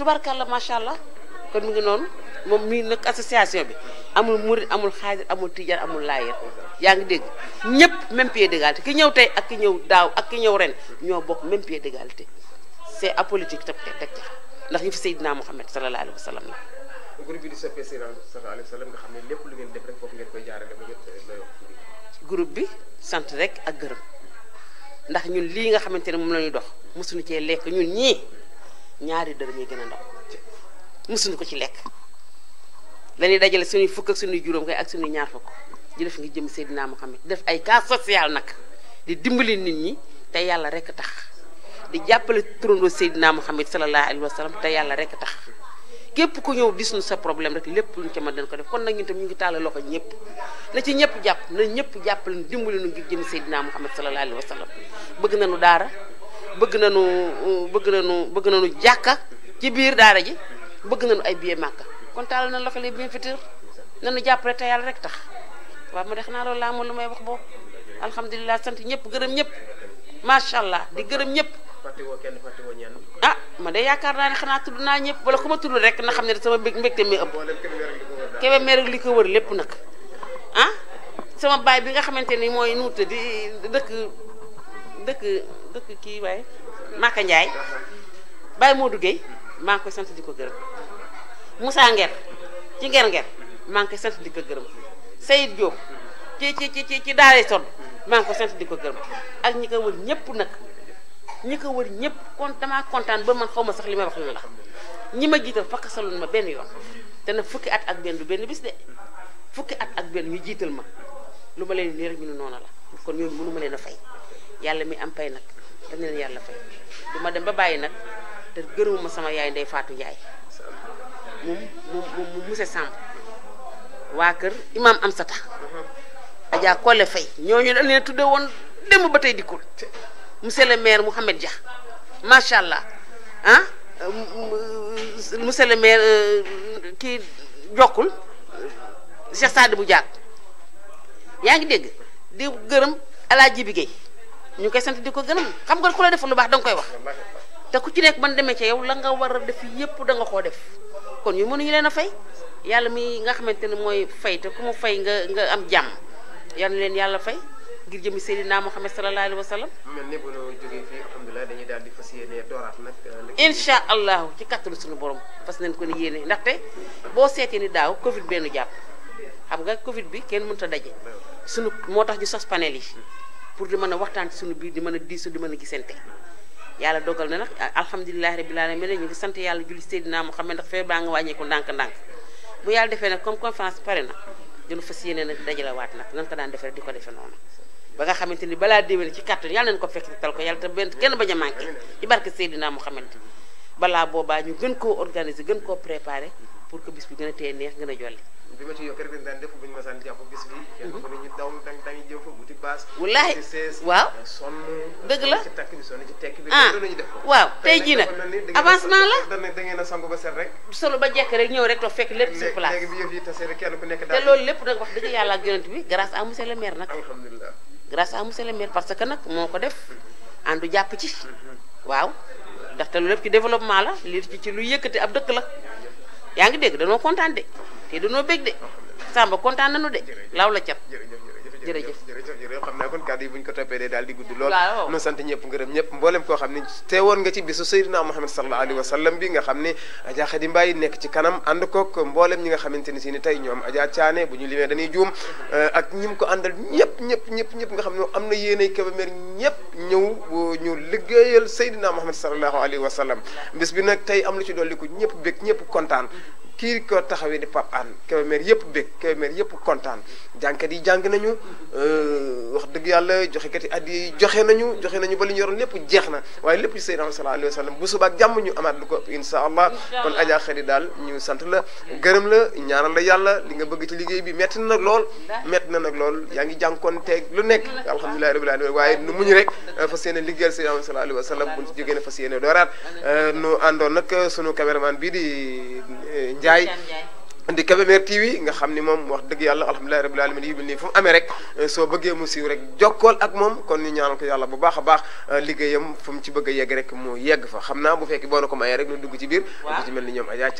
tubarkalla macha allah kon mu ngi noonu moom mii nag association bi amul murit amul xaadir amul tijaan amul laayeen yaa ngi dégg ñëpp même pied d'égalité ki ñëw tey ak ki ñëw daaw ak ki ñëw ren ñoo bokk même pied d'égalité c'est apolitique tam teg teg ndax ñu fi Seydina Muhammad sallallahu alayhi wa sallam la. groupe bi di soppee Seydina sallallahu alayhi wa xam ne lépp lu ngeen def rek foofu ngeen koy jaarale bi sant rek ak gërëm ndax ñun lii nga xamante ne moom lañuy ñuy dox mosuñu cee lekk ñun ñii. ñaari dërëm yi gën a ndaw mësuñu ko ci lekk dañuy dajale suñuy fukk ak suñuy juróom kay ak suñuy ñaar ko di def ngi jëm Seydina Muhammad def ay cas social nag di dimbali nit ñi te yàlla rek tax di jàppale turandoo Seydina Muhammad sallallahu alayhi wa sallam te yàlla rek tax képp ku ñëw dis nu sa problème rek lépp luñ ca mën dañ ko def kon nag ñun tam ñu ngi tàllal loxo ñëpp na ci ñëpp jàpp na ñëpp jàppale dimbali nu ngi jëm Seydina Muhammad sallallahu alayhi wa sallam bëgg nañu daara bëgg na nañu bëgg nañu bëgg na nañu jàkka ci biir daara ji bëgg nañu ay billet màkka kon taal na loxo les bienfaiteurs nañu jàppale te yàlla rek tax waaw ma dex naa loolu laa moom lu may wax boobu alhamdulilah sant ñëpp gërëm ñëpp macha allah di gërëm ñëpp. fàttewoo ah ma de yaakaar naa ne xanaa tudd naa ñëpp wala ku ma tudd rek na xam ne sama mbégte mi ëpp. Kébémer ak li ko wër lépp nag ah sama baay bi nga xamante ni mooy nuuta di dëkk dëkk. dëkk kii waaye Maka Ndiaye Baye moo duggee maa ngi koy sant di ko gërëm musaa Nger ci Nger Nger maa ngi koy sant di ko gërëm Seydou Diop ci ci ci ci ci maa ngi koy sant di ko gërëm ak ñi ko wër ñëpp nag ñi ko wër ñëpp kon damaa kontaan ba man xaw ma sax li ma wax lu la ñi ma jiital fakk salun ma benn yoon te nag fukki at ak benn du benn bis de fukki at ak benn ñu jiital ma lu ma leen nii ñu ne noonu la kon ñoom mënu ma leen a fay yàlla mi am pay nag. dañ leen yàlla fay duma dem ba bàyyi nag te gërëmuma sama yaay ndey Fatou Ndiaye moom moom moom monsieur Samb waa kër imaam Amsata Adja Kole Faye ñooñu dañ leen tudde woon démb ba tey dikkul monsieur le maire Mouhamed ja macha allah ah euh, monsieur le maire euh, kii jokkul Cheikh bu Diack yaa ngi dégg di gërëm El Hadj Bigué ñu koy sant di ko gërëm xam nga ku la defal lu baax danga koy wax te ku ci nekk ban demee ci yow la nga war a def yëpp danga xoo koo def kon ñu mënuñu leen a fay yàlla mi nga xamante ne mooy fay ku mu fay nga nga am jàmm yal leen yàlla fay ngir jëmi Seydina Muhammad sallallahu alayhi wa sallam. mel ni bu ñu jógee fii alhamdulilah dañuy daal di fas yéene dooraat euh, incha allahu ci kattanu suñu borom fas nañ ko ni yéene ndaxte boo seetee ni daaw Covid benn jàpp xam nga Covid bi kenn mënut a daje. suñu moo tax ñu sos panel yi. pour di mën a waxtaan ci suñu biir di mën a diisoo di mën a gisante yàlla dogal na nag alhamdulilah rabbil alamin ñu ngi sant yàlla julli Seydina Muhammad ndax feebar baa nga wàññeeku ndànk-ndànk bu yàlla defee nag comme conférence pare na dañu fas yéene nag dajalawaat nag ko daan defee di ko defee noonu ba nga xamante ni balaa déwén ci kàttan yàlla nañu ko fekk tal ko yàlla te benn kenn bañ a balaa boobaa ñu gën koo organiser gën koo préparer pour que bis bi gën a tee neex gën a jolli bi ma ci yokkee rek def buñu ma bis bi kenn daw tan tan wallahi waaw la ci ci bi ñu def waaw avancement la da sangu ba rek solo ba jekk rek ñëw rek toog fekk lépp sur place léegi bi yëf yi tasee rek kenn ku nekk daal te loolu lépp nag wax dëgg yàlla ak bi grâce à monsieur le maire nag alhamdulilah grâce à monsieur le maire parce que def ci waaw ci développement la ci lu ab dëkk la dégg te dañoo bég de Samba kontaan nañu de law la cat jërëjëf jërëjëf jërëjëf xam naa kon kàddu yi bu ñu ko toppee dee daal di gudd lool nu sant ñëpp ngërëm ñëpp mboolem koo xam ne teewoon nga ci bisu Seydina Muhammad sallallahu alayhi wa sallam bi nga xam ne Adja Khady Mbaye nekk ci kanam ànd kook mboolem ñi nga xamante ni si ni tey ñoom Adja Thiané bu ñu limee dañuy juum euh, ak ñi mu ko àndal ñëpp ñëpp ñëpp ñëpp nga xam ne am na yéenay Kébémer ñëpp ñëw euh, ñu liggéeyal Seydina Muhammad sallallahu alayhi wa sallam bis bi nag tey am lu ci dolliku ñëpp bég ñëpp kontaan kii ko taxawee di Pape Hann Kébémer yëpp bég Kébémer yëpp kontaan jànkat yi jàng euh, yàlla joxekat yi at yi joxe nañu joxe nañu ba li ñu jeex na waaye lépp ci Seydina sallallahu alayhi wa sallam bu subaak jàmm ñu amaat ko insha allah kon Adja daal ñu sant la gërëm la ñaanal la yàlla li nga bëgg ci liggéey bi metti na nag lool metti na nag lool yaa ngi jànkoon teeg lu nekk alhamdulillahi rabbil la waaye nu muñu rek euh, fas yéene liggéeyal Seydina sallallahu alayhi wa sallam buñ ci jógee ne fas yéene dooraat euh, nu nag sunu caméraman bii di Ndiaye di Kébémer TV nga xam ni moom wax dëgg yàlla alhamdulilahi rabbil alamin yu mel nii fu mu amee rek soo bëggee mu siiw rek jokkool ak moom kon ñu ñaanal ko yàlla bu baax baax liggéeyam fu mu ci bëgg yegg rek mu yegg fa xam bu fekkee boo na ko mayee rek nu dugg ci biir du ci mel ni ñoom Adja